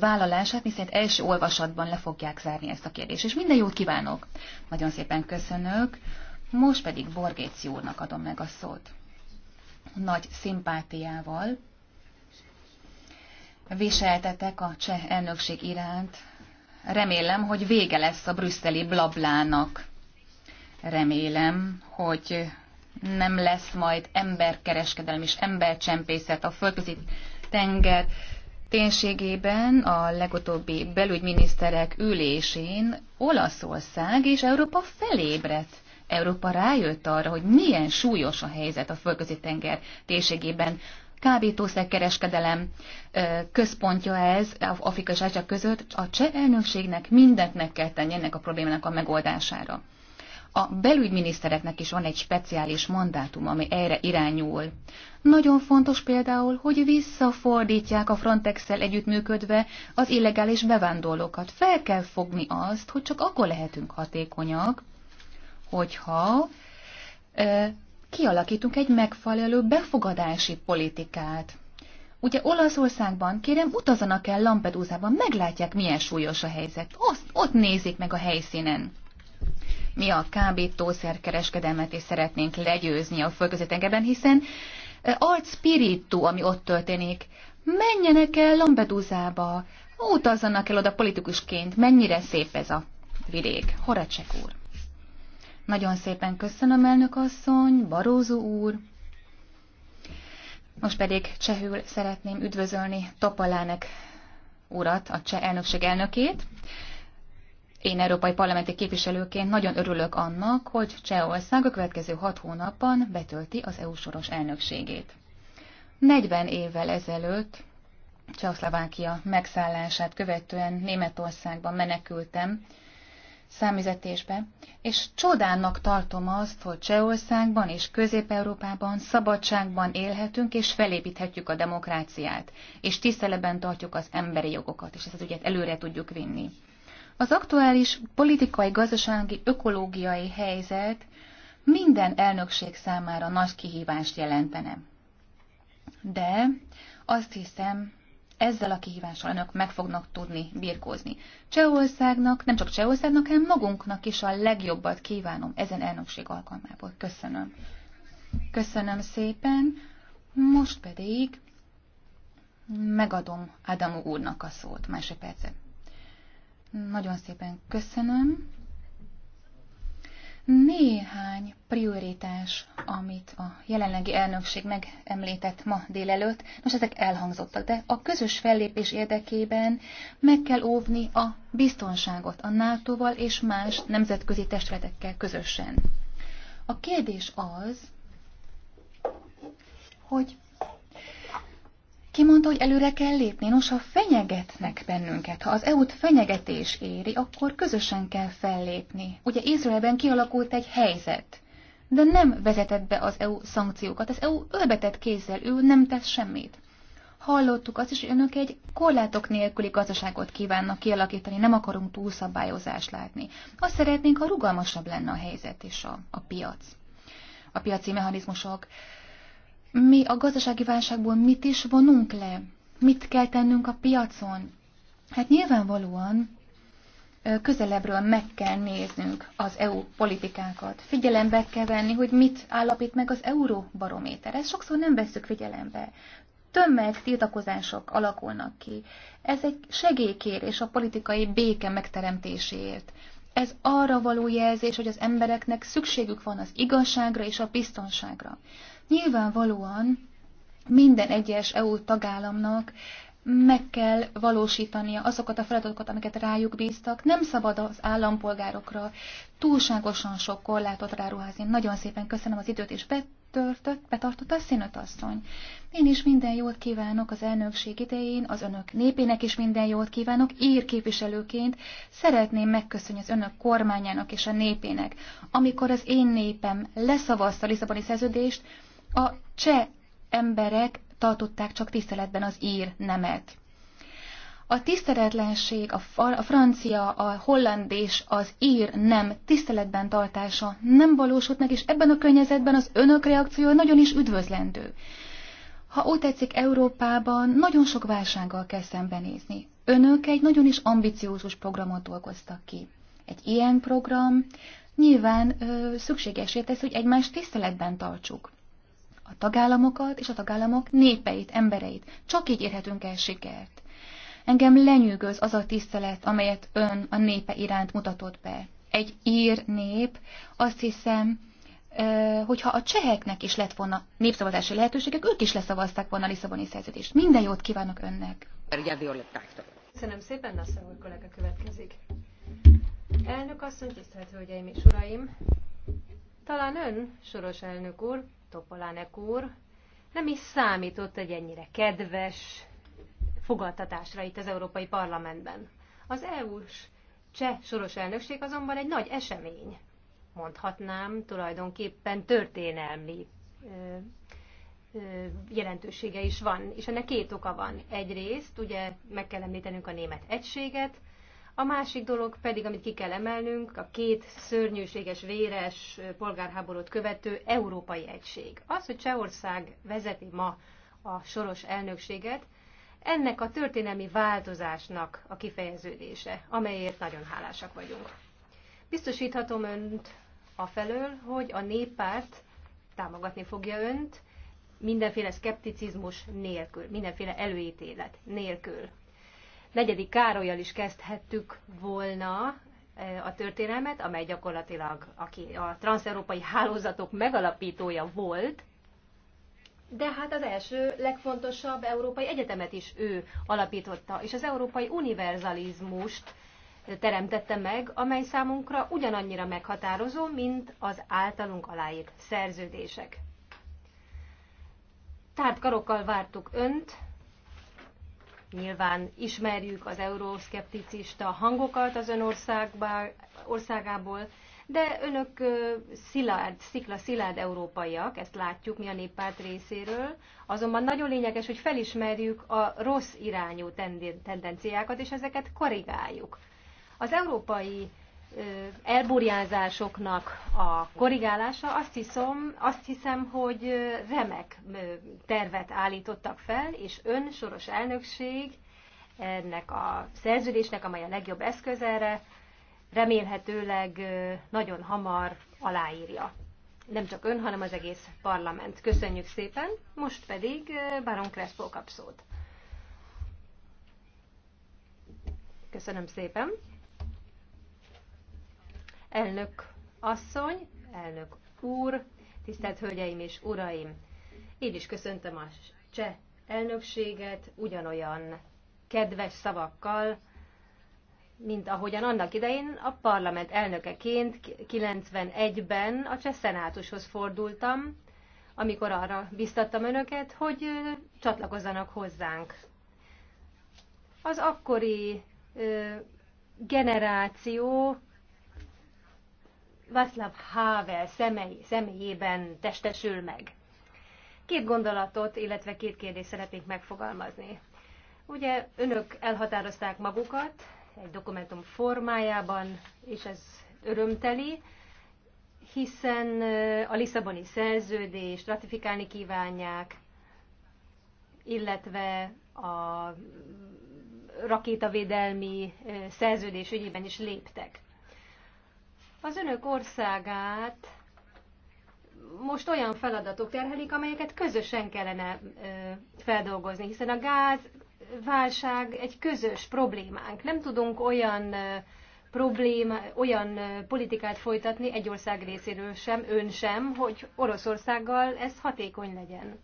vállalását, miszerint első olvasatban le fogják zárni ezt a kérdést. És minden jót kívánok! Nagyon szépen köszönök. Most pedig Borgéci úrnak adom meg a szót. Nagy szimpátiával viseltetek a cseh elnökség iránt. Remélem, hogy vége lesz a brüsszeli blablának. Remélem, hogy nem lesz majd emberkereskedelem és embercsempészet a földközi tenger térségében a legutóbbi belügyminiszterek ülésén Olaszország és Európa felébredt. Európa rájött arra, hogy milyen súlyos a helyzet a földközi tenger térségében kábítószerkereskedelem központja ez Afrika és Ázsia között, a cseh elnökségnek mindent meg kell tenni ennek a problémának a megoldására. A belügyminisztereknek is van egy speciális mandátum, ami erre irányul. Nagyon fontos például, hogy visszafordítják a Frontex-el együttműködve az illegális bevándorlókat. Fel kell fogni azt, hogy csak akkor lehetünk hatékonyak, hogyha kialakítunk egy megfelelő befogadási politikát. Ugye Olaszországban, kérem, utazanak el Lampedusa-ban, meglátják, milyen súlyos a helyzet. Azt ott nézik meg a helyszínen. Mi a kereskedelmet is szeretnénk legyőzni a fölközetengeben, hiszen eh, alt spiritu, ami ott történik. Menjenek el Lampedusa-ba, utazzanak el oda politikusként, mennyire szép ez a vidék. Horacek úr. Nagyon szépen köszönöm, elnök asszony, Barózó úr. Most pedig csehül szeretném üdvözölni Topalánek urat, a cseh elnökség elnökét. Én európai parlamenti képviselőként nagyon örülök annak, hogy Csehország a következő hat hónapban betölti az EU soros elnökségét. 40 évvel ezelőtt Csehszlovákia megszállását követően Németországban menekültem, számizetésbe, és csodának tartom azt, hogy Csehországban és Közép-Európában szabadságban élhetünk és felépíthetjük a demokráciát, és tiszteleben tartjuk az emberi jogokat, és ezt az ügyet előre tudjuk vinni. Az aktuális politikai, gazdasági, ökológiai helyzet minden elnökség számára nagy kihívást jelentene. De azt hiszem, ezzel a kihívással önök meg fognak tudni birkózni. Csehországnak, nem csak Csehországnak, hanem magunknak is a legjobbat kívánom ezen elnökség alkalmából. Köszönöm. Köszönöm szépen. Most pedig megadom Adamu úrnak a szót másodpercet. Nagyon szépen köszönöm. Néhány prioritás, amit a jelenlegi elnökség megemlített ma délelőtt, most ezek elhangzottak, de a közös fellépés érdekében meg kell óvni a biztonságot a NATO-val és más nemzetközi testületekkel közösen. A kérdés az, hogy ki mondta, hogy előre kell lépni? Nos, ha fenyegetnek bennünket, ha az EU-t fenyegetés éri, akkor közösen kell fellépni. Ugye Izraelben kialakult egy helyzet, de nem vezetett be az EU szankciókat. Az EU ölbetett kézzel, ő nem tesz semmit. Hallottuk azt is, hogy önök egy korlátok nélküli gazdaságot kívánnak kialakítani, nem akarunk túlszabályozást látni. Azt szeretnénk, ha rugalmasabb lenne a helyzet és a, a piac. A piaci mechanizmusok mi a gazdasági válságból mit is vonunk le, mit kell tennünk a piacon. Hát nyilvánvalóan közelebbről meg kell néznünk az EU politikákat. Figyelembe kell venni, hogy mit állapít meg az euróbarométer. Ezt sokszor nem vesszük figyelembe. Tömeg tiltakozások alakulnak ki. Ez egy segélykérés a politikai béke megteremtéséért. Ez arra való jelzés, hogy az embereknek szükségük van az igazságra és a biztonságra. Nyilvánvalóan minden egyes EU tagállamnak meg kell valósítania azokat a feladatokat, amiket rájuk bíztak. Nem szabad az állampolgárokra túlságosan sok korlátot ráruházni. Nagyon szépen köszönöm az időt, és betörtött, betartott a színöt asszony. Én is minden jót kívánok az elnökség idején, az önök népének is minden jót kívánok. Ír képviselőként szeretném megköszönni az önök kormányának és a népének. Amikor az én népem leszavazta a Lisszaboni szerződést, a cseh emberek tartották csak tiszteletben az ír nemet. A tiszteletlenség, a, a francia, a holland és az ír nem tiszteletben tartása nem valósult meg, és ebben a környezetben az önök reakciója nagyon is üdvözlendő. Ha úgy tetszik, Európában nagyon sok válsággal kell szembenézni. Önök egy nagyon is ambiciózus programot dolgoztak ki. Egy ilyen program nyilván ö, szükségesé tesz, hogy egymást tiszteletben tartsuk a tagállamokat és a tagállamok népeit, embereit. Csak így érhetünk el sikert. Engem lenyűgöz az a tisztelet, amelyet ön a népe iránt mutatott be. Egy ír nép, azt hiszem, hogyha a cseheknek is lett volna népszavazási lehetőségek, ők is leszavazták volna a Lisszaboni szerződést. Minden jót kívánok önnek! Köszönöm szépen, Nassza úr kollega következik. Elnök asszony, tisztelt hölgyeim és uraim! Talán ön, soros elnök úr, Topolánek úr. Nem is számított egy ennyire kedves fogadtatásra itt az Európai Parlamentben. Az EU-s cseh soros elnökség azonban egy nagy esemény, mondhatnám, tulajdonképpen történelmi ö, ö, jelentősége is van, és ennek két oka van. Egyrészt ugye meg kell említenünk a német egységet, a másik dolog pedig, amit ki kell emelnünk, a két szörnyűséges, véres polgárháborút követő európai egység. Az, hogy Csehország vezeti ma a soros elnökséget, ennek a történelmi változásnak a kifejeződése, amelyért nagyon hálásak vagyunk. Biztosíthatom önt afelől, hogy a néppárt támogatni fogja önt mindenféle szkepticizmus nélkül, mindenféle előítélet nélkül negyedik Károlyal is kezdhettük volna e, a történelmet, amely gyakorlatilag aki a transzeurópai hálózatok megalapítója volt, de hát az első legfontosabb európai egyetemet is ő alapította, és az európai univerzalizmust teremtette meg, amely számunkra ugyanannyira meghatározó, mint az általunk aláírt szerződések. Tárt karokkal vártuk önt, Nyilván ismerjük az euroszkepticista hangokat az ön országba, országából, de önök szilárd, szikla szilárd európaiak, ezt látjuk mi a néppárt részéről, azonban nagyon lényeges, hogy felismerjük a rossz irányú tendenciákat, és ezeket korrigáljuk. Az európai elburjázásoknak a korrigálása, azt hiszem, azt hiszem, hogy remek tervet állítottak fel, és ön, soros elnökség, ennek a szerződésnek, amely a legjobb eszköz erre, remélhetőleg nagyon hamar aláírja. Nem csak ön, hanem az egész parlament. Köszönjük szépen, most pedig Baron Crespo kap szót. Köszönöm szépen. Elnök asszony, elnök úr, tisztelt hölgyeim és uraim! Én is köszöntöm a cseh elnökséget ugyanolyan kedves szavakkal, mint ahogyan annak idején a parlament elnökeként 91-ben a cseh szenátushoz fordultam, amikor arra biztattam önöket, hogy csatlakozzanak hozzánk. Az akkori generáció Václav Havel személy, személyében testesül meg. Két gondolatot, illetve két kérdést szeretnék megfogalmazni. Ugye önök elhatározták magukat egy dokumentum formájában, és ez örömteli, hiszen a Lisszaboni szerződést ratifikálni kívánják, illetve a rakétavédelmi szerződés ügyében is léptek. Az önök országát most olyan feladatok terhelik, amelyeket közösen kellene ö, feldolgozni, hiszen a gáz válság egy közös problémánk. Nem tudunk olyan ö, probléma, olyan politikát folytatni egy ország részéről sem, ön sem, hogy Oroszországgal ez hatékony legyen.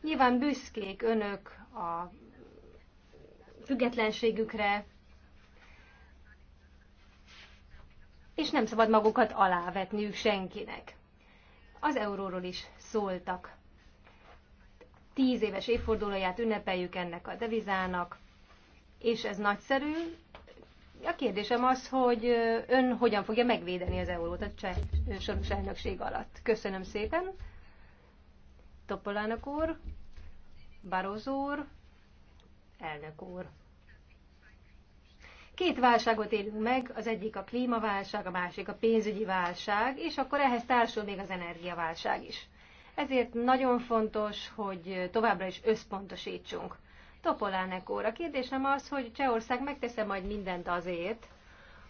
Nyilván büszkék önök a függetlenségükre, és nem szabad magukat alávetniük senkinek. Az euróról is szóltak. Tíz éves évfordulóját ünnepeljük ennek a devizának, és ez nagyszerű. A kérdésem az, hogy ön hogyan fogja megvédeni az eurót a cseh soros elnökség alatt. Köszönöm szépen. Topolának úr, Barozó úr, elnök úr. Két válságot élünk meg, az egyik a klímaválság, a másik a pénzügyi válság, és akkor ehhez társul még az energiaválság is. Ezért nagyon fontos, hogy továbbra is összpontosítsunk. Topolánek óra. Kérdésem az, hogy Csehország megtesz majd mindent azért,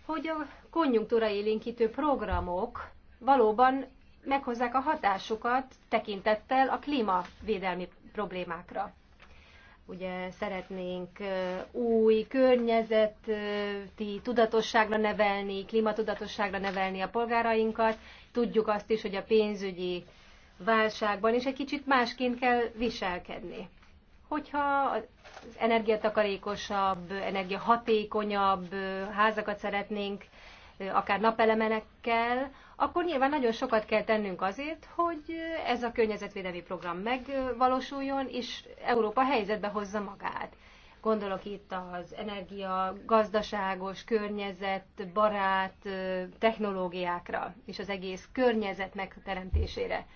hogy a konjunktúra élénkítő programok valóban meghozzák a hatásukat tekintettel a klímavédelmi problémákra. Ugye szeretnénk új környezeti tudatosságra nevelni, klímatudatosságra nevelni a polgárainkat. Tudjuk azt is, hogy a pénzügyi válságban is egy kicsit másként kell viselkedni. Hogyha az energiatakarékosabb, energiahatékonyabb házakat szeretnénk, akár napelemenekkel, akkor nyilván nagyon sokat kell tennünk azért, hogy ez a környezetvédelmi program megvalósuljon, és Európa helyzetbe hozza magát. Gondolok itt az energia, gazdaságos, környezet, barát technológiákra, és az egész környezet megteremtésére.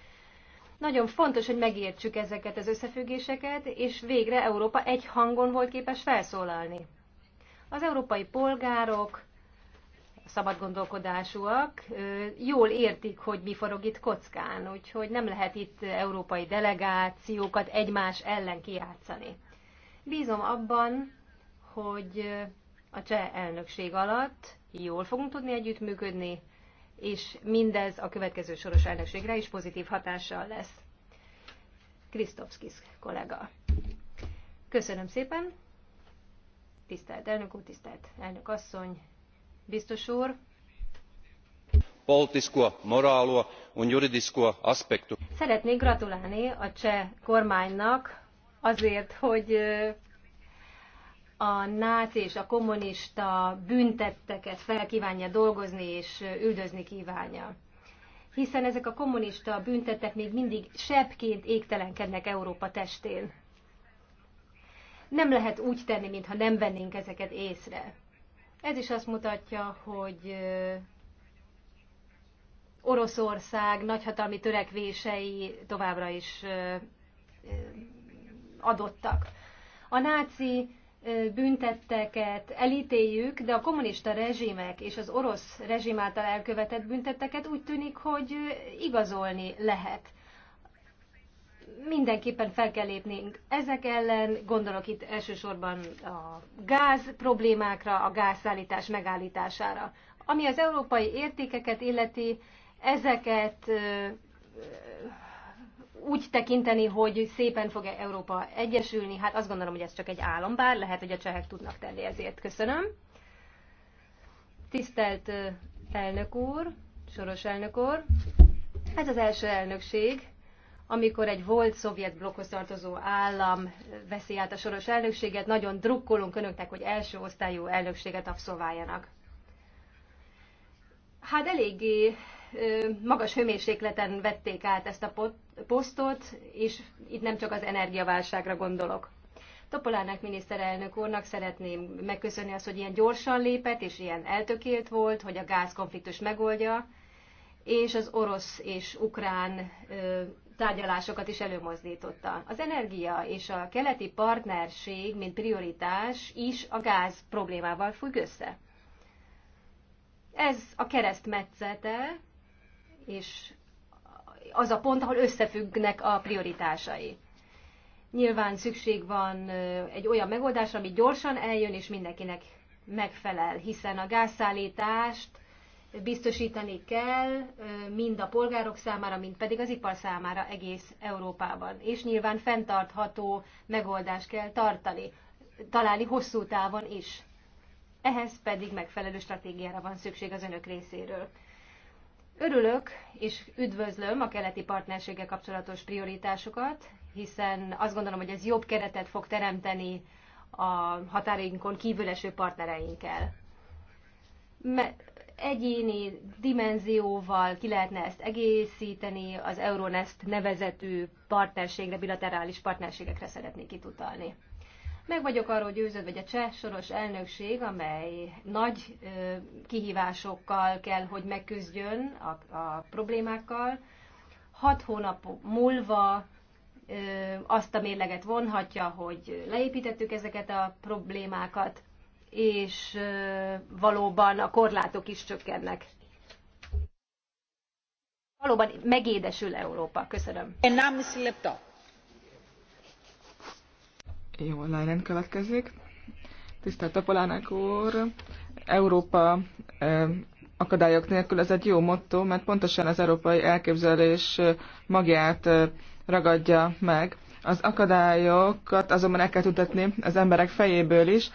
Nagyon fontos, hogy megértsük ezeket az összefüggéseket, és végre Európa egy hangon volt képes felszólalni. Az európai polgárok szabad gondolkodásúak, jól értik, hogy mi forog itt kockán, úgyhogy nem lehet itt európai delegációkat egymás ellen kiátszani. Bízom abban, hogy a cseh elnökség alatt jól fogunk tudni együttműködni, és mindez a következő soros elnökségre is pozitív hatással lesz. Krisztopszkis kollega. Köszönöm szépen! Tisztelt elnök úr, tisztelt elnök asszony, biztos úr! szeretnék gratulálni a cseh kormánynak azért hogy a náci és a kommunista bűntetteket fel kvánja dolgozni és üldözni kvánja hiszen ezek a kommunista bűntettek még mindig sebbként égtelenkednek európa testén. nem lehet úgy tenni mintha nem vennénk ezeket észre ez is azt mutatja, hogy Oroszország nagyhatalmi törekvései továbbra is adottak. A náci büntetteket elítéljük, de a kommunista rezsimek és az orosz rezsim által elkövetett büntetteket úgy tűnik, hogy igazolni lehet mindenképpen fel kell lépnünk ezek ellen, gondolok itt elsősorban a gáz problémákra, a gázszállítás megállítására. Ami az európai értékeket illeti, ezeket úgy tekinteni, hogy szépen fog -e Európa egyesülni, hát azt gondolom, hogy ez csak egy álom, bár lehet, hogy a csehek tudnak tenni ezért. Köszönöm. Tisztelt elnök úr, soros elnök úr, ez az első elnökség, amikor egy volt szovjet blokkhoz tartozó állam veszi át a soros elnökséget, nagyon drukkolunk önöknek, hogy első osztályú elnökséget abszolváljanak. Hát eléggé magas hőmérsékleten vették át ezt a posztot, és itt nem csak az energiaválságra gondolok. Topolának miniszterelnök úrnak szeretném megköszönni azt, hogy ilyen gyorsan lépett, és ilyen eltökélt volt, hogy a gázkonfliktus megoldja, és az orosz és ukrán tárgyalásokat is előmozdította. Az energia és a keleti partnerség, mint prioritás is a gáz problémával függ össze. Ez a metszete, és az a pont, ahol összefüggnek a prioritásai. Nyilván szükség van egy olyan megoldásra, ami gyorsan eljön és mindenkinek megfelel, hiszen a gázszállítást biztosítani kell mind a polgárok számára, mind pedig az ipar számára egész Európában. És nyilván fenntartható megoldást kell tartani, találni hosszú távon is. Ehhez pedig megfelelő stratégiára van szükség az önök részéről. Örülök és üdvözlöm a keleti partnerséggel kapcsolatos prioritásokat, hiszen azt gondolom, hogy ez jobb keretet fog teremteni a határainkon kívüleső eső partnereinkkel egyéni dimenzióval ki lehetne ezt egészíteni, az Euronest nevezetű partnerségre, bilaterális partnerségekre szeretnék itt utalni. Meg vagyok arról győződve, hogy a cseh soros elnökség, amely nagy kihívásokkal kell, hogy megküzdjön a, a problémákkal, hat hónap múlva azt a mérleget vonhatja, hogy leépítettük ezeket a problémákat, és valóban a korlátok is csökkennek. Valóban megédesül Európa. Köszönöm. Jó, Lájlen következik. Tisztelt Apolánák úr, Európa eh, akadályok nélkül ez egy jó motto, mert pontosan az európai elképzelés magját eh, ragadja meg. Az akadályokat azonban el kell tudatni az emberek fejéből is,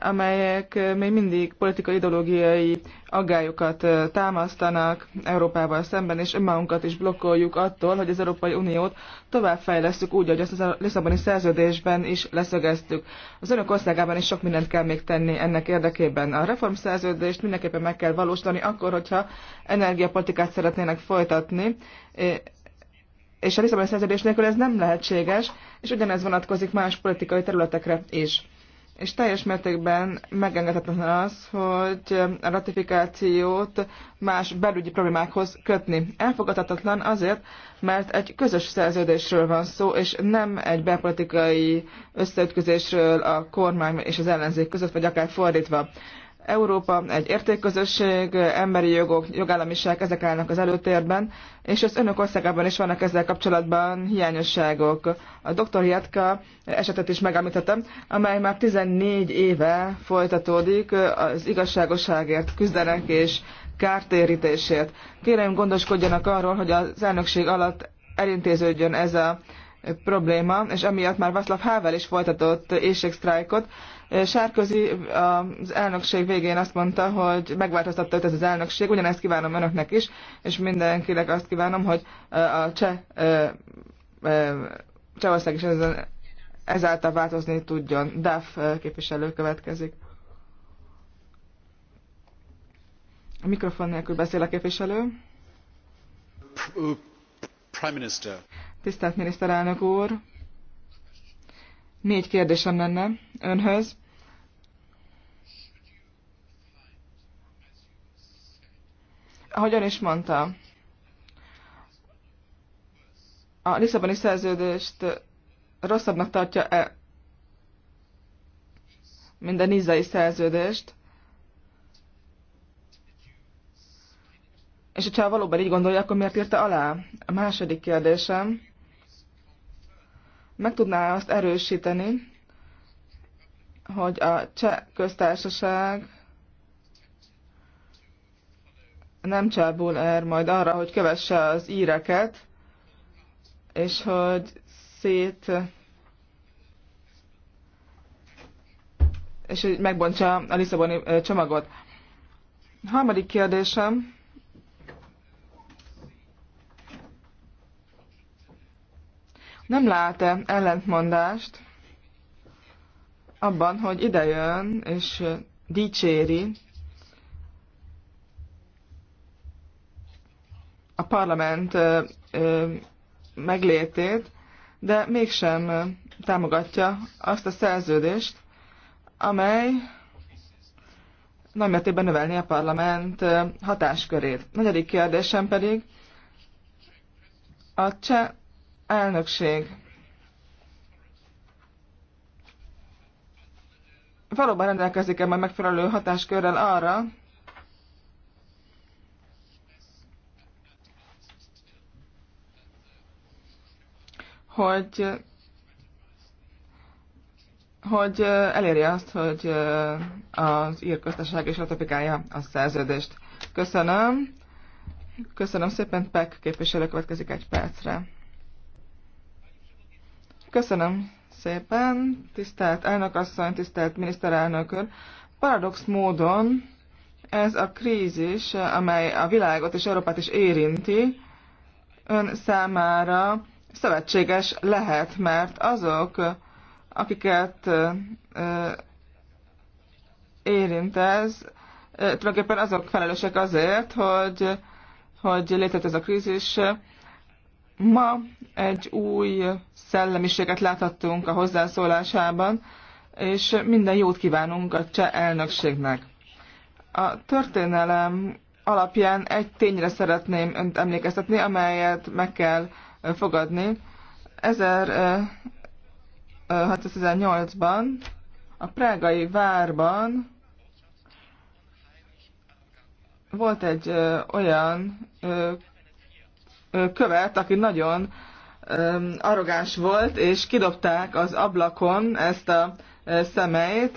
amelyek még mindig politikai ideológiai aggályokat támasztanak Európával szemben, és önmagunkat is blokkoljuk attól, hogy az Európai Uniót továbbfejlesztjük úgy, ahogy azt a Lisszaboni szerződésben is leszögeztük. Az önök országában is sok mindent kell még tenni ennek érdekében. A reformszerződést mindenképpen meg kell valósítani akkor, hogyha energiapolitikát szeretnének folytatni, és a Lisszaboni szerződés nélkül ez nem lehetséges, és ugyanez vonatkozik más politikai területekre is és teljes mértékben megengedhetetlen az, hogy a ratifikációt más belügyi problémákhoz kötni. Elfogadhatatlan azért, mert egy közös szerződésről van szó, és nem egy belpolitikai összeütközésről a kormány és az ellenzék között, vagy akár fordítva. Európa egy értékközösség, emberi jogok, jogállamiság, ezek állnak az előtérben, és az önök országában is vannak ezzel kapcsolatban hiányosságok. A dr. Jatka esetet is megemlítettem, amely már 14 éve folytatódik, az igazságosságért küzdenek és kártérítésért. Kérem gondoskodjanak arról, hogy az elnökség alatt elintéződjön ez a probléma, és emiatt már Václav Havel is folytatott éjségsztrájkot. Sárközi az elnökség végén azt mondta, hogy megváltoztatta őt ez az elnökség, ugyanezt kívánom önöknek is, és mindenkinek azt kívánom, hogy a cseh, Csehország is ezen, ezáltal változni tudjon. DAF képviselő következik. A mikrofon nélkül beszél a képviselő. Prime Minister. Tisztelt miniszterelnök úr, négy kérdésem lenne önhöz. Hogyan is mondta, a Lisszaboni szerződést rosszabbnak tartja-e, mint a nizai szerződést? És hogyha valóban így gondolja, akkor miért írta alá? A második kérdésem meg tudná azt erősíteni, hogy a cseh köztársaság nem csábul er majd arra, hogy kövesse az íreket, és hogy szét és hogy megbontsa a Lisszaboni csomagot. Harmadik kérdésem Nem lát-e ellentmondást abban, hogy idejön és dicséri a parlament meglétét, de mégsem támogatja azt a szerződést, amely nagymértékben növelni a parlament hatáskörét. Negyedik kérdésem pedig a cseh elnökség. Valóban rendelkezik-e majd megfelelő hatáskörrel arra, hogy hogy elérje azt, hogy az ír köztársaság is ratifikálja a szerződést. Köszönöm. Köszönöm szépen, Pek képviselő következik egy percre. Köszönöm szépen, tisztelt elnökasszony, tisztelt úr. Paradox módon ez a krízis, amely a világot és Európát is érinti, ön számára szövetséges lehet, mert azok, akiket érint ez, tulajdonképpen azok felelősek azért, hogy, hogy létezett ez a krízis, Ma egy új szellemiséget láthattunk a hozzászólásában, és minden jót kívánunk a cseh elnökségnek. A történelem alapján egy tényre szeretném önt emlékeztetni, amelyet meg kell fogadni. 1618-ban a prágai várban volt egy olyan követ, aki nagyon arrogáns volt, és kidobták az ablakon ezt a szemeit.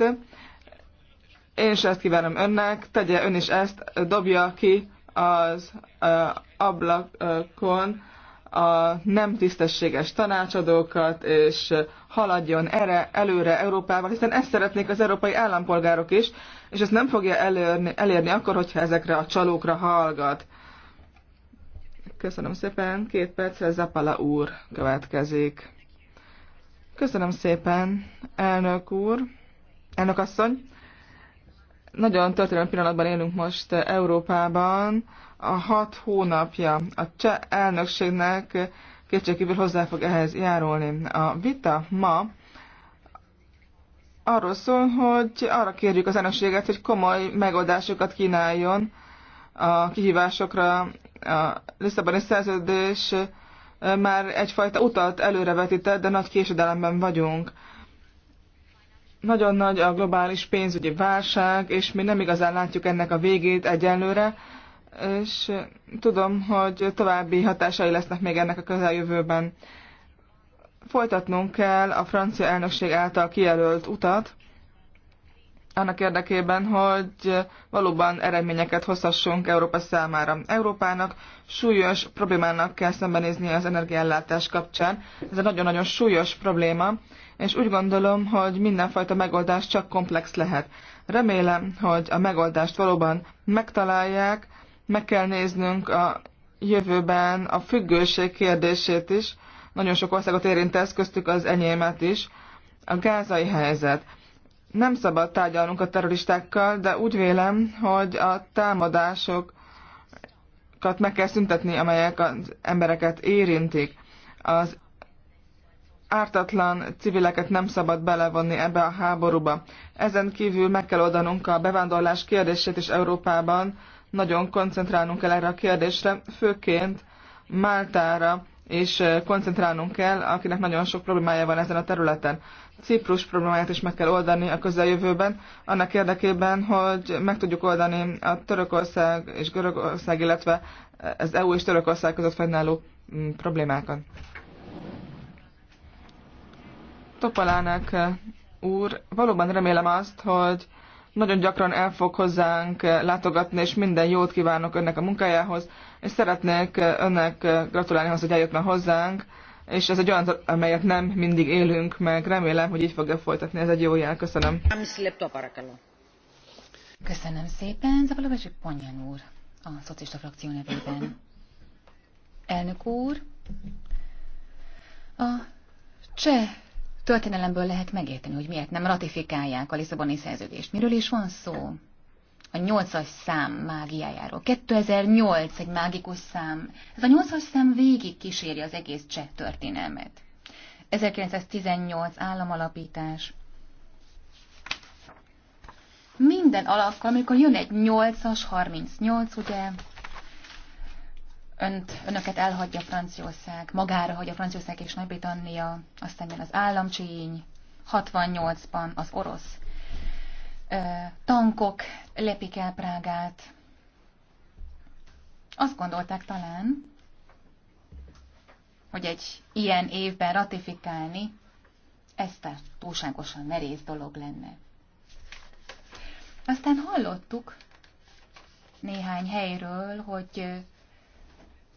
Én is ezt kívánom önnek, tegye ön is ezt, dobja ki az ablakon a nem tisztességes tanácsadókat, és haladjon erre, előre Európával, hiszen ezt szeretnék az európai állampolgárok is, és ezt nem fogja elérni, elérni akkor, hogyha ezekre a csalókra hallgat. Köszönöm szépen. Két percre Zapala úr következik. Köszönöm szépen, elnök úr, elnök asszony. Nagyon történelmi pillanatban élünk most Európában. A hat hónapja a cseh elnökségnek kétségkívül hozzá fog ehhez járulni. A vita ma arról szól, hogy arra kérjük az elnökséget, hogy komoly megoldásokat kínáljon a kihívásokra, a Lisszaboni szerződés már egyfajta utat előrevetített, de nagy késedelemben vagyunk. Nagyon nagy a globális pénzügyi válság, és mi nem igazán látjuk ennek a végét egyenlőre, és tudom, hogy további hatásai lesznek még ennek a közeljövőben. Folytatnunk kell a francia elnökség által kijelölt utat, annak érdekében, hogy valóban eredményeket hozhassunk Európa számára. Európának súlyos problémának kell szembenéznie az energiállátás kapcsán. Ez egy nagyon-nagyon súlyos probléma, és úgy gondolom, hogy mindenfajta megoldás csak komplex lehet. Remélem, hogy a megoldást valóban megtalálják, meg kell néznünk a jövőben a függőség kérdését is. Nagyon sok országot érint ez, köztük az enyémet is. A gázai helyzet. Nem szabad tárgyalnunk a terroristákkal, de úgy vélem, hogy a támadásokat meg kell szüntetni, amelyek az embereket érintik. Az ártatlan civileket nem szabad belevonni ebbe a háborúba. Ezen kívül meg kell oldanunk a bevándorlás kérdését is Európában. Nagyon koncentrálnunk kell erre a kérdésre, főként Máltára, és koncentrálnunk kell, akinek nagyon sok problémája van ezen a területen. Ciprus problémáját is meg kell oldani a közeljövőben, annak érdekében, hogy meg tudjuk oldani a Törökország és Görögország, illetve az EU és Törökország között fennálló mm, problémákat. Topalának úr, valóban remélem azt, hogy nagyon gyakran el fog hozzánk látogatni, és minden jót kívánok önnek a munkájához, és szeretnék önnek gratulálni ahhoz, hogy eljött már hozzánk, és ez egy olyan, amelyet nem mindig élünk meg. Remélem, hogy így fogja folytatni, ez egy jó jel. Köszönöm. Köszönöm szépen. Zabalabasi Ponyan úr, a szocista frakció nevében. Elnök úr, a cseh történelemből lehet megérteni, hogy miért nem ratifikálják a Lisszaboni szerződést. Miről is van szó? a nyolcas szám mágiájáról. 2008 egy mágikus szám. Ez a nyolcas szám végig kíséri az egész cseh történelmet. 1918 államalapítás. Minden alakkal, amikor jön egy 8-as, 38, ugye, önt, önöket elhagyja Franciaország, magára hagyja Franciaország és Nagy-Britannia, aztán jön az államcsény, 68-ban az orosz tankok lepik el Prágát. Azt gondolták talán, hogy egy ilyen évben ratifikálni ezt a túlságosan merész dolog lenne. Aztán hallottuk néhány helyről, hogy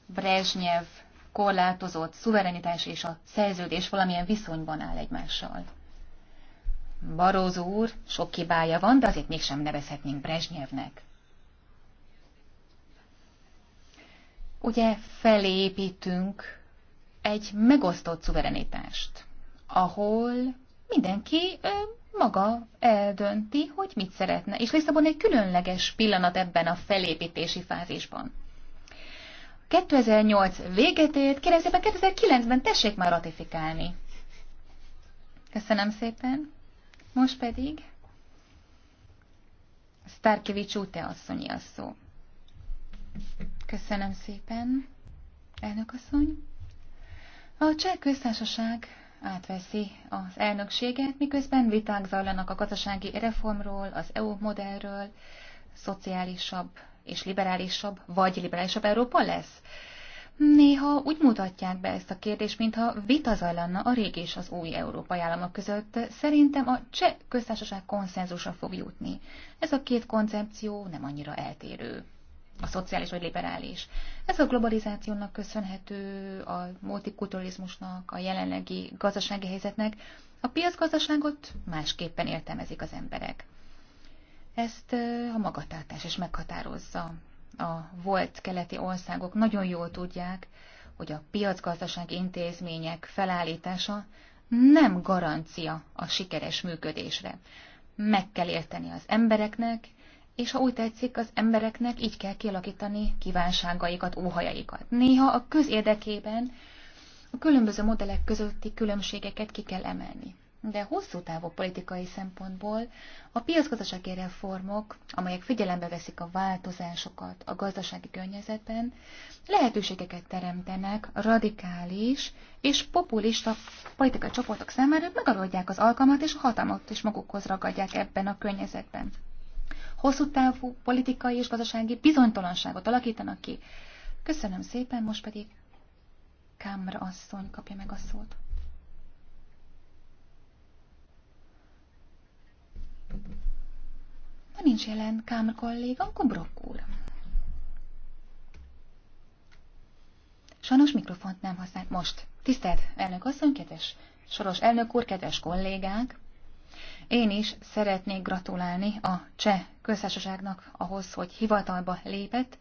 Brezsnyev korlátozott szuverenitás és a szerződés valamilyen viszonyban áll egymással. Barózó úr sok kibája van, de azért mégsem nevezhetnénk Brezsnyevnek. Ugye felépítünk egy megosztott szuverenitást, ahol mindenki ö, maga eldönti, hogy mit szeretne, és Lisszabon egy különleges pillanat ebben a felépítési fázisban. 2008 véget ért, kérem szépen 2009-ben tessék már ratifikálni. Köszönöm szépen. Most pedig Starkevics úte asszonyi a szó. Köszönöm szépen, elnök asszony. A cseh köztársaság átveszi az elnökséget, miközben viták zajlanak a gazdasági reformról, az EU modellről, szociálisabb és liberálisabb, vagy liberálisabb Európa lesz. Néha úgy mutatják be ezt a kérdést, mintha vita zajlanna a régi és az új európai államok között. Szerintem a cseh köztársaság konszenzusa fog jutni. Ez a két koncepció nem annyira eltérő. A szociális vagy liberális. Ez a globalizációnak köszönhető, a multikulturalizmusnak, a jelenlegi gazdasági helyzetnek. A piacgazdaságot másképpen értelmezik az emberek. Ezt a magatartás is meghatározza a volt keleti országok nagyon jól tudják, hogy a piacgazdaság intézmények felállítása nem garancia a sikeres működésre. Meg kell érteni az embereknek, és ha úgy tetszik, az embereknek így kell kialakítani kívánságaikat, óhajaikat. Néha a közérdekében a különböző modellek közötti különbségeket ki kell emelni de hosszú távú politikai szempontból a piacgazdasági reformok, amelyek figyelembe veszik a változásokat a gazdasági környezetben, lehetőségeket teremtenek radikális és populista politikai csoportok számára, hogy megarodják az alkalmat és a hatalmat is magukhoz ragadják ebben a környezetben. Hosszú távú politikai és gazdasági bizonytalanságot alakítanak ki. Köszönöm szépen, most pedig Kámra asszony kapja meg a szót. Ha nincs jelen Kámer kolléga, akkor Brock úr. Sajnos mikrofont nem használt most. Tisztelt elnök asszony, kedves soros elnök úr, kedves kollégák! Én is szeretnék gratulálni a cseh köztársaságnak ahhoz, hogy hivatalba lépett.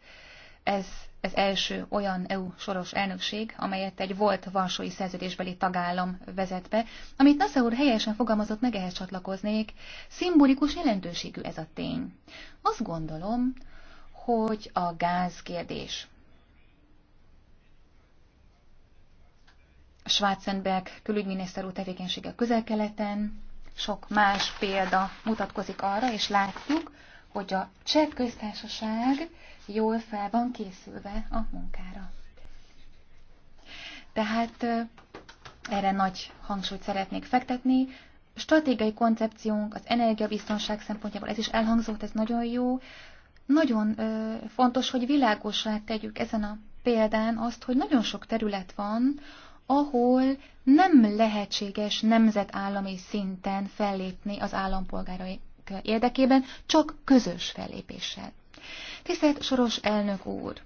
Ez az első olyan EU soros elnökség, amelyet egy volt Varsói szerződésbeli tagállam vezet be, amit Nasser úr helyesen fogalmazott meg, ehhez csatlakoznék, szimbolikus jelentőségű ez a tény. Azt gondolom, hogy a gázkérdés. Schwarzenberg külügyminiszter úr tevékenysége közel-keleten, sok más példa mutatkozik arra, és látjuk, hogy a cseh köztársaság jól fel van készülve a munkára. Tehát erre nagy hangsúlyt szeretnék fektetni. Stratégiai koncepciónk az energiabiztonság szempontjából, ez is elhangzott, ez nagyon jó. Nagyon fontos, hogy világosra tegyük ezen a példán azt, hogy nagyon sok terület van, ahol nem lehetséges nemzetállami szinten fellépni az állampolgárai érdekében, csak közös fellépéssel. Tisztelt Soros elnök úr!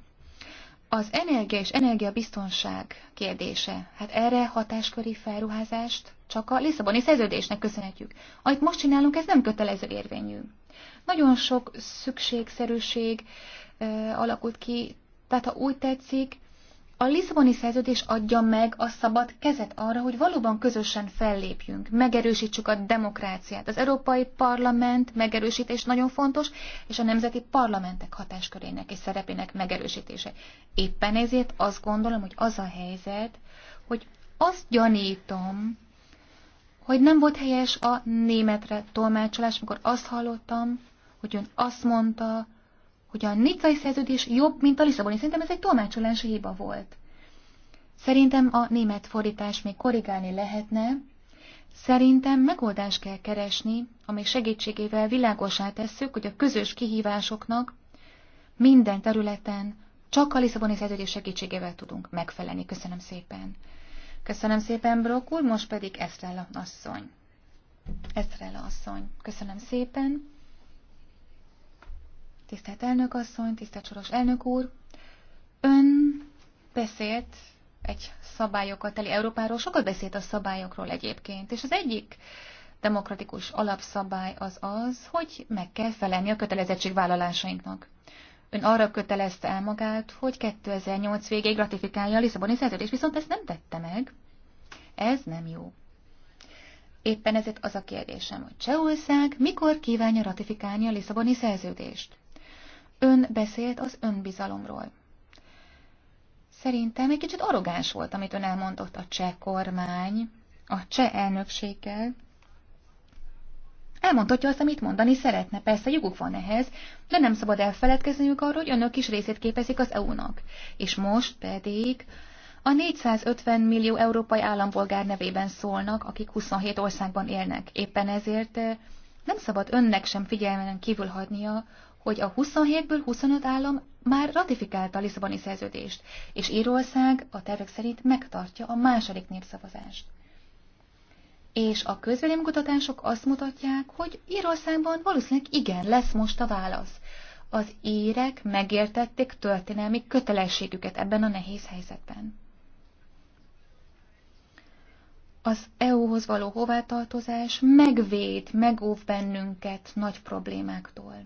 Az energia és energiabiztonság kérdése, hát erre hatásköri felruházást csak a Lisszaboni szerződésnek köszönhetjük. Amit most csinálunk, ez nem kötelező érvényű. Nagyon sok szükségszerűség ö, alakult ki, tehát ha úgy tetszik, a Lisszaboni szerződés adja meg a szabad kezet arra, hogy valóban közösen fellépjünk, megerősítsük a demokráciát. Az Európai Parlament megerősítés nagyon fontos, és a nemzeti parlamentek hatáskörének és szerepének megerősítése. Éppen ezért azt gondolom, hogy az a helyzet, hogy azt gyanítom, hogy nem volt helyes a németre tolmácsolás, mikor azt hallottam, hogy ön azt mondta, hogy a nicai szerződés jobb, mint a Lisszaboni. Szerintem ez egy tolmácsolás hiba volt. Szerintem a német fordítás még korrigálni lehetne. Szerintem megoldást kell keresni, ami segítségével világosá tesszük, hogy a közös kihívásoknak minden területen csak a Lisszaboni szerződés segítségével tudunk megfelelni. Köszönöm szépen. Köszönöm szépen, Brokul, most pedig Esztrella asszony. Esztrella asszony, köszönöm szépen. Tisztelt elnök asszony, tisztelt soros elnök úr, ön beszélt egy szabályokat teli Európáról, sokat beszélt a szabályokról egyébként, és az egyik demokratikus alapszabály az az, hogy meg kell felelni a kötelezettségvállalásainknak. Ön arra kötelezte el magát, hogy 2008 végéig ratifikálja a Lisszaboni szerződést, viszont ezt nem tette meg. Ez nem jó. Éppen ezért az a kérdésem, hogy Csehország mikor kívánja ratifikálni a Lisszaboni szerződést? Ön beszélt az önbizalomról. Szerintem egy kicsit arrogáns volt, amit ön elmondott a cseh kormány, a cseh elnökséggel. Elmondhatja azt, amit mondani szeretne, persze joguk van ehhez, de nem szabad elfeledkezniük arról, hogy önök is részét képezik az EU-nak. És most pedig a 450 millió európai állampolgár nevében szólnak, akik 27 országban élnek. Éppen ezért eh, nem szabad önnek sem figyelmen kívül hagynia, hogy a 27-ből 25 állam már ratifikálta a Lisszaboni szerződést, és Írország a tervek szerint megtartja a második népszavazást. És a közvéleménykutatások azt mutatják, hogy Írországban valószínűleg igen lesz most a válasz. Az írek megértették történelmi kötelességüket ebben a nehéz helyzetben. Az EU-hoz való hovátartozás megvéd, megóv bennünket nagy problémáktól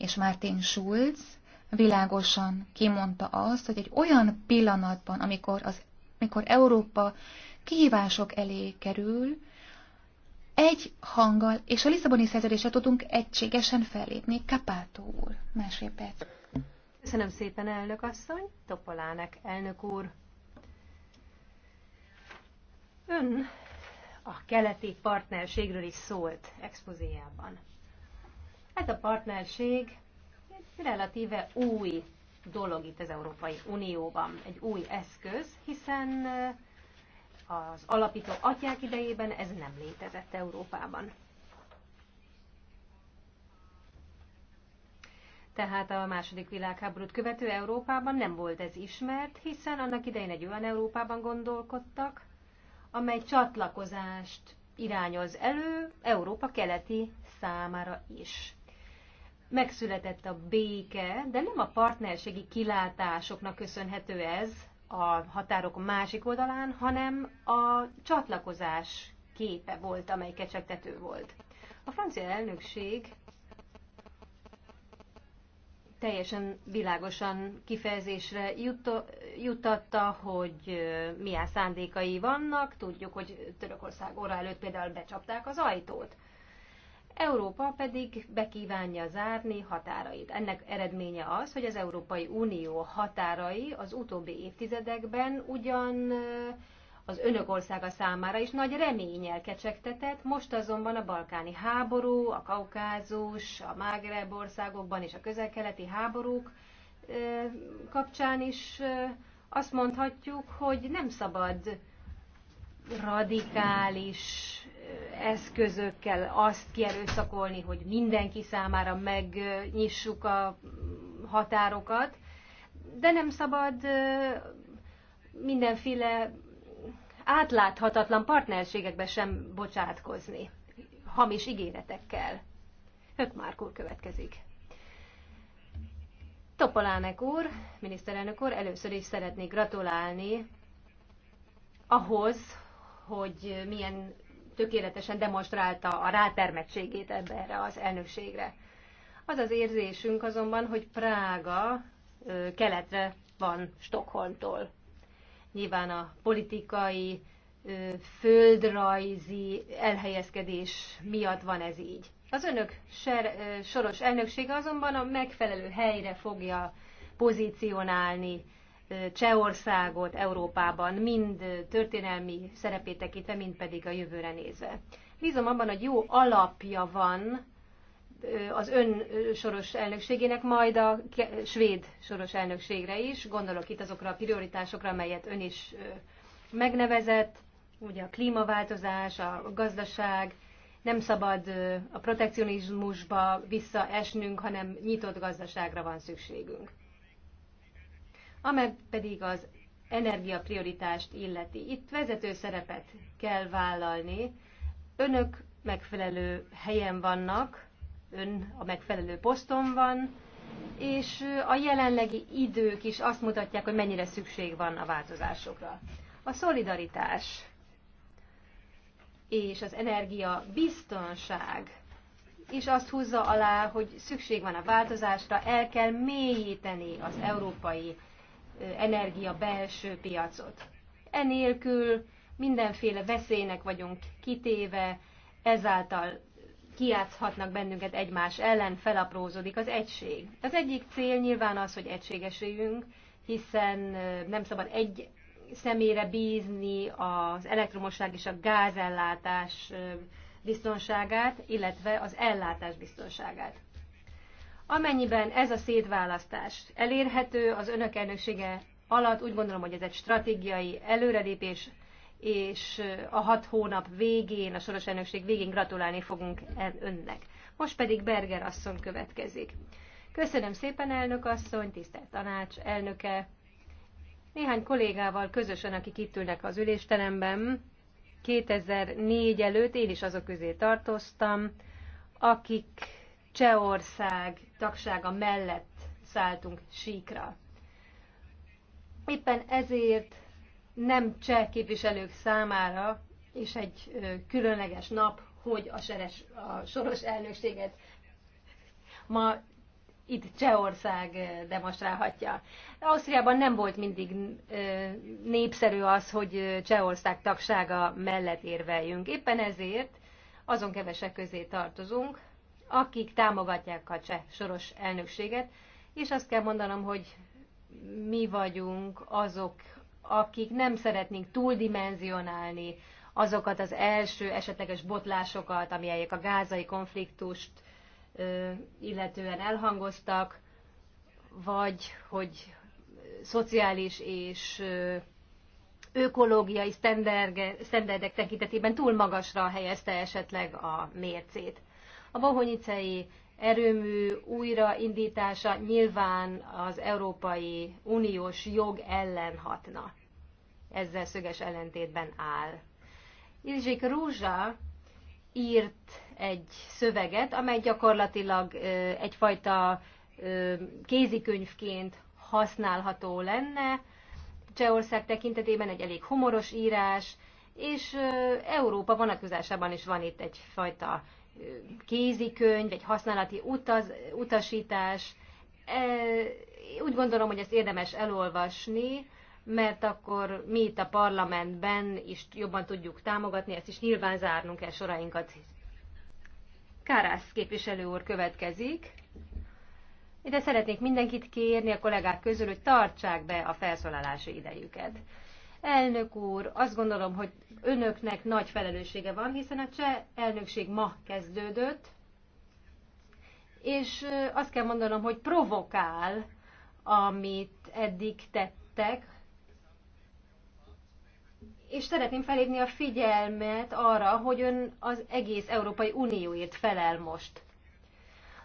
és Martin Schulz világosan kimondta azt, hogy egy olyan pillanatban, amikor, az, amikor Európa kihívások elé kerül, egy hanggal és a Lisszaboni szerződésre tudunk egységesen fellépni. Kapátó úr, másfél perc. Köszönöm szépen, elnök asszony, Topolánek elnök úr. Ön a keleti partnerségről is szólt expozéjában. Ez a partnerség egy relatíve új dolog itt az Európai Unióban, egy új eszköz, hiszen az alapító atyák idejében ez nem létezett Európában. Tehát a második világháborút követő Európában nem volt ez ismert, hiszen annak idején egy olyan Európában gondolkodtak, amely csatlakozást irányoz elő Európa keleti számára is megszületett a béke, de nem a partnerségi kilátásoknak köszönhető ez a határok másik oldalán, hanem a csatlakozás képe volt, amely kecsegtető volt. A francia elnökség teljesen világosan kifejezésre jutatta, hogy milyen szándékai vannak. Tudjuk, hogy Törökország óra előtt például becsapták az ajtót. Európa pedig bekívánja zárni határait. Ennek eredménye az, hogy az Európai Unió határai az utóbbi évtizedekben ugyan az önök országa számára is nagy reményel kecsegtetett, most azonban a balkáni háború, a kaukázus, a Mágreb országokban és a közelkeleti háborúk kapcsán is azt mondhatjuk, hogy nem szabad radikális eszközökkel azt kierőszakolni, hogy mindenki számára megnyissuk a határokat, de nem szabad mindenféle átláthatatlan partnerségekbe sem bocsátkozni, hamis ígéretekkel. Hökmárk úr következik. Topolánek úr, miniszterelnök úr, először is szeretnék gratulálni ahhoz, hogy milyen tökéletesen demonstrálta a rátermettségét ebbe erre az elnökségre. Az az érzésünk azonban, hogy Prága keletre van Stockholmtól. Nyilván a politikai, földrajzi elhelyezkedés miatt van ez így. Az önök ser, soros elnöksége azonban a megfelelő helyre fogja pozícionálni Csehországot Európában, mind történelmi szerepét tekintve, mind pedig a jövőre nézve. Bízom abban, hogy jó alapja van az ön soros elnökségének, majd a svéd soros elnökségre is. Gondolok itt azokra a prioritásokra, amelyet ön is megnevezett, ugye a klímaváltozás, a gazdaság, nem szabad a protekcionizmusba visszaesnünk, hanem nyitott gazdaságra van szükségünk amely pedig az energiaprioritást illeti. Itt vezető szerepet kell vállalni. Önök megfelelő helyen vannak, ön a megfelelő poszton van, és a jelenlegi idők is azt mutatják, hogy mennyire szükség van a változásokra. A szolidaritás és az energia biztonság is azt húzza alá, hogy szükség van a változásra, el kell mélyíteni az európai energia belső piacot. Enélkül mindenféle veszélynek vagyunk kitéve, ezáltal kiátszhatnak bennünket egymás ellen, felaprózódik az egység. Az egyik cél nyilván az, hogy egységesüljünk, hiszen nem szabad egy személyre bízni az elektromosság és a gázellátás biztonságát, illetve az ellátás biztonságát. Amennyiben ez a szétválasztás elérhető az önök elnöksége alatt, úgy gondolom, hogy ez egy stratégiai előrelépés, és a hat hónap végén, a soros elnökség végén gratulálni fogunk e, önnek. Most pedig Berger asszony következik. Köszönöm szépen, elnök asszony, tisztelt tanács, elnöke. Néhány kollégával közösen, akik itt ülnek az ülésteremben, 2004 előtt én is azok közé tartoztam, akik Csehország tagsága mellett szálltunk síkra. Éppen ezért nem cseh képviselők számára és egy különleges nap, hogy a, seres, a soros elnökséget ma itt Csehország demonstrálhatja. Ausztriában nem volt mindig népszerű az, hogy Csehország tagsága mellett érveljünk. Éppen ezért azon kevesek közé tartozunk, akik támogatják a cseh soros elnökséget, és azt kell mondanom, hogy mi vagyunk azok, akik nem szeretnénk túldimenzionálni azokat az első esetleges botlásokat, amelyek a gázai konfliktust illetően elhangoztak, vagy hogy szociális és ökológiai sztenderdek tekintetében túl magasra helyezte esetleg a mércét. A bohonyicei erőmű újraindítása nyilván az Európai Uniós jog ellen hatna. Ezzel szöges ellentétben áll. Ilzsik Rúzsa írt egy szöveget, amely gyakorlatilag egyfajta kézikönyvként használható lenne. Csehország tekintetében egy elég humoros írás, és Európa vonatkozásában is van itt egyfajta kézikönyv, egy használati utaz, utasítás. E, úgy gondolom, hogy ezt érdemes elolvasni, mert akkor mi itt a parlamentben is jobban tudjuk támogatni, ezt is nyilván zárnunk kell sorainkat. Kárász képviselő úr következik. Ide szeretnék mindenkit kérni a kollégák közül, hogy tartsák be a felszólalási idejüket. Elnök úr, azt gondolom, hogy önöknek nagy felelőssége van, hiszen a cseh elnökség ma kezdődött, és azt kell mondanom, hogy provokál, amit eddig tettek, és szeretném felhívni a figyelmet arra, hogy ön az egész Európai Unióért felel most.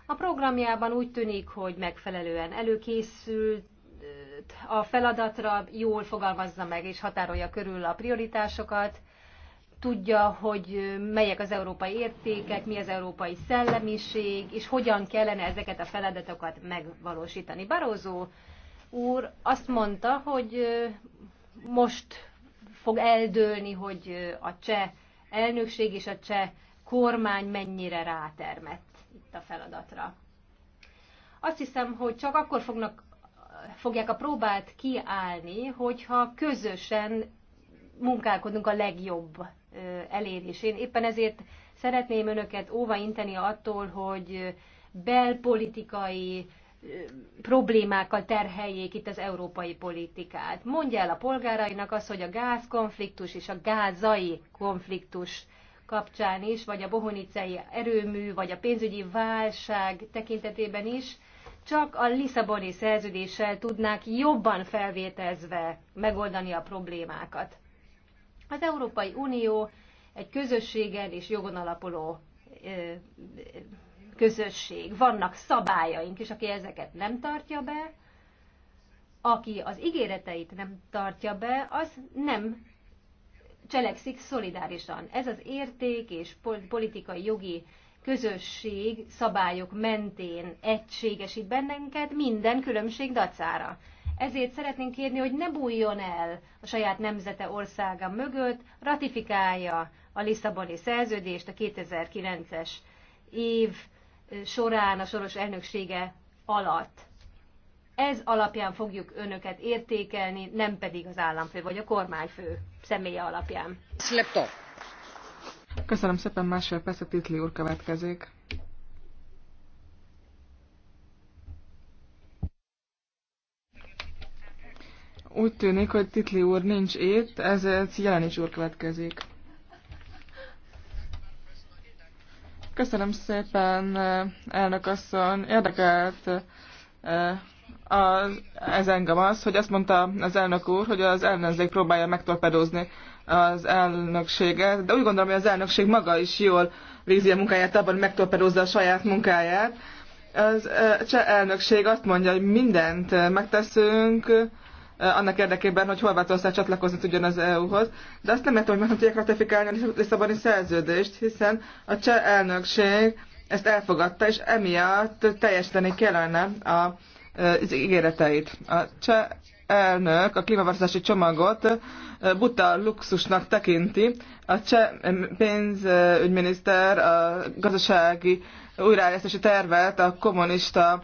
A programjában úgy tűnik, hogy megfelelően előkészült, a feladatra jól fogalmazza meg és határolja körül a prioritásokat, tudja, hogy melyek az európai értékek, mi az európai szellemiség, és hogyan kellene ezeket a feladatokat megvalósítani. Barózó úr azt mondta, hogy most fog eldőlni, hogy a cseh elnökség és a cseh kormány mennyire rátermett itt a feladatra. Azt hiszem, hogy csak akkor fognak fogják a próbát kiállni, hogyha közösen munkálkodunk a legjobb elérésén. Éppen ezért szeretném önöket óva inteni attól, hogy belpolitikai problémákkal terheljék itt az európai politikát. Mondja el a polgárainak azt, hogy a gázkonfliktus és a gázai konfliktus kapcsán is, vagy a bohonicei erőmű, vagy a pénzügyi válság tekintetében is csak a Lisszaboni szerződéssel tudnák jobban felvételzve megoldani a problémákat. Az Európai Unió egy közösségen és jogon alapuló közösség. Vannak szabályaink, és aki ezeket nem tartja be, aki az ígéreteit nem tartja be, az nem cselekszik szolidárisan. Ez az érték és politikai jogi közösség szabályok mentén egységesít bennünket minden különbség dacára. Ezért szeretnénk kérni, hogy ne bújjon el a saját nemzete országa mögött, ratifikálja a Lisszaboni szerződést a 2009-es év során a soros elnöksége alatt. Ez alapján fogjuk önöket értékelni, nem pedig az államfő vagy a kormányfő személye alapján. Köszönöm szépen, másfél percet Titli úr következik. Úgy tűnik, hogy Titli úr nincs itt, ezért Jelenics úr következik. Köszönöm szépen, elnök asszony. Érdekelt eh, az, ez engem az, hogy azt mondta az elnök úr, hogy az ellenzék próbálja megtorpedózni az elnökséget, de úgy gondolom, hogy az elnökség maga is jól végzi a munkáját, abban megtorpedozza a saját munkáját. Az cseh elnökség azt mondja, hogy mindent megteszünk, annak érdekében, hogy Horvátország csatlakozni tudjon az EU-hoz, de azt nem értem, hogy meg tudják ratifikálni a Lisszaboni szerződést, hiszen a cseh elnökség ezt elfogadta, és emiatt teljesíteni kellene a, az ígéreteit. A cseh elnök a klímaváltozási csomagot buta luxusnak tekinti. A cseh pénzügyminiszter a gazdasági újraállítási tervet a kommunista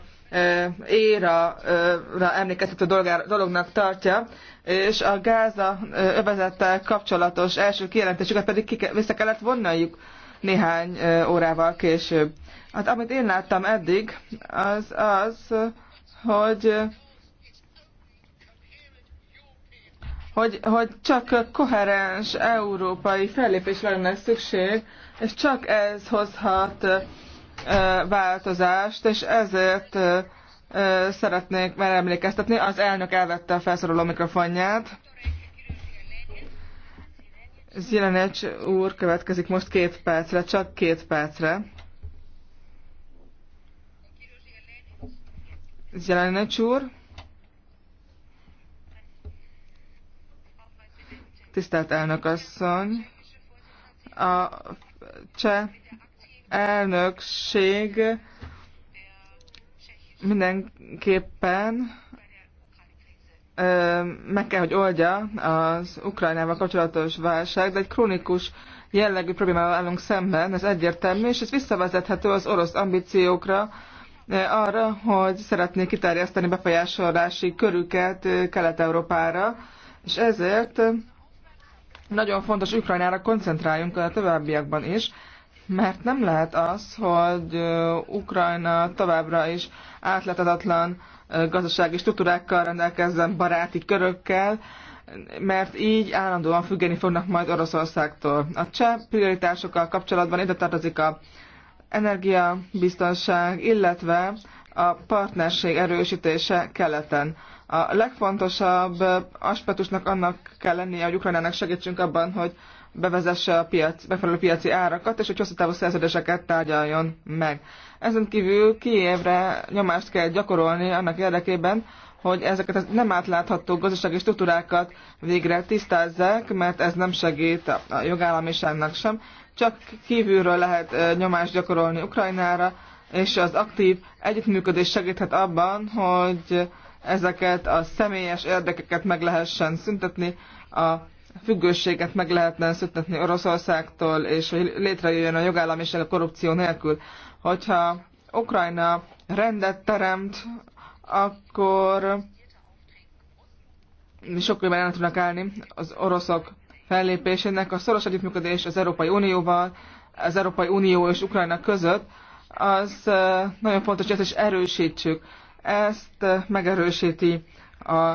éra emlékeztető dolognak tartja, és a Gáza övezettel kapcsolatos első kijelentésüket pedig ki, vissza kellett vonnaljuk néhány órával később. Hát amit én láttam eddig, az az, hogy hogy, hogy csak koherens európai fellépés lenne szükség, és csak ez hozhat változást, és ezért szeretnék már emlékeztetni. Az elnök elvette a felszoroló mikrofonját. Zilenecs úr következik most két percre, csak két percre. Zilenecs úr. Tisztelt elnök asszony, a cseh elnökség mindenképpen meg kell, hogy oldja az Ukrajnával kapcsolatos válság, de egy krónikus jellegű problémával állunk szemben, ez egyértelmű, és ez visszavezethető az orosz ambíciókra, arra, hogy szeretnék kiterjeszteni befolyásolási körüket Kelet-Európára, és ezért nagyon fontos Ukrajnára koncentráljunk a továbbiakban is, mert nem lehet az, hogy Ukrajna továbbra is átletadatlan gazdasági struktúrákkal rendelkezzen baráti körökkel, mert így állandóan függeni fognak majd Oroszországtól. A cseh prioritásokkal kapcsolatban ide tartozik a energiabiztonság, illetve a partnerség erősítése keleten. A legfontosabb aspektusnak annak kell lennie, hogy Ukrajnának segítsünk abban, hogy bevezesse a piac, megfelelő piaci árakat, és hogy hosszú távú szerződéseket tárgyaljon meg. Ezen kívül Kiévre nyomást kell gyakorolni annak érdekében, hogy ezeket a nem átlátható gazdasági struktúrákat végre tisztázzák, mert ez nem segít a jogállamiságnak sem. Csak kívülről lehet nyomást gyakorolni Ukrajnára, és az aktív együttműködés segíthet abban, hogy ezeket a személyes érdekeket meg lehessen szüntetni, a függőséget meg lehetne szüntetni Oroszországtól, és hogy létrejöjjön a jogállamiság a korrupció nélkül. Hogyha Ukrajna rendet teremt, akkor sok jobban el tudnak állni az oroszok fellépésének. A szoros együttműködés az Európai Unióval, az Európai Unió és Ukrajna között, az eh, nagyon fontos, hogy ezt is erősítsük. Ezt megerősíti a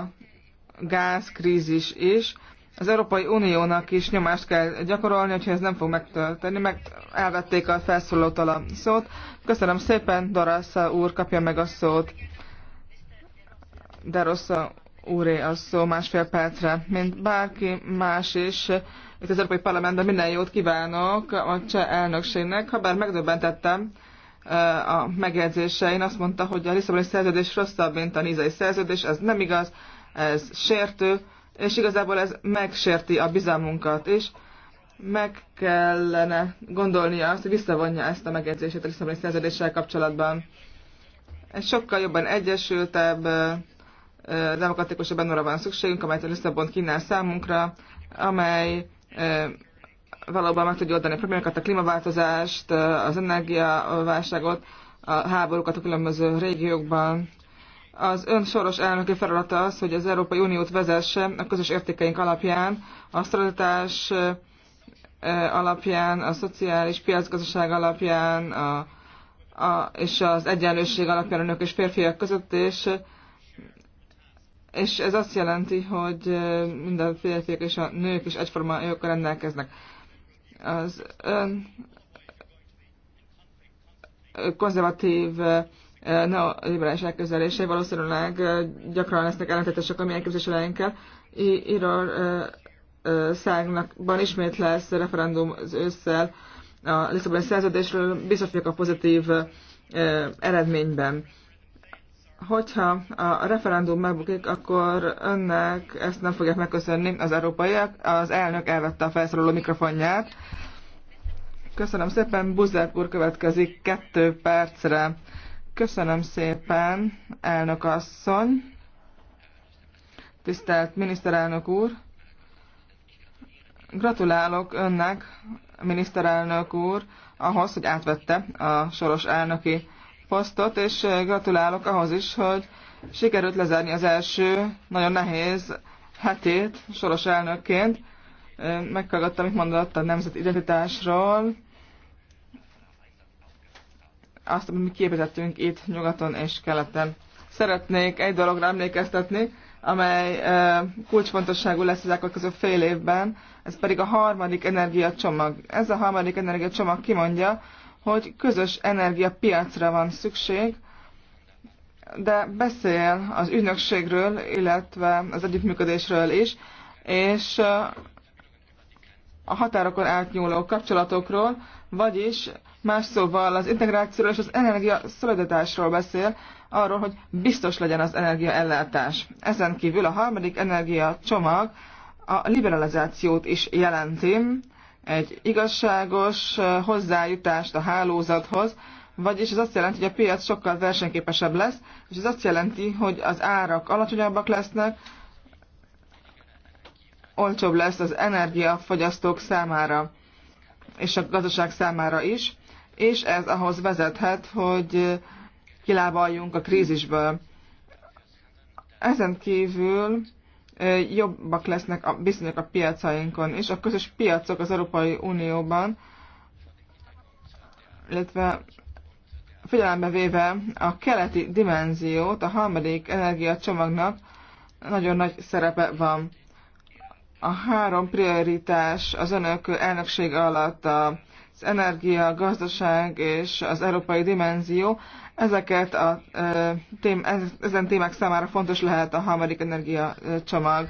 gázkrízis is. Az Európai Uniónak is nyomást kell gyakorolni, hogyha ez nem fog megtölteni, meg elvették a felszólótól a szót. Köszönöm szépen, Darassa úr, kapja meg a szót. Darassa úré a szó másfél percre, mint bárki más is. Itt az Európai Parlamentben minden jót kívánok a cseh elnökségnek, ha bár megdöbbentettem, a megjegyzésein. Azt mondta, hogy a Lisszaboni szerződés rosszabb, mint a nízai szerződés. Ez nem igaz, ez sértő, és igazából ez megsérti a bizalmunkat is. Meg kellene gondolnia azt, hogy visszavonja ezt a megjegyzését a Lisszaboni szerződéssel kapcsolatban. Egy sokkal jobban egyesültebb, demokratikusabb enora van szükségünk, amelyet a Lisszabon kínál számunkra, amely valóban meg tudja oldani a problémákat, a klímaváltozást, az energiaválságot, a háborúkat a különböző régiókban. Az ön soros elnöki feladata az, hogy az Európai Uniót vezesse a közös értékeink alapján, a szolidaritás alapján, a szociális piacgazdaság alapján, a, a, és az egyenlőség alapján a nők és férfiak között, és, és ez azt jelenti, hogy minden férfiak és a nők is egyforma jogokkal rendelkeznek az ön konzervatív eh, neoliberális elképzelései valószínűleg eh, gyakran lesznek ellentétesek a mi elképzeléseinkkel. Írországban eh, ismét lesz referendum az ősszel a Lisszaboni szerződésről, biztos vagyok a pozitív eredményben hogyha a referendum megbukik, akkor önnek ezt nem fogják megköszönni az európaiak. Az elnök elvette a felszólaló mikrofonját. Köszönöm szépen, Buzák úr következik kettő percre. Köszönöm szépen, elnök asszony. Tisztelt miniszterelnök úr. Gratulálok önnek, miniszterelnök úr, ahhoz, hogy átvette a soros elnöki posztot, és eh, gratulálok ahhoz is, hogy sikerült lezárni az első nagyon nehéz hetét soros elnökként. Meghallgattam, amit mondott a nemzeti identitásról, azt, amit mi képezettünk itt nyugaton és keleten. Szeretnék egy dologra emlékeztetni, amely kulcsfontosságú lesz az elkövetkező fél évben, ez pedig a harmadik energiacsomag. Ez a harmadik energiacsomag kimondja, hogy közös energiapiacra van szükség, de beszél az ügynökségről, illetve az együttműködésről is, és a határokon átnyúló kapcsolatokról, vagyis más szóval az integrációról és az energia szolidatásról beszél, arról, hogy biztos legyen az energiaellátás. Ezen kívül a harmadik energia csomag a liberalizációt is jelenti, egy igazságos hozzájutást a hálózathoz, vagyis ez azt jelenti, hogy a piac sokkal versenyképesebb lesz, és ez azt jelenti, hogy az árak alacsonyabbak lesznek, olcsóbb lesz az energiafogyasztók számára, és a gazdaság számára is, és ez ahhoz vezethet, hogy kilábaljunk a krízisből. Ezen kívül jobbak lesznek a viszonyok a piacainkon, és a közös piacok az Európai Unióban, illetve figyelembe véve a keleti dimenziót, a harmadik energiacsomagnak nagyon nagy szerepe van. A három prioritás az önök elnökség alatt az energia, a gazdaság és az európai dimenzió Ezeket a, tém, ezen témák számára fontos lehet a harmadik energia csomag.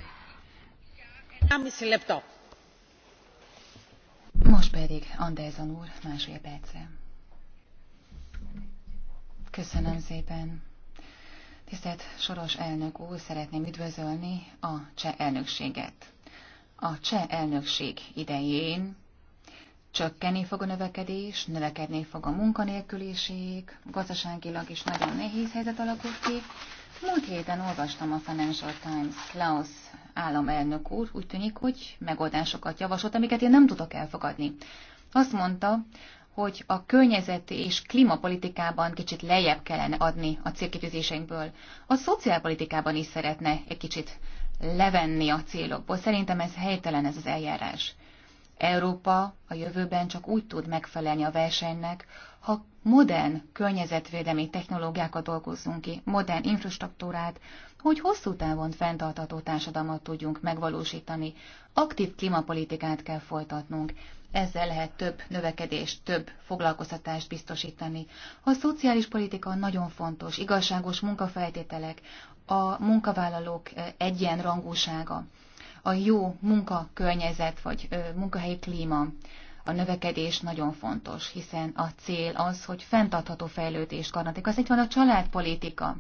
Most pedig Anderson úr másfél percre. Köszönöm szépen. Tisztelt Soros elnök úr, szeretném üdvözölni a cseh elnökséget. A cseh elnökség idején csökkenni fog a növekedés, növekedni fog a munkanélküliség, gazdaságilag is nagyon nehéz helyzet alakult ki. Múlt héten olvastam a Financial Times Klaus államelnök úr, úgy tűnik, hogy megoldásokat javasolt, amiket én nem tudok elfogadni. Azt mondta, hogy a környezeti és klímapolitikában kicsit lejjebb kellene adni a célkitűzéseinkből. A szociálpolitikában is szeretne egy kicsit levenni a célokból. Szerintem ez helytelen ez az eljárás. Európa a jövőben csak úgy tud megfelelni a versenynek, ha modern környezetvédelmi technológiákat dolgozzunk ki, modern infrastruktúrát, hogy hosszú távon fenntartható társadalmat tudjunk megvalósítani. Aktív klímapolitikát kell folytatnunk. Ezzel lehet több növekedést, több foglalkoztatást biztosítani. A szociális politika nagyon fontos, igazságos munkafeltételek, a munkavállalók eh, egyenrangúsága a jó munkakörnyezet vagy munkahelyi klíma. A növekedés nagyon fontos, hiszen a cél az, hogy fenntartható fejlődés garantik. Az itt van a családpolitika.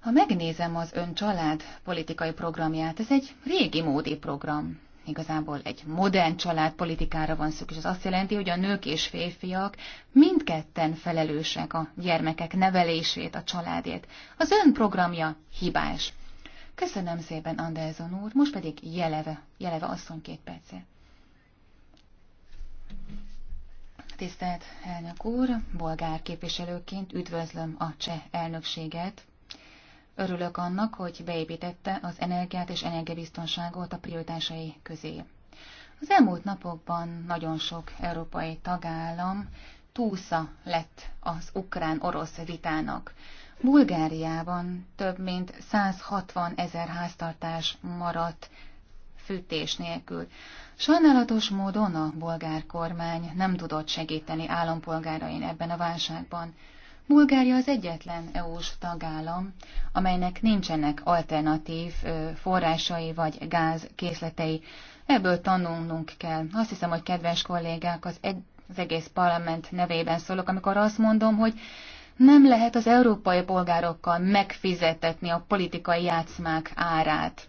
Ha megnézem az ön család politikai programját, ez egy régi módi program. Igazából egy modern családpolitikára van szükség. Ez azt jelenti, hogy a nők és férfiak mindketten felelősek a gyermekek nevelését, a családét. Az ön programja hibás. Köszönöm szépen, Anderson úr. Most pedig Jeleve, Jeleve asszony két percet. Tisztelt elnök úr, bolgár képviselőként üdvözlöm a cseh elnökséget. Örülök annak, hogy beépítette az energiát és energiabiztonságot a prioritásai közé. Az elmúlt napokban nagyon sok európai tagállam túsza lett az ukrán-orosz vitának. Bulgáriában több mint 160 ezer háztartás maradt fűtés nélkül. Sajnálatos módon a bolgár kormány nem tudott segíteni állampolgárain ebben a válságban. Bulgária az egyetlen EU-s tagállam, amelynek nincsenek alternatív forrásai vagy gázkészletei. Ebből tanulnunk kell. Azt hiszem, hogy kedves kollégák, az egy az egész parlament nevében szólok, amikor azt mondom, hogy nem lehet az európai polgárokkal megfizetetni a politikai játszmák árát.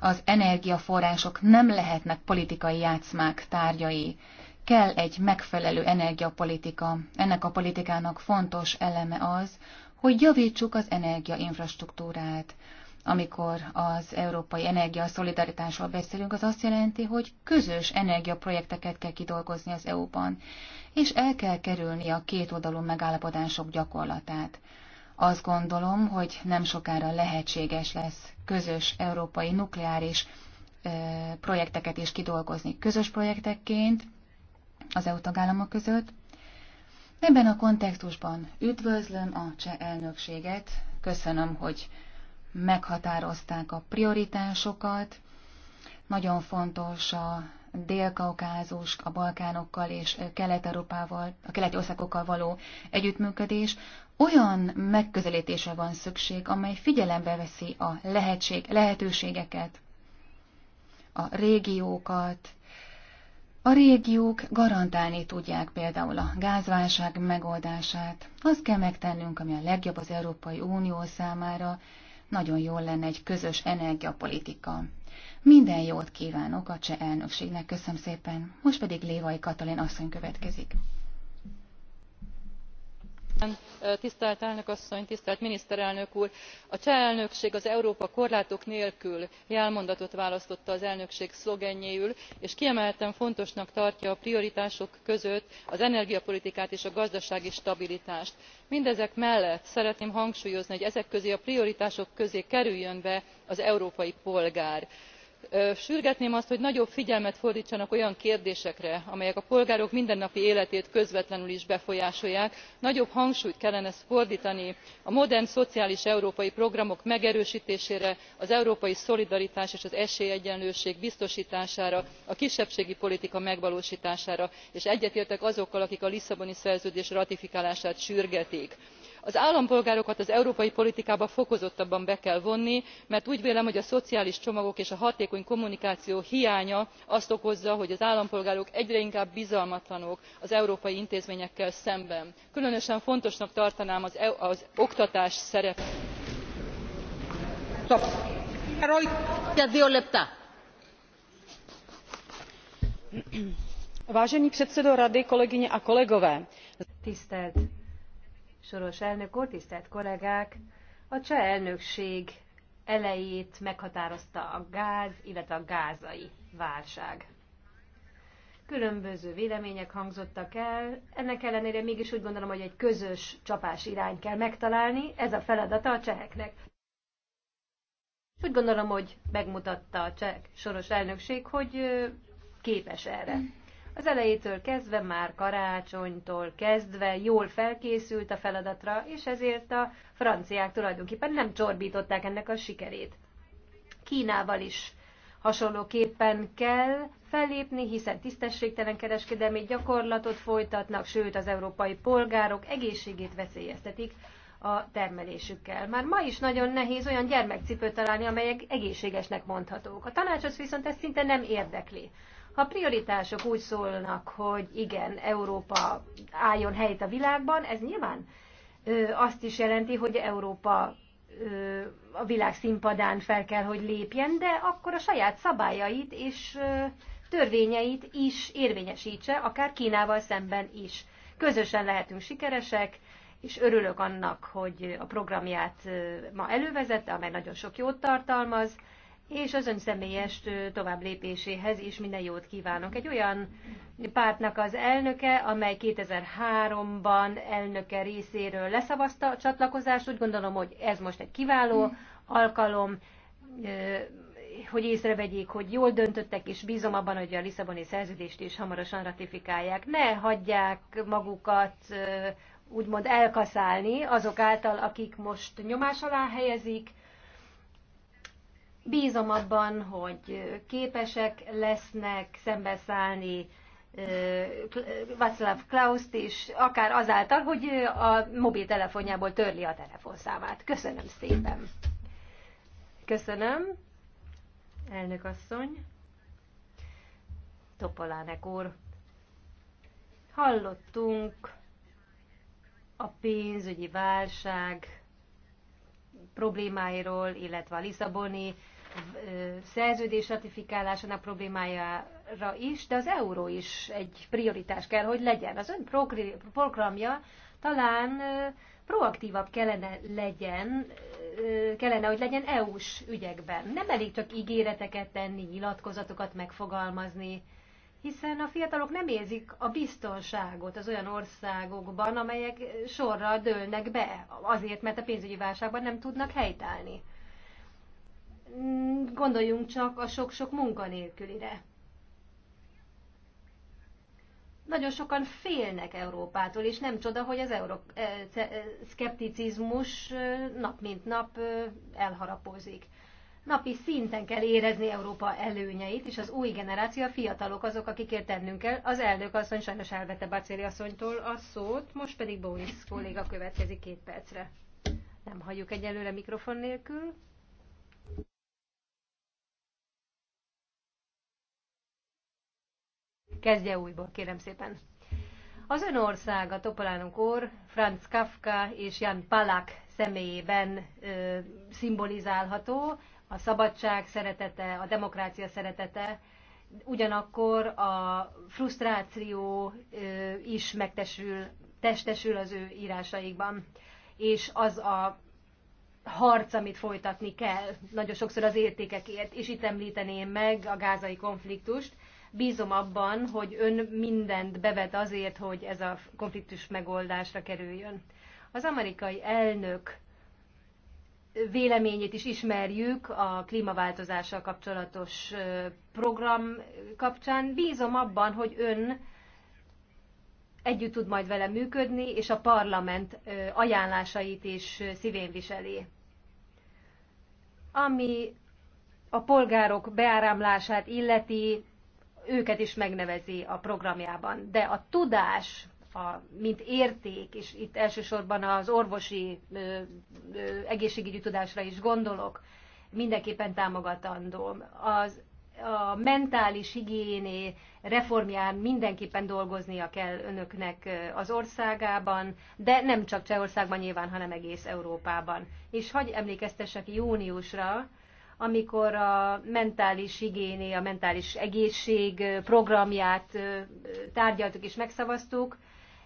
Az energiaforrások nem lehetnek politikai játszmák tárgyai. Kell egy megfelelő energiapolitika. Ennek a politikának fontos eleme az, hogy javítsuk az energiainfrastruktúrát, amikor az európai energia szolidaritásról beszélünk, az azt jelenti, hogy közös energiaprojekteket kell kidolgozni az EU-ban, és el kell kerülni a kétoldalú megállapodások gyakorlatát. Azt gondolom, hogy nem sokára lehetséges lesz közös európai nukleáris projekteket is kidolgozni közös projektekként az EU tagállamok között. Ebben a kontextusban üdvözlöm a cseh elnökséget, köszönöm, hogy meghatározták a prioritásokat, nagyon fontos a Dél-Kaukázus, a Balkánokkal és Kelet-Európával, a keleti országokkal való együttműködés, olyan megközelítésre van szükség, amely figyelembe veszi a lehetség, lehetőségeket, a régiókat. A régiók garantálni tudják például a gázválság megoldását. Azt kell megtennünk, ami a legjobb az Európai Unió számára, nagyon jól lenne egy közös energiapolitika. Minden jót kívánok a cseh elnökségnek, köszönöm szépen. Most pedig Lévai Katalin asszony következik tisztelt elnök asszony tisztelt miniszterelnök úr! a cseh elnökség az európa korlátok nélkül jelmondatot választotta az elnökség szlogenjéül és kiemelten fontosnak tartja a prioritások között az energiapolitikát és a gazdasági stabilitást. mindezek mellett szeretném hangsúlyozni hogy ezek közé a prioritások közé kerüljön be az európai polgár sürgetném azt hogy nagyobb figyelmet fordtsanak olyan kérdésekre amelyek a polgárok mindennapi életét közvetlenül is befolyásolják nagyobb hangsúlyt kellene fordtani a modern szociális európai programok megerőstésére az európai szolidaritás és az esélyegyenlőség biztostására a kisebbségi politika megvalóstására és egyetértek azokkal akik a lisszaboni szerződés ratifikálását sürgetik az állampolgárokat az európai politikába fokozottabban be kell vonni mert úgy vélem hogy a szociális csomagok és a hatékony kommunikáció hiánya azt okozza hogy az állampolgárok egyre inkább bizalmatlanok az európai intézményekkel szemben. különösen fontosnak tartanám az e- oktatás szerepét. a tisztelt Soros elnök úr, tisztelt kollégák! A cseh elnökség elejét meghatározta a gáz, illetve a gázai válság. Különböző vélemények hangzottak el, ennek ellenére mégis úgy gondolom, hogy egy közös csapás irány kell megtalálni, ez a feladata a cseheknek. Úgy gondolom, hogy megmutatta a cseh soros elnökség, hogy képes erre. Az elejétől kezdve, már karácsonytól kezdve jól felkészült a feladatra, és ezért a franciák tulajdonképpen nem csorbították ennek a sikerét. Kínával is Hasonlóképpen kell fellépni, hiszen tisztességtelen kereskedelmi gyakorlatot folytatnak, sőt az európai polgárok egészségét veszélyeztetik a termelésükkel. Már ma is nagyon nehéz olyan gyermekcipőt találni, amelyek egészségesnek mondhatók. A tanácsos viszont ez szinte nem érdekli. Ha prioritások úgy szólnak, hogy igen, Európa álljon helyt a világban, ez nyilván ö, azt is jelenti, hogy Európa ö, a világ színpadán fel kell, hogy lépjen, de akkor a saját szabályait és ö, törvényeit is érvényesítse, akár Kínával szemben is. Közösen lehetünk sikeresek, és örülök annak, hogy a programját ma elővezette, amely nagyon sok jót tartalmaz, és az ön személyes tovább lépéséhez is minden jót kívánok. Egy olyan pártnak az elnöke, amely 2003-ban elnöke részéről leszavazta a csatlakozást. Úgy gondolom, hogy ez most egy kiváló alkalom, hogy észrevegyék, hogy jól döntöttek, és bízom abban, hogy a Lisszaboni szerződést is hamarosan ratifikálják. Ne hagyják magukat úgymond elkaszálni azok által, akik most nyomás alá helyezik, Bízom abban, hogy képesek lesznek szembeszállni Václav Klauszt is, akár azáltal, hogy a mobiltelefonjából törli a telefonszámát. Köszönöm szépen. Köszönöm, elnök asszony. Topolánek úr. Hallottunk a pénzügyi válság problémáiról, illetve a Lisszaboni szerződés ratifikálásának problémájára is, de az euró is egy prioritás kell, hogy legyen. Az ön programja talán proaktívabb kellene legyen, kellene, hogy legyen EU-s ügyekben. Nem elég csak ígéreteket tenni, nyilatkozatokat megfogalmazni, hiszen a fiatalok nem érzik a biztonságot az olyan országokban, amelyek sorra dőlnek be, azért, mert a pénzügyi válságban nem tudnak helytállni. Mm, gondoljunk csak a sok-sok munkanélkülire. Nagyon sokan félnek Európától, és nem csoda, hogy az eh, eh, szkepticizmus eh, nap mint nap elharapózik napi szinten kell érezni Európa előnyeit, és az új generáció, a fiatalok azok, akikért tennünk kell. Az elnök asszony sajnos elvette Bacéli asszonytól a szót, most pedig Boris kolléga következik két percre. Nem hagyjuk egyelőre mikrofon nélkül. Kezdje újból, kérem szépen. Az ön a Topolánunk úr, Franz Kafka és Jan Palak személyében ö, szimbolizálható, a szabadság szeretete, a demokrácia szeretete, ugyanakkor a frusztráció is megtesül, testesül az ő írásaikban, és az a harc, amit folytatni kell, nagyon sokszor az értékekért, és itt említeném meg a gázai konfliktust. Bízom abban, hogy ön mindent bevet azért, hogy ez a konfliktus megoldásra kerüljön. Az amerikai elnök véleményét is ismerjük a klímaváltozással kapcsolatos program kapcsán. Bízom abban, hogy ön együtt tud majd vele működni, és a parlament ajánlásait is szívén viseli. Ami a polgárok beáramlását illeti, őket is megnevezi a programjában. De a tudás a, mint érték, és itt elsősorban az orvosi ö, ö, egészségügyi tudásra is gondolok, mindenképpen támogatandó. Az, a mentális higiéné reformján mindenképpen dolgoznia kell önöknek az országában, de nem csak Csehországban nyilván, hanem egész Európában. És hagy emlékeztessek júniusra, amikor a mentális higiéné, a mentális egészség programját tárgyaltuk és megszavaztuk,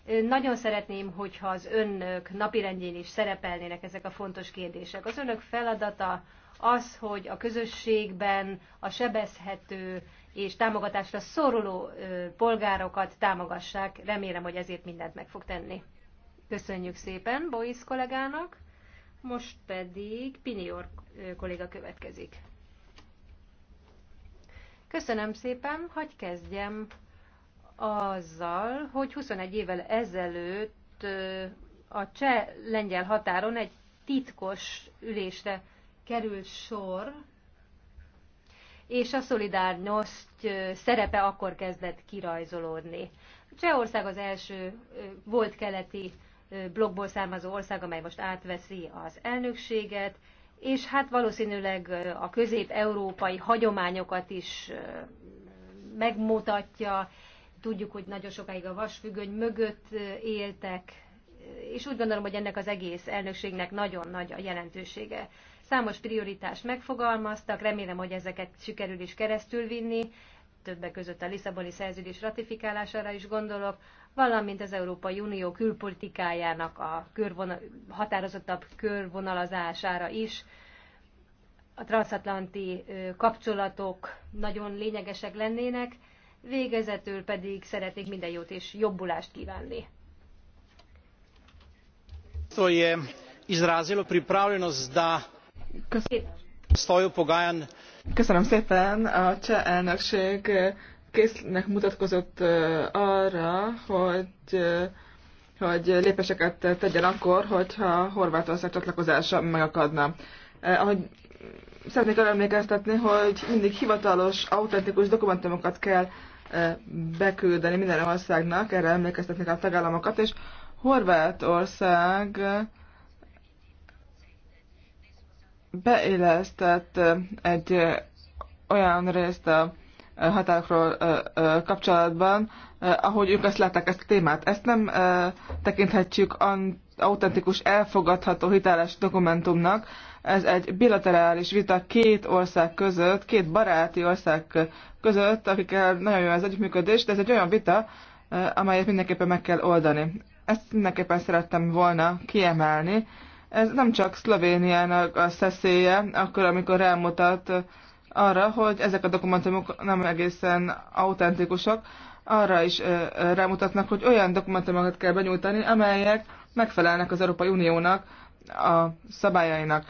nagyon szeretném, hogyha az önök napirendjén is szerepelnének ezek a fontos kérdések. Az önök feladata az, hogy a közösségben a sebezhető és támogatásra szoruló polgárokat támogassák. Remélem, hogy ezért mindent meg fog tenni. Köszönjük szépen Bois kollégának, most pedig Pinior kolléga következik. Köszönöm szépen, hogy kezdjem azzal, hogy 21 évvel ezelőtt a cseh-lengyel határon egy titkos ülésre kerül sor, és a szolidárnyoszt szerepe akkor kezdett kirajzolódni. Csehország az első volt keleti blokkból származó ország, amely most átveszi az elnökséget, és hát valószínűleg a közép-európai hagyományokat is megmutatja, Tudjuk, hogy nagyon sokáig a vasfüggöny mögött éltek, és úgy gondolom, hogy ennek az egész elnökségnek nagyon nagy a jelentősége. Számos prioritást megfogalmaztak, remélem, hogy ezeket sikerül is keresztül vinni, többek között a Lisszaboni szerződés ratifikálására is gondolok, valamint az Európai Unió külpolitikájának a körvonal, határozottabb körvonalazására is. A transatlanti kapcsolatok nagyon lényegesek lennének, Végezetül pedig szeretnék minden jót és jobbulást kívánni. Köszönöm szépen. A cseh elnökség késznek mutatkozott arra, hogy hogy lépéseket tegyen akkor, hogyha Horvátország csatlakozása megakadna. Ahogy szeretnék arra emlékeztetni, hogy mindig hivatalos, autentikus dokumentumokat kell beküldeni minden országnak, erre emlékeztetnek a tagállamokat, és Horvátország beillesztett egy olyan részt a határokról kapcsolatban, ahogy ők azt látták ezt a témát. Ezt nem tekinthetjük autentikus, elfogadható, hiteles dokumentumnak, ez egy bilaterális vita két ország között, két baráti ország között, akikkel nagyon jó az együttműködés, de ez egy olyan vita, eh, amelyet mindenképpen meg kell oldani. Ezt mindenképpen szerettem volna kiemelni. Ez nem csak Szlovéniának a szeszélye, akkor, amikor elmutat eh, arra, hogy ezek a dokumentumok nem egészen autentikusak, arra is eh, rámutatnak, hogy olyan dokumentumokat kell benyújtani, amelyek megfelelnek az Európai Uniónak a szabályainak.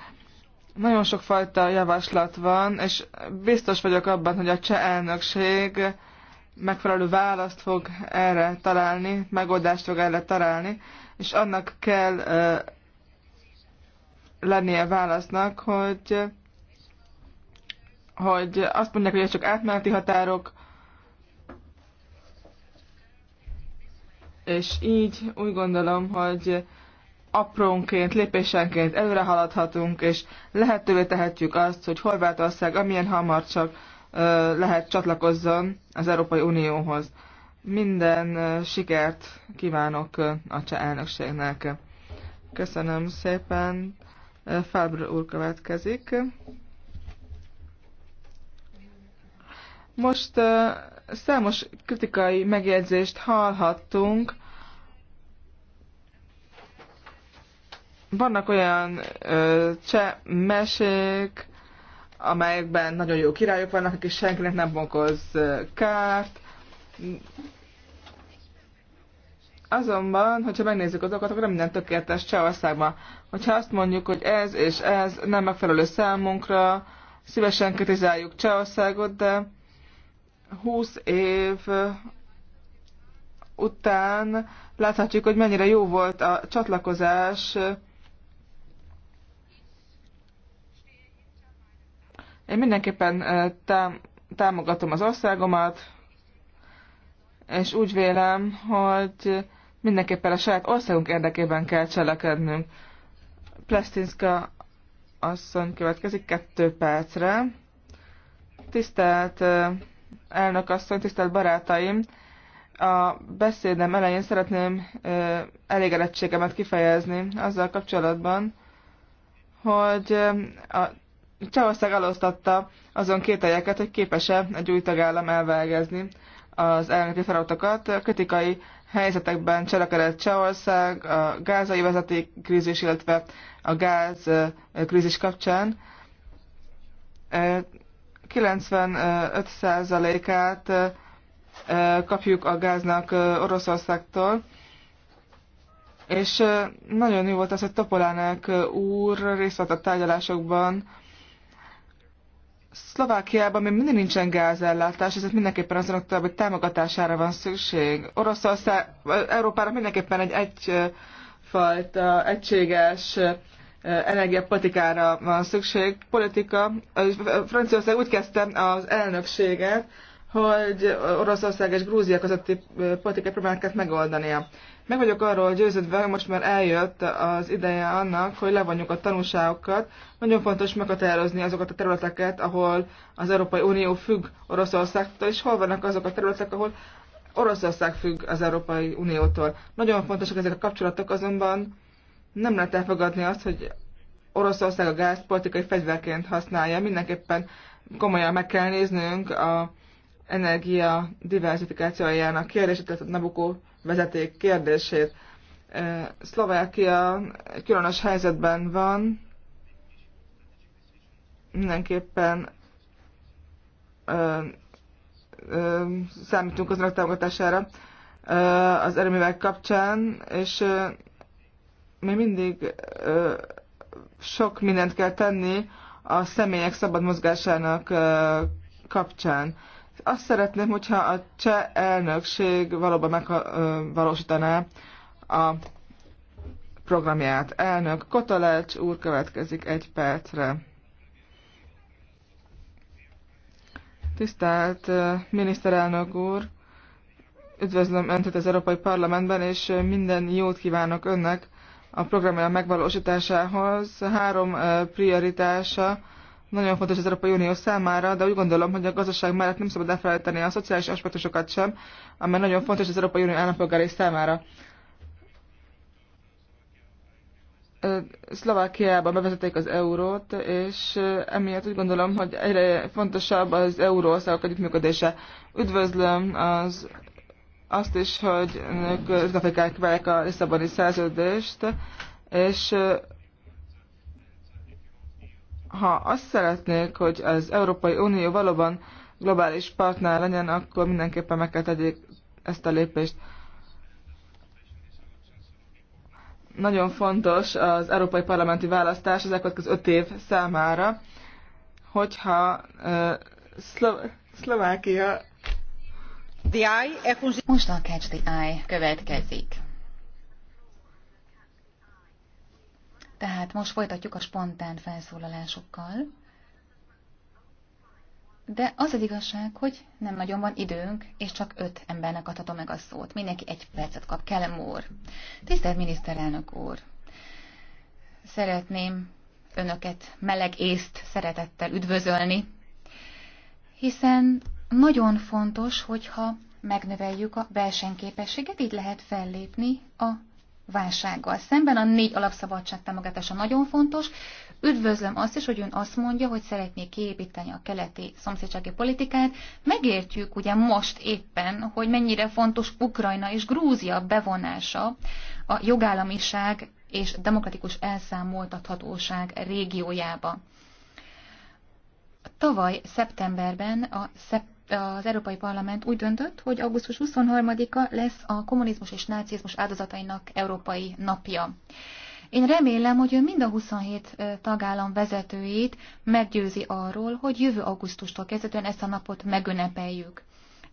Nagyon sokfajta javaslat van, és biztos vagyok abban, hogy a cseh elnökség megfelelő választ fog erre találni, megoldást fog erre találni, és annak kell uh, lennie válasznak, hogy, hogy azt mondják, hogy csak átmeneti határok, és így úgy gondolom, hogy aprónként, lépésenként előre haladhatunk, és lehetővé tehetjük azt, hogy Horvátország amilyen hamar csak lehet csatlakozzon az Európai Unióhoz. Minden sikert kívánok a cseh elnökségnek. Köszönöm szépen. Fábr úr következik. Most számos kritikai megjegyzést hallhattunk Vannak olyan ö, cseh mesék, amelyekben nagyon jó királyok vannak, akik senkinek nem okoz kárt. Azonban, hogyha megnézzük azokat, akkor nem minden tökéletes Csehországban. Hogyha azt mondjuk, hogy ez és ez nem megfelelő számunkra, szívesen kritizáljuk Csehországot, de 20 év után láthatjuk, hogy mennyire jó volt a csatlakozás Én mindenképpen támogatom az országomat, és úgy vélem, hogy mindenképpen a saját országunk érdekében kell cselekednünk. Plestinska asszony következik kettő percre. Tisztelt elnök asszony, tisztelt barátaim! A beszédem elején szeretném elégedettségemet kifejezni azzal kapcsolatban, hogy a Csehország aloztatta azon kételjeket, hogy képes-e egy új tagállam elvágezni az elnöki feladatokat. Kritikai helyzetekben cselekedett Csehország a gázai vezeték krízis, illetve a gáz krízis kapcsán. 95%-át kapjuk a gáznak Oroszországtól, és nagyon jó volt az, hogy Topolának úr részt vett a tárgyalásokban, Szlovákiában még mindig nincsen gázellátás, ezért mindenképpen azon hogy támogatására van szükség. Oroszország, Európára mindenképpen egy egyfajta egységes energiapolitikára van szükség. Politika, Franciaország úgy kezdte az elnökséget, hogy Oroszország és Grúzia közötti politikai problémákat megoldania. Meg vagyok arról győződve, hogy most már eljött az ideje annak, hogy levonjuk a tanulságokat. Nagyon fontos meghatározni azokat a területeket, ahol az Európai Unió függ Oroszországtól, és hol vannak azok a területek, ahol Oroszország függ az Európai Uniótól. Nagyon fontosak ezek a kapcsolatok, azonban nem lehet elfogadni azt, hogy Oroszország a gáz politikai fegyverként használja. Mindenképpen komolyan meg kell néznünk a energia diversifikációjának kérdését, tehát a Nabucco vezeték kérdését. Szlovákia különös helyzetben van, mindenképpen ö, ö, számítunk az önök támogatására ö, az erőművek kapcsán, és ö, még mindig ö, sok mindent kell tenni a személyek szabad mozgásának ö, kapcsán. Azt szeretném, hogyha a cseh elnökség valóban megvalósítaná a programját. Elnök Kotalács úr következik egy percre. Tisztelt miniszterelnök úr, üdvözlöm Öntet az Európai Parlamentben, és minden jót kívánok Önnek a programja megvalósításához. Három prioritása nagyon fontos az Európai Unió számára, de úgy gondolom, hogy a gazdaság mellett nem szabad elfelejteni a szociális aspektusokat sem, amely nagyon fontos az Európai Unió állampolgárai számára. Szlovákiában bevezették az eurót, és emiatt úgy gondolom, hogy egyre fontosabb az euróországok együttműködése. Üdvözlöm az, azt is, hogy ők ratifikálják a Lisszaboni szerződést, és ha azt szeretnék, hogy az Európai Unió valóban globális partner legyen, akkor mindenképpen meg kell tegyék ezt a lépést. Nagyon fontos az Európai Parlamenti választás az elkövetkező öt év számára, hogyha uh, Szlo- Szlovákia... The eye... Most a Catch the Eye következik. Tehát most folytatjuk a spontán felszólalásokkal. De az az igazság, hogy nem nagyon van időnk, és csak öt embernek adhatom meg a szót. Mindenki egy percet kap. Kellem úr. Tisztelt miniszterelnök úr! Szeretném önöket meleg észt szeretettel üdvözölni, hiszen nagyon fontos, hogyha megnöveljük a versenyképességet, így lehet fellépni a válsággal szemben. A négy alapszabadság támogatása nagyon fontos. Üdvözlöm azt is, hogy ön azt mondja, hogy szeretné kiépíteni a keleti szomszédsági politikát. Megértjük ugye most éppen, hogy mennyire fontos Ukrajna és Grúzia bevonása a jogállamiság és demokratikus elszámoltathatóság régiójába. Tavaly szeptemberben a szep az Európai Parlament úgy döntött, hogy augusztus 23-a lesz a kommunizmus és nácizmus áldozatainak Európai Napja. Én remélem, hogy ő mind a 27 tagállam vezetőjét meggyőzi arról, hogy jövő augusztustól kezdetően ezt a napot megünnepeljük.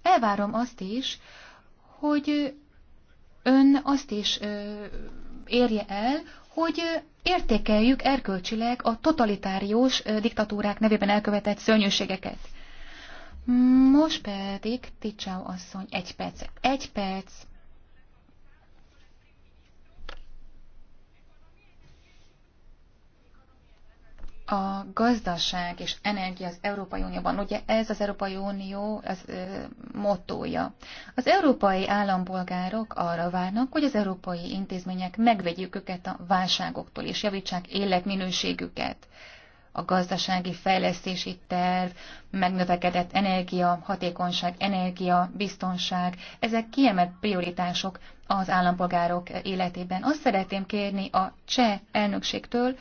Elvárom azt is, hogy ön azt is érje el, hogy értékeljük erkölcsileg a totalitárius diktatúrák nevében elkövetett szörnyűségeket. Most pedig Ticsau asszony, egy perc, egy perc. a gazdaság és energia az Európai Unióban. Ugye ez az Európai Unió az ö, motója. Az európai állampolgárok arra várnak, hogy az európai intézmények megvegyük őket a válságoktól és javítsák életminőségüket a gazdasági fejlesztési terv, megnövekedett energia, hatékonyság, energia, biztonság, ezek kiemelt prioritások az állampolgárok életében. Azt szeretném kérni a cseh elnökségtől,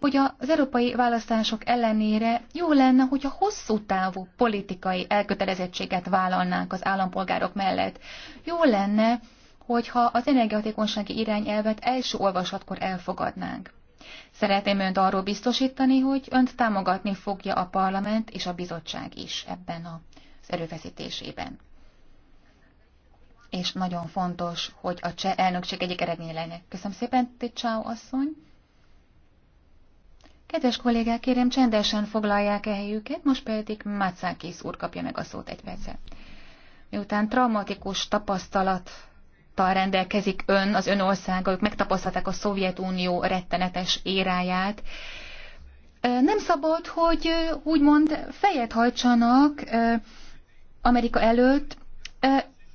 hogy az európai választások ellenére jó lenne, hogy a hosszú távú politikai elkötelezettséget vállalnánk az állampolgárok mellett. Jó lenne, hogyha az energiahatékonysági irányelvet első olvasatkor elfogadnánk. Szeretném önt arról biztosítani, hogy önt támogatni fogja a parlament és a bizottság is ebben az erőfeszítésében. És nagyon fontos, hogy a cseh elnökség egyik eredménye lenne. Köszönöm szépen, Ticsáó asszony! Kedves kollégák, kérem csendesen foglalják el helyüket, most pedig Mácákész úr kapja meg a szót egy percet. Miután traumatikus tapasztalat tapasztalattal rendelkezik ön, az ön országa, ők megtapasztalták a Szovjetunió rettenetes éráját. Nem szabad, hogy úgymond fejet hajtsanak Amerika előtt.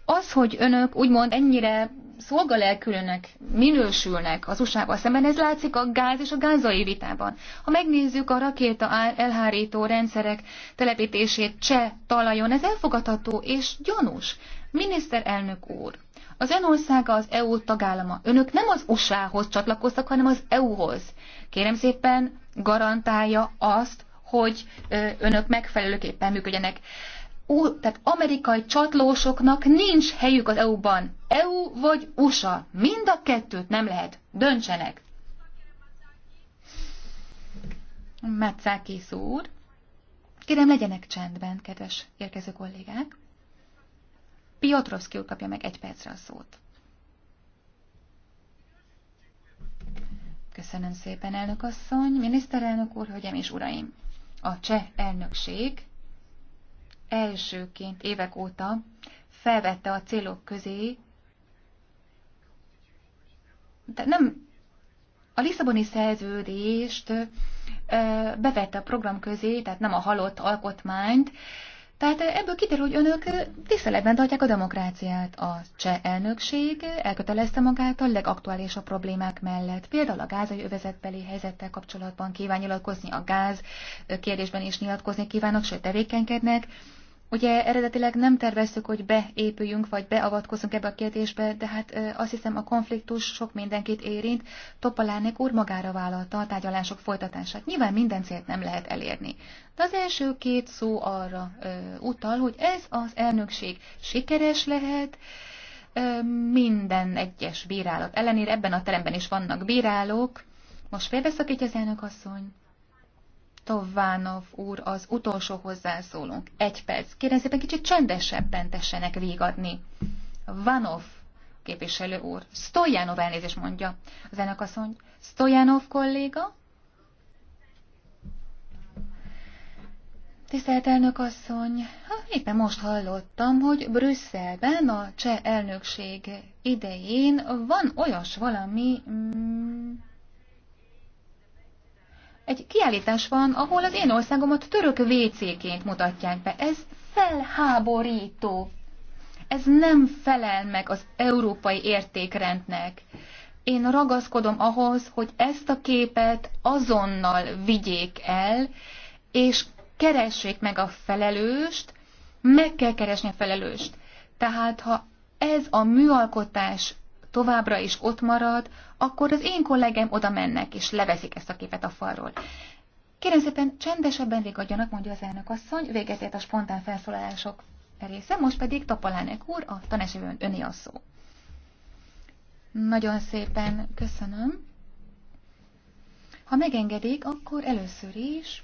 Az, hogy önök úgymond ennyire szolgalelkülönnek minősülnek az USA-val szemben, ez látszik a gáz és a gázai vitában. Ha megnézzük a rakéta elhárító rendszerek telepítését cseh talajon, ez elfogadható és gyanús. Miniszterelnök úr, az ön országa az EU tagállama. Önök nem az USA-hoz csatlakoztak, hanem az EU-hoz. Kérem szépen garantálja azt, hogy önök megfelelőképpen működjenek. Ú, tehát amerikai csatlósoknak nincs helyük az EU-ban. EU vagy USA. Mind a kettőt nem lehet. Döntsenek. Metszákész úr. Kérem, legyenek csendben, kedves érkező kollégák. Piotrowski úr kapja meg egy percre a szót. Köszönöm szépen, elnök asszony, miniszterelnök úr, hölgyem és uraim! A cseh elnökség elsőként évek óta felvette a célok közé, de nem a Lisszaboni szerződést bevette a program közé, tehát nem a halott alkotmányt, tehát ebből kiderül, hogy önök tiszteletben tartják a demokráciát. A cseh elnökség elkötelezte magát a legaktuálisabb problémák mellett. Például a gázai övezetbeli helyzettel kapcsolatban kíván nyilatkozni a gáz kérdésben is nyilatkozni kívánok, sőt tevékenykednek. Ugye eredetileg nem terveztük, hogy beépüljünk, vagy beavatkozunk ebbe a kérdésbe, de hát azt hiszem a konfliktus sok mindenkit érint. Topalánék úr magára vállalta a tárgyalások folytatását. Nyilván minden célt nem lehet elérni. De az első két szó arra ö, utal, hogy ez az elnökség sikeres lehet, ö, minden egyes bírálat ellenére, ebben a teremben is vannak bírálók. Most félbeszakítja az elnök asszony. Továnov úr az utolsó hozzászólunk. Egy perc. Kérem szépen kicsit csendesebben tessenek végadni. Vanov képviselő úr. Stojanov elnézést mondja. Az ennek asszony. Stojanov kolléga? Tisztelt elnök asszony, hát éppen most hallottam, hogy Brüsszelben a cseh elnökség idején van olyas valami, mm, egy kiállítás van, ahol az én országomat török vécéként mutatják be. Ez felháborító. Ez nem felel meg az európai értékrendnek. Én ragaszkodom ahhoz, hogy ezt a képet azonnal vigyék el, és keressék meg a felelőst, meg kell keresni a felelőst. Tehát, ha ez a műalkotás továbbra is ott marad, akkor az én kollégám oda mennek, és leveszik ezt a képet a falról. Kérem szépen, csendesebben végadjanak, mondja az elnök asszony, véget ért a spontán felszólalások része, most pedig Tapalánek úr, a tanesevőn öné a szó. Nagyon szépen köszönöm. Ha megengedik, akkor először is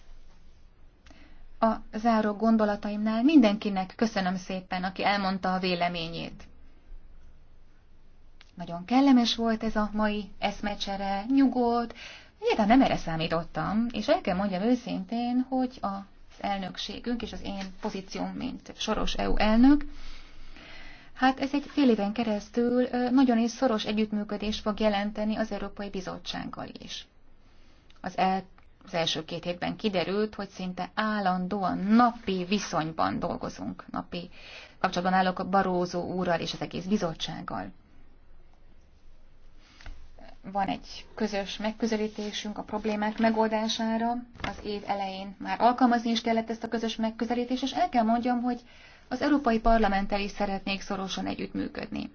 a záró gondolataimnál mindenkinek köszönöm szépen, aki elmondta a véleményét. Nagyon kellemes volt ez a mai eszmecsere, nyugodt, egyáltalán nem erre számítottam, és el kell mondjam őszintén, hogy az elnökségünk és az én pozícióm, mint soros EU elnök, Hát ez egy fél éven keresztül nagyon is szoros együttműködés fog jelenteni az Európai Bizottsággal is. Az, el, az első két hétben kiderült, hogy szinte állandóan napi viszonyban dolgozunk, napi kapcsolatban állok a Barózó úrral és az egész bizottsággal van egy közös megközelítésünk a problémák megoldására. Az év elején már alkalmazni is kellett ezt a közös megközelítést, és el kell mondjam, hogy az Európai Parlamenttel is szeretnék szorosan együttműködni.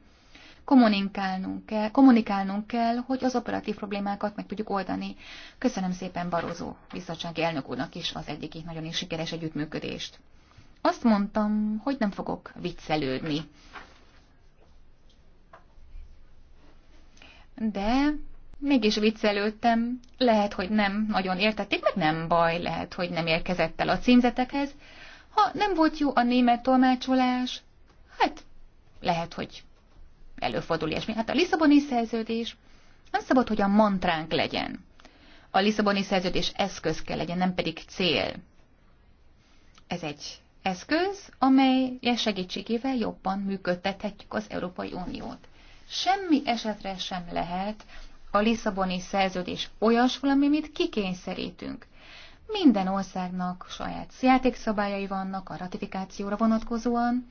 Kommunikálnunk kell, kommunikálnunk kell, hogy az operatív problémákat meg tudjuk oldani. Köszönöm szépen Barozó bizottsági elnök úrnak is az egyik nagyon is sikeres együttműködést. Azt mondtam, hogy nem fogok viccelődni de mégis viccelődtem, lehet, hogy nem nagyon értették, meg nem baj, lehet, hogy nem érkezett el a címzetekhez. Ha nem volt jó a német tolmácsolás, hát lehet, hogy előfordul ilyesmi. Hát a Lisszaboni szerződés nem szabad, hogy a mantránk legyen. A Lisszaboni szerződés eszköz kell legyen, nem pedig cél. Ez egy eszköz, amely segítségével jobban működtethetjük az Európai Uniót semmi esetre sem lehet a Lisszaboni szerződés olyas valami, amit kikényszerítünk. Minden országnak saját játékszabályai vannak a ratifikációra vonatkozóan,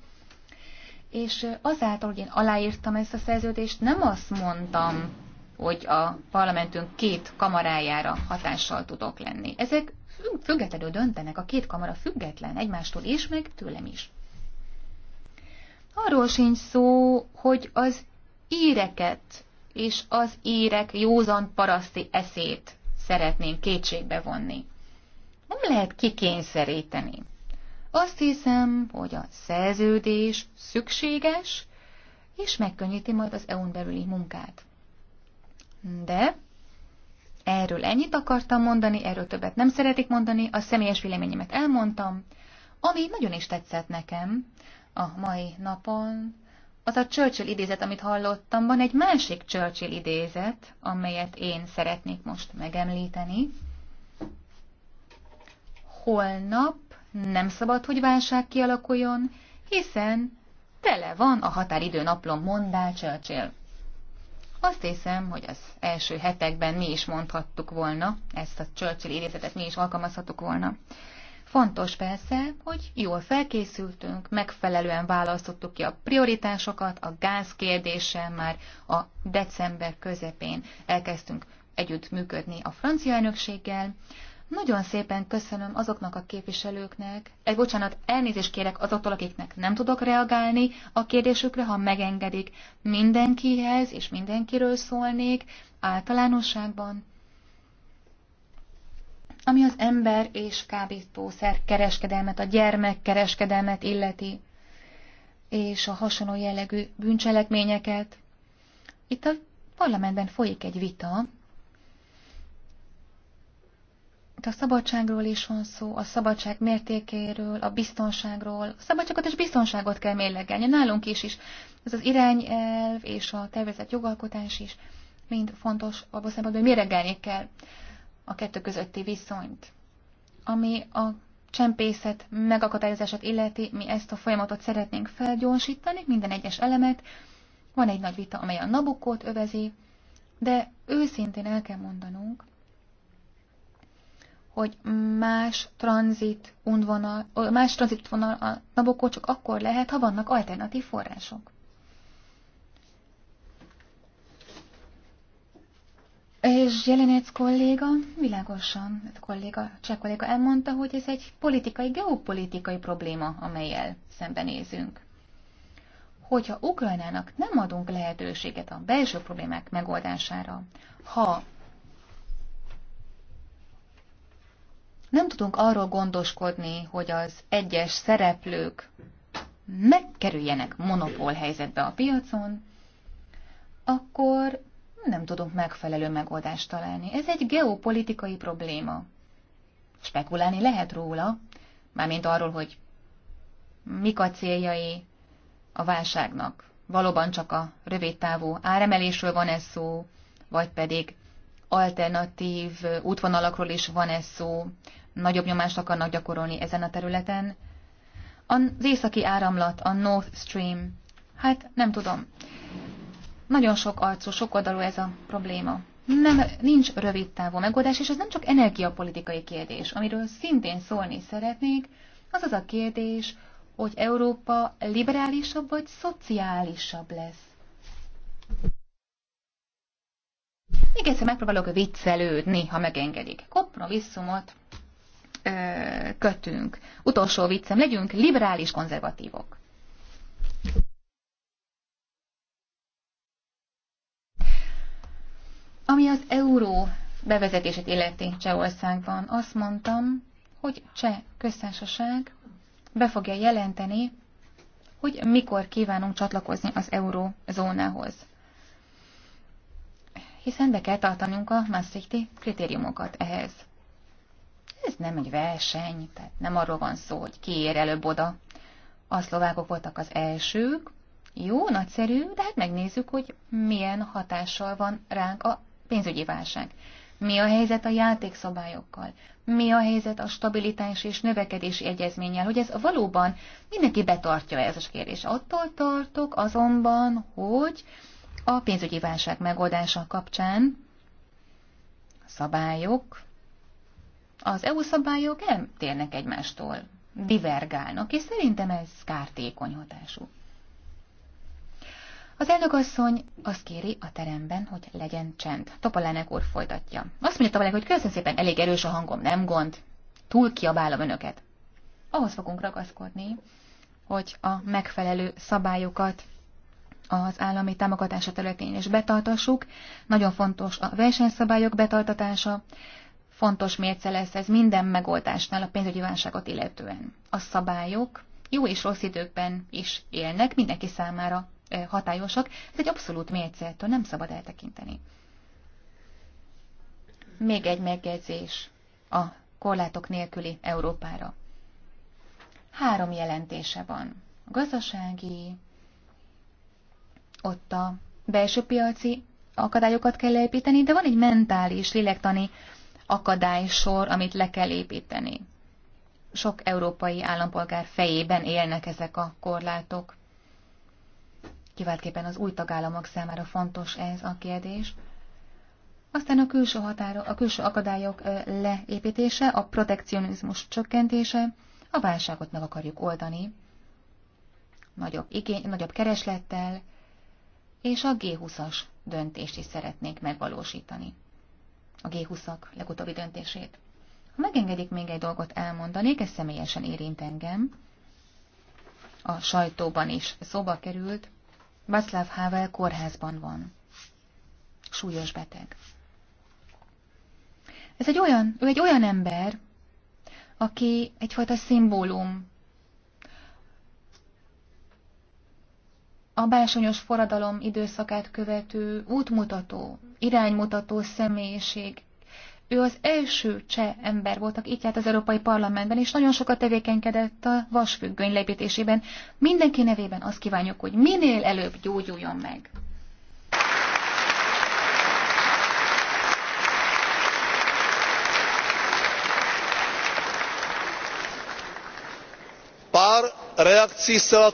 és azáltal, hogy én aláírtam ezt a szerződést, nem azt mondtam, hogy a parlamentünk két kamarájára hatással tudok lenni. Ezek függetlenül döntenek, a két kamara független egymástól is, meg tőlem is. Arról sincs szó, hogy az íreket és az írek józan paraszti eszét szeretném kétségbe vonni. Nem lehet kikényszeríteni. Azt hiszem, hogy a szerződés szükséges, és megkönnyíti majd az EU-n belüli munkát. De erről ennyit akartam mondani, erről többet nem szeretik mondani, a személyes véleményemet elmondtam, ami nagyon is tetszett nekem a mai napon, az a Churchill idézet, amit hallottam, van egy másik Churchill idézet, amelyet én szeretnék most megemlíteni. Holnap nem szabad, hogy válság kialakuljon, hiszen tele van a határidő naplom, mondá Churchill. Azt hiszem, hogy az első hetekben mi is mondhattuk volna, ezt a Churchill idézetet mi is alkalmazhattuk volna. Fontos persze, hogy jól felkészültünk, megfelelően választottuk ki a prioritásokat, a gáz kérdése már a december közepén elkezdtünk együtt működni a francia elnökséggel. Nagyon szépen köszönöm azoknak a képviselőknek, egy bocsánat, elnézést kérek azoktól, akiknek nem tudok reagálni a kérdésükre, ha megengedik. Mindenkihez és mindenkiről szólnék, általánosságban ami az ember és kábítószer kereskedelmet, a gyermek kereskedelmet illeti, és a hasonló jellegű bűncselekményeket. Itt a parlamentben folyik egy vita. Itt a szabadságról is van szó, a szabadság mértékéről, a biztonságról. A szabadságot és biztonságot kell mérlegelni, nálunk is is. Ez az irányelv és a tervezett jogalkotás is mind fontos abban szempontból, hogy méregelni kell a kettő közötti viszonyt. Ami a csempészet megakadályozását illeti, mi ezt a folyamatot szeretnénk felgyorsítani, minden egyes elemet. Van egy nagy vita, amely a Nabukót övezi, de őszintén el kell mondanunk, hogy más tranzit, undvonal, más tranzitvonal a Nabokó csak akkor lehet, ha vannak alternatív források. És Jelenec kolléga, világosan, a kolléga, cseh kolléga elmondta, hogy ez egy politikai, geopolitikai probléma, amelyel szembenézünk. Hogyha Ukrajnának nem adunk lehetőséget a belső problémák megoldására, ha nem tudunk arról gondoskodni, hogy az egyes szereplők megkerüljenek monopól helyzetbe a piacon, akkor nem tudunk megfelelő megoldást találni. Ez egy geopolitikai probléma. Spekulálni lehet róla, mármint arról, hogy mik a céljai a válságnak. Valóban csak a rövidtávú áremelésről van ez szó, vagy pedig alternatív útvonalakról is van ez szó, nagyobb nyomást akarnak gyakorolni ezen a területen. Az északi áramlat, a North Stream, hát nem tudom. Nagyon sok arcú, sok oldalú ez a probléma. Nem, nincs rövid távú megoldás, és ez nem csak energiapolitikai kérdés, amiről szintén szólni szeretnék, az az a kérdés, hogy Európa liberálisabb vagy szociálisabb lesz. Még egyszer megpróbálok viccelődni, ha megengedik. Kompromisszumot kötünk. Utolsó viccem, legyünk liberális konzervatívok. Ami az euró bevezetését illeti Csehországban, azt mondtam, hogy Cseh köztársaság be fogja jelenteni, hogy mikor kívánunk csatlakozni az eurózónához. Hiszen be kell tartanunk a Maastrichti kritériumokat ehhez. Ez nem egy verseny, tehát nem arról van szó, hogy ki ér előbb oda. A szlovákok voltak az elsők, jó, nagyszerű, de hát megnézzük, hogy milyen hatással van ránk a pénzügyi válság. Mi a helyzet a játékszabályokkal? Mi a helyzet a stabilitás és növekedési egyezménnyel? Hogy ez valóban mindenki betartja ez a kérdés. Attól tartok azonban, hogy a pénzügyi válság megoldása kapcsán szabályok, az EU szabályok eltérnek egymástól, divergálnak, és szerintem ez kártékony hatású. Az elnökasszony azt kéri a teremben, hogy legyen csend. Topolánek úr folytatja. Azt mondja Topolánek, hogy köszönöm szépen, elég erős a hangom, nem gond. Túl kiabálom önöket. Ahhoz fogunk ragaszkodni, hogy a megfelelő szabályokat az állami támogatása területén is betartassuk. Nagyon fontos a versenyszabályok betartatása, fontos mérce lesz ez minden megoldásnál a pénzügyi válságot illetően. A szabályok jó és rossz időkben is élnek, mindenki számára hatályosak. Ez egy abszolút mércéltől nem szabad eltekinteni. Még egy megjegyzés a korlátok nélküli Európára. Három jelentése van. A gazdasági, ott a belső piaci akadályokat kell építeni, de van egy mentális, lélektani akadálysor, amit le kell építeni. Sok európai állampolgár fejében élnek ezek a korlátok. Kiváltképpen az új tagállamok számára fontos ez a kérdés. Aztán a külső, határa, a külső akadályok leépítése, a protekcionizmus csökkentése, a válságot meg akarjuk oldani, nagyobb, igény, nagyobb kereslettel, és a G20-as döntést is szeretnék megvalósítani. A G20-ak legutóbbi döntését. Ha megengedik még egy dolgot elmondanék, ez személyesen érint engem. A sajtóban is szóba került. Václav Havel kórházban van. Súlyos beteg. Ez egy olyan, ő egy olyan ember, aki egyfajta szimbólum. A bársonyos forradalom időszakát követő útmutató, iránymutató személyiség, ő az első cseh ember volt, aki itt járt az Európai Parlamentben, és nagyon sokat tevékenykedett a vasfüggöny lépítésében. Mindenki nevében azt kívánjuk, hogy minél előbb gyógyuljon meg. Pár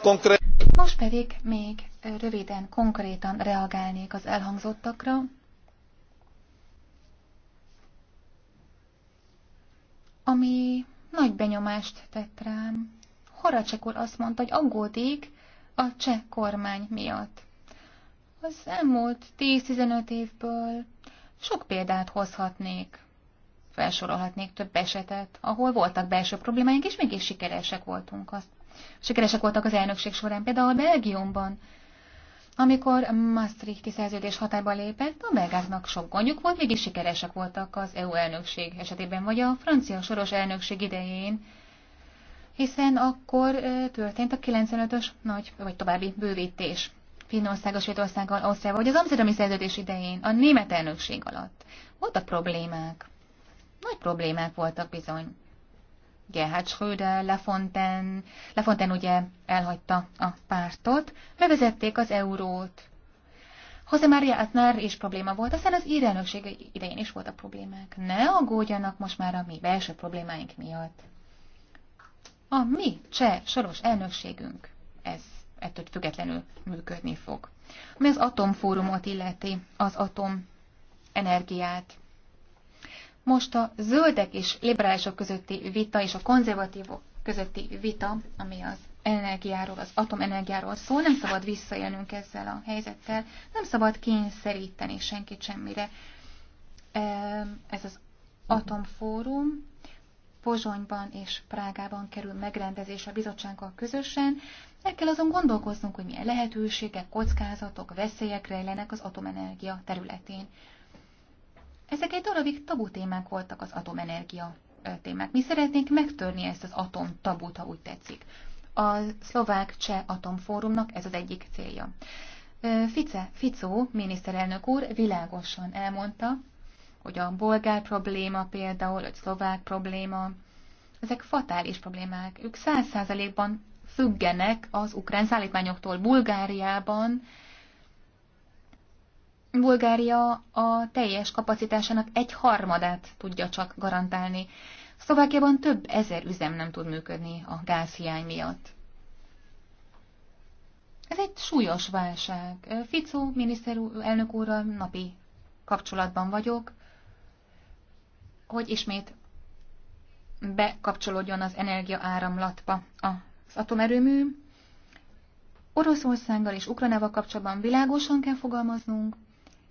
konkrét. Most pedig még röviden, konkrétan reagálnék az elhangzottakra. ami nagy benyomást tett rám. Horacek úr azt mondta, hogy aggódik a cseh kormány miatt. Az elmúlt 10-15 évből sok példát hozhatnék. Felsorolhatnék több esetet, ahol voltak belső problémáink, és mégis sikeresek voltunk azt. Sikeresek voltak az elnökség során, például Belgiumban amikor Maastrichti szerződés hatályba lépett, a belgáknak sok gondjuk volt, mégis sikeresek voltak az EU elnökség esetében, vagy a francia soros elnökség idején, hiszen akkor történt a 95-ös nagy, vagy további bővítés. Finnország, a Svédországgal, Ausztriával, vagy az Amsterdami szerződés idején, a német elnökség alatt. Voltak problémák. Nagy problémák voltak bizony. Gerhard hát Schröder, Lafontaine, Lafontaine ugye elhagyta a pártot, bevezették az eurót. José Maria Aznar is probléma volt, aztán az ír elnökség idején is voltak problémák. Ne aggódjanak most már a mi belső problémáink miatt. A mi cseh soros elnökségünk, ez ettől függetlenül működni fog. Mi az atomfórumot illeti, az atomenergiát, most a zöldek és liberálisok közötti vita és a konzervatívok közötti vita, ami az energiáról, az atomenergiáról szól, nem szabad visszaélnünk ezzel a helyzettel, nem szabad kényszeríteni senkit semmire. Ez az Atomfórum Pozsonyban és Prágában kerül megrendezés a bizottsággal közösen. El kell azon gondolkoznunk, hogy milyen lehetőségek, kockázatok, veszélyek rejlenek az atomenergia területén. Ezek egy darabig tabu témák voltak az atomenergia témák. Mi szeretnénk megtörni ezt az atom tabut, ha úgy tetszik. A szlovák cseh atomfórumnak ez az egyik célja. Fice, Ficó miniszterelnök úr világosan elmondta, hogy a bolgár probléma például, vagy szlovák probléma, ezek fatális problémák. Ők száz százalékban függenek az ukrán szállítmányoktól. Bulgáriában Bulgária a teljes kapacitásának egy harmadát tudja csak garantálni. Szlovákiában több ezer üzem nem tud működni a gázhiány miatt. Ez egy súlyos válság. Ficó miniszterelnök úrral napi kapcsolatban vagyok, hogy ismét bekapcsolódjon az energia áramlatba az atomerőmű. Oroszországgal és Ukrajnával kapcsolatban világosan kell fogalmaznunk,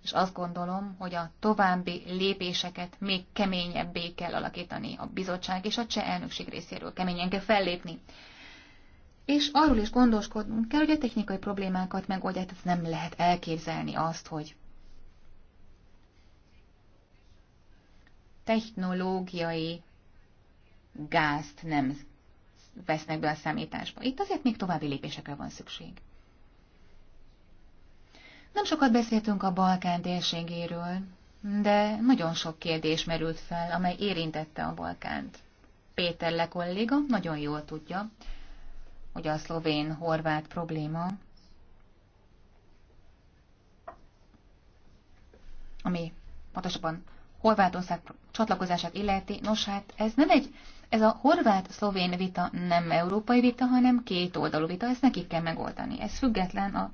és azt gondolom, hogy a további lépéseket még keményebbé kell alakítani a bizottság és a cseh elnökség részéről. Keményen kell fellépni. És arról is gondoskodnunk kell, hogy a technikai problémákat megoldják, tehát nem lehet elképzelni azt, hogy technológiai gázt nem vesznek be a számításba. Itt azért még további lépésekre van szükség. Nem sokat beszéltünk a Balkán térségéről, de nagyon sok kérdés merült fel, amely érintette a Balkánt. Péter Le kolléga nagyon jól tudja, hogy a szlovén-horvát probléma, ami pontosabban Horvátország csatlakozását illeti, nos hát ez nem egy, ez a horvát-szlovén vita nem európai vita, hanem két oldalú vita, ezt nekik kell megoldani. Ez független a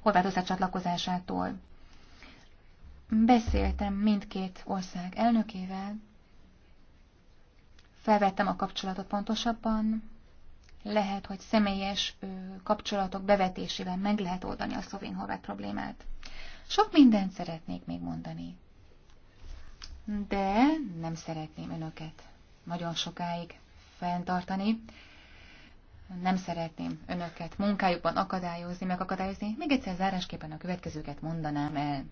Horvátország csatlakozásától. Beszéltem mindkét ország elnökével, felvettem a kapcsolatot pontosabban, lehet, hogy személyes kapcsolatok bevetésével meg lehet oldani a szovén horvát problémát. Sok mindent szeretnék még mondani, de nem szeretném önöket nagyon sokáig fenntartani nem szeretném önöket munkájukban akadályozni, megakadályozni. Még egyszer zárásképpen a következőket mondanám el.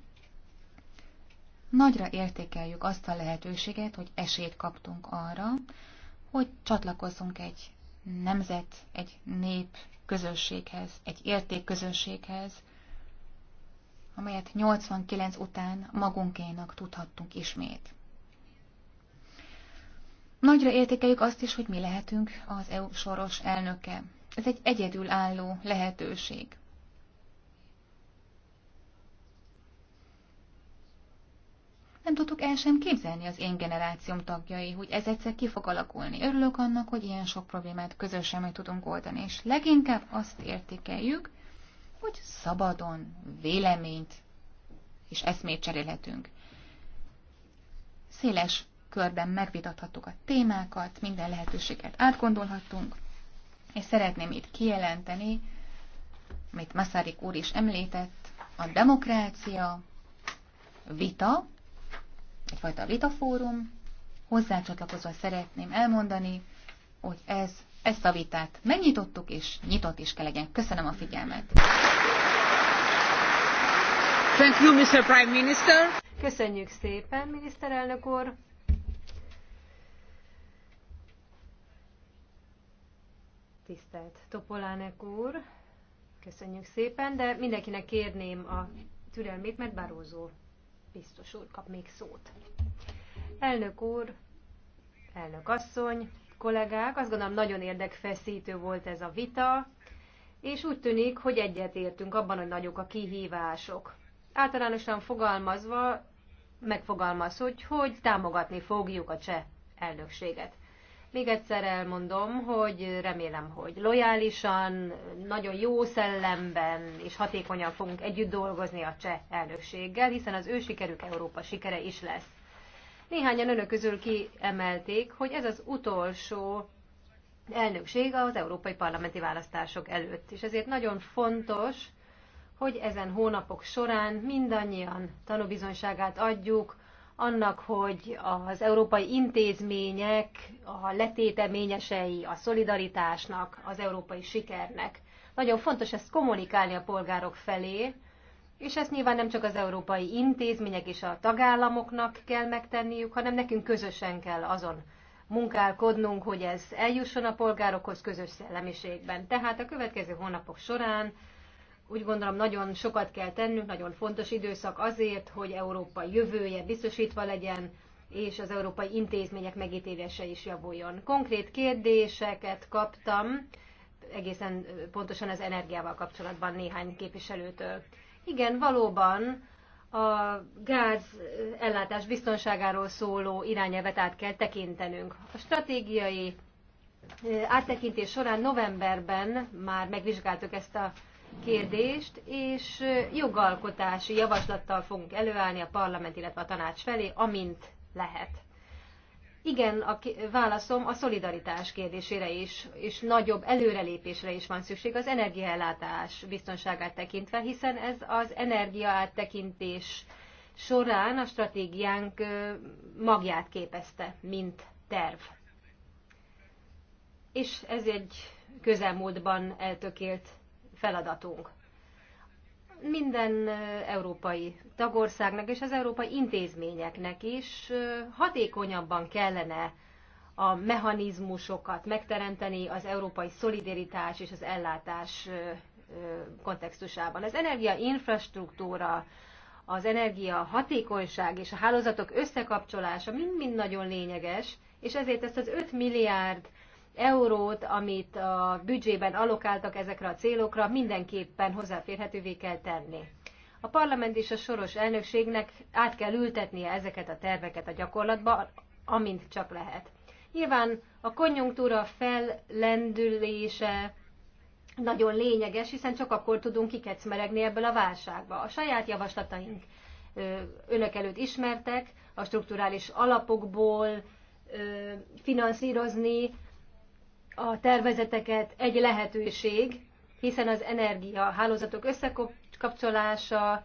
Nagyra értékeljük azt a lehetőséget, hogy esélyt kaptunk arra, hogy csatlakozzunk egy nemzet, egy nép közösséghez, egy értékközösséghez, amelyet 89 után magunkénak tudhattunk ismét. Nagyra értékeljük azt is, hogy mi lehetünk az EU soros elnöke. Ez egy egyedülálló lehetőség. Nem tudtuk el sem képzelni az én generációm tagjai, hogy ez egyszer ki fog alakulni. Örülök annak, hogy ilyen sok problémát közösen meg tudunk oldani, és leginkább azt értékeljük, hogy szabadon véleményt és eszmét cserélhetünk. Széles körben megvitathattuk a témákat, minden lehetőséget átgondolhattunk, és szeretném itt kijelenteni, amit Masaryk úr is említett, a demokrácia, vita, egyfajta vitafórum, hozzácsatlakozva szeretném elmondani, hogy ez, ezt a vitát megnyitottuk, és nyitott is kell legyen. Köszönöm a figyelmet! Thank you, Mr. Prime Minister. Köszönjük szépen, miniszterelnök úr! Tisztelt Topolánek úr, köszönjük szépen, de mindenkinek kérném a türelmét, mert Barózó biztos úr kap még szót. Elnök úr, elnök asszony, kollégák, azt gondolom nagyon érdekfeszítő volt ez a vita, és úgy tűnik, hogy egyetértünk abban, hogy nagyok a kihívások. Általánosan fogalmazva megfogalmaz, hogy, hogy támogatni fogjuk a cseh elnökséget. Még egyszer elmondom, hogy remélem, hogy lojálisan, nagyon jó szellemben és hatékonyan fogunk együtt dolgozni a cseh elnökséggel, hiszen az ő sikerük Európa sikere is lesz. Néhányan önök közül kiemelték, hogy ez az utolsó elnökség az európai parlamenti választások előtt, és ezért nagyon fontos, hogy ezen hónapok során mindannyian tanúbizonyságát adjuk annak, hogy az európai intézmények a letéteményesei a szolidaritásnak, az európai sikernek. Nagyon fontos ezt kommunikálni a polgárok felé, és ezt nyilván nem csak az európai intézmények és a tagállamoknak kell megtenniük, hanem nekünk közösen kell azon munkálkodnunk, hogy ez eljusson a polgárokhoz közös szellemiségben. Tehát a következő hónapok során úgy gondolom nagyon sokat kell tennünk, nagyon fontos időszak azért, hogy Európa jövője biztosítva legyen, és az európai intézmények megítélése is javuljon. Konkrét kérdéseket kaptam, egészen pontosan az energiával kapcsolatban néhány képviselőtől. Igen, valóban a gáz ellátás biztonságáról szóló irányelvet át kell tekintenünk. A stratégiai áttekintés során novemberben már megvizsgáltuk ezt a kérdést, és jogalkotási javaslattal fogunk előállni a parlament, illetve a tanács felé, amint lehet. Igen, a válaszom a szolidaritás kérdésére is, és nagyobb előrelépésre is van szükség az energiaellátás biztonságát tekintve, hiszen ez az áttekintés során a stratégiánk magját képezte, mint terv. És ez egy közelmúltban eltökélt feladatunk. Minden európai tagországnak és az európai intézményeknek is hatékonyabban kellene a mechanizmusokat megteremteni az európai szolidaritás és az ellátás kontextusában. Az energiainfrastruktúra, az energia hatékonyság és a hálózatok összekapcsolása mind-mind nagyon lényeges, és ezért ezt az 5 milliárd eurót, amit a büdzsében alokáltak ezekre a célokra, mindenképpen hozzáférhetővé kell tenni. A parlament és a soros elnökségnek át kell ültetnie ezeket a terveket a gyakorlatba, amint csak lehet. Nyilván a konjunktúra fellendülése nagyon lényeges, hiszen csak akkor tudunk kikecmeregni ebből a válságba. A saját javaslataink önök előtt ismertek, a strukturális alapokból finanszírozni a tervezeteket egy lehetőség, hiszen az energia hálózatok összekapcsolása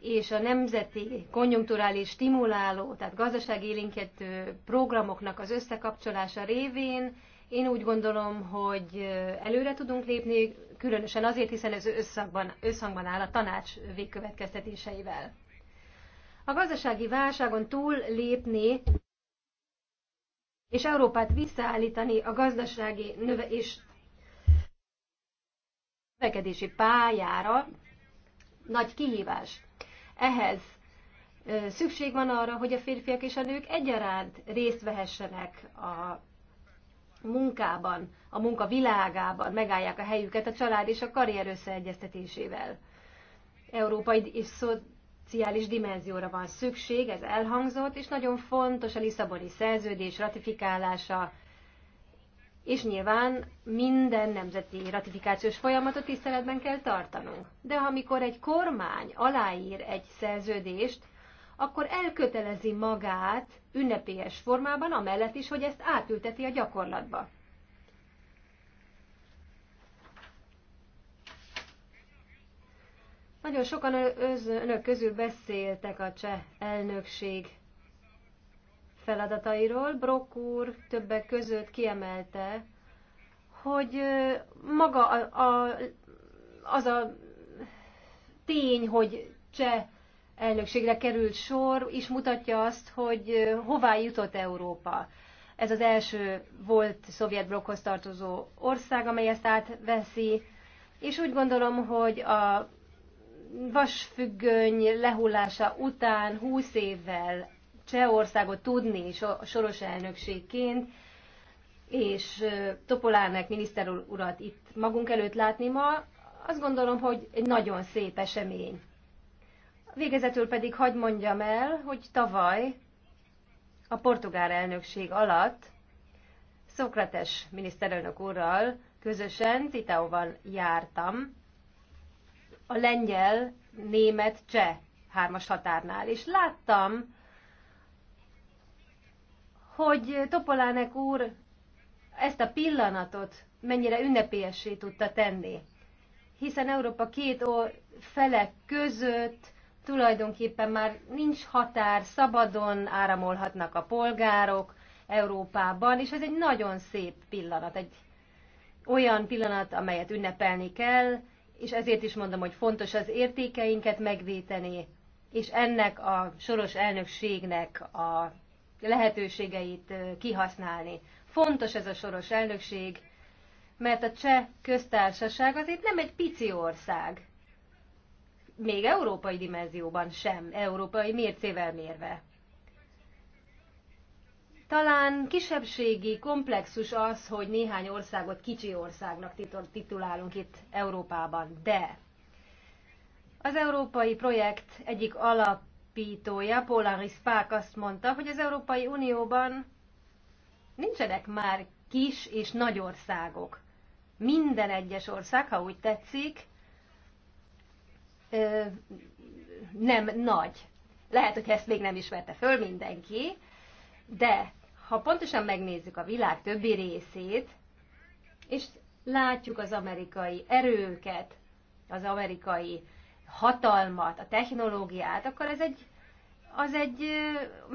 és a nemzeti konjunkturális stimuláló, tehát gazdaságélénkető programoknak az összekapcsolása révén én úgy gondolom, hogy előre tudunk lépni, különösen azért, hiszen ez összhangban, összhangban áll a tanács végkövetkeztetéseivel. A gazdasági válságon túl lépni és Európát visszaállítani a gazdasági növe és növekedési pályára nagy kihívás. Ehhez szükség van arra, hogy a férfiak és a nők egyaránt részt vehessenek a munkában, a munka világában, megállják a helyüket a család és a karrier összeegyeztetésével. Európai és szociális dimenzióra van szükség, ez elhangzott, és nagyon fontos a Lisszaboni szerződés ratifikálása, és nyilván minden nemzeti ratifikációs folyamatot tiszteletben kell tartanunk. De amikor egy kormány aláír egy szerződést, akkor elkötelezi magát ünnepélyes formában, amellett is, hogy ezt átülteti a gyakorlatba. Nagyon sokan önök közül beszéltek a cseh elnökség feladatairól. Brok úr többek között kiemelte, hogy maga a, a, az a tény, hogy cseh elnökségre került sor, is mutatja azt, hogy hová jutott Európa. Ez az első volt szovjet blokkhoz tartozó ország, amely ezt átveszi, és úgy gondolom, hogy a vasfüggöny lehullása után 20 évvel Csehországot tudni és a soros elnökségként, és Topolárnek miniszter urat itt magunk előtt látni ma, azt gondolom, hogy egy nagyon szép esemény. Végezetül pedig hagy mondjam el, hogy tavaly a portugál elnökség alatt Szokrates miniszterelnök úrral közösen Citaóban jártam, a lengyel, német, cseh hármas határnál. És láttam, hogy Topolánek úr ezt a pillanatot mennyire ünnepélyessé tudta tenni. Hiszen Európa két fele között tulajdonképpen már nincs határ, szabadon áramolhatnak a polgárok Európában, és ez egy nagyon szép pillanat, egy olyan pillanat, amelyet ünnepelni kell, és ezért is mondom, hogy fontos az értékeinket megvéteni, és ennek a soros elnökségnek a lehetőségeit kihasználni. Fontos ez a soros elnökség, mert a cseh köztársaság azért nem egy pici ország, még európai dimenzióban sem, európai mércével mérve. Talán kisebbségi komplexus az, hogy néhány országot kicsi országnak titulálunk itt Európában, de az európai projekt egyik alapítója, Polaris Pák azt mondta, hogy az Európai Unióban nincsenek már kis és nagy országok. Minden egyes ország, ha úgy tetszik, nem nagy. Lehet, hogy ezt még nem ismerte föl mindenki, de ha pontosan megnézzük a világ többi részét, és látjuk az amerikai erőket, az amerikai hatalmat, a technológiát, akkor ez egy, az egy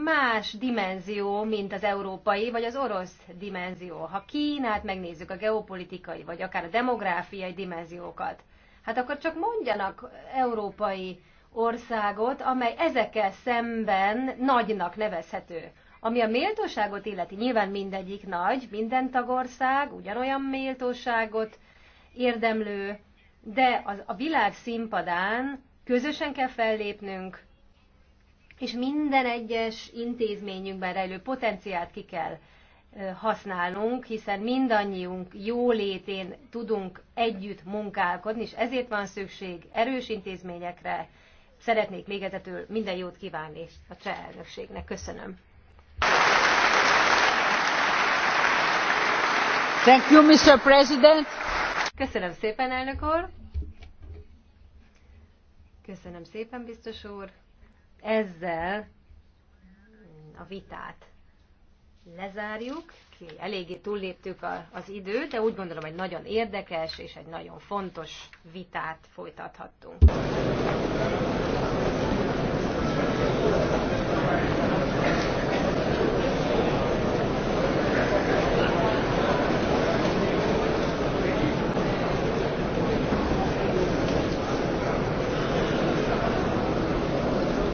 más dimenzió, mint az európai vagy az orosz dimenzió. Ha Kínát megnézzük, a geopolitikai vagy akár a demográfiai dimenziókat, hát akkor csak mondjanak európai országot, amely ezekkel szemben nagynak nevezhető. Ami a méltóságot illeti, nyilván mindegyik nagy, minden tagország ugyanolyan méltóságot érdemlő, de az, a világ színpadán közösen kell fellépnünk, és minden egyes intézményünkben rejlő potenciált ki kell használnunk, hiszen mindannyiunk jólétén tudunk együtt munkálkodni, és ezért van szükség erős intézményekre. Szeretnék végezetül minden jót kívánni a cseh elnökségnek. Köszönöm. Thank you, Mr. President. Köszönöm szépen, elnök úr. Köszönöm szépen, biztos úr. Ezzel a vitát lezárjuk. Eléggé túlléptük a, az időt, de úgy gondolom, hogy nagyon érdekes és egy nagyon fontos vitát folytathattunk.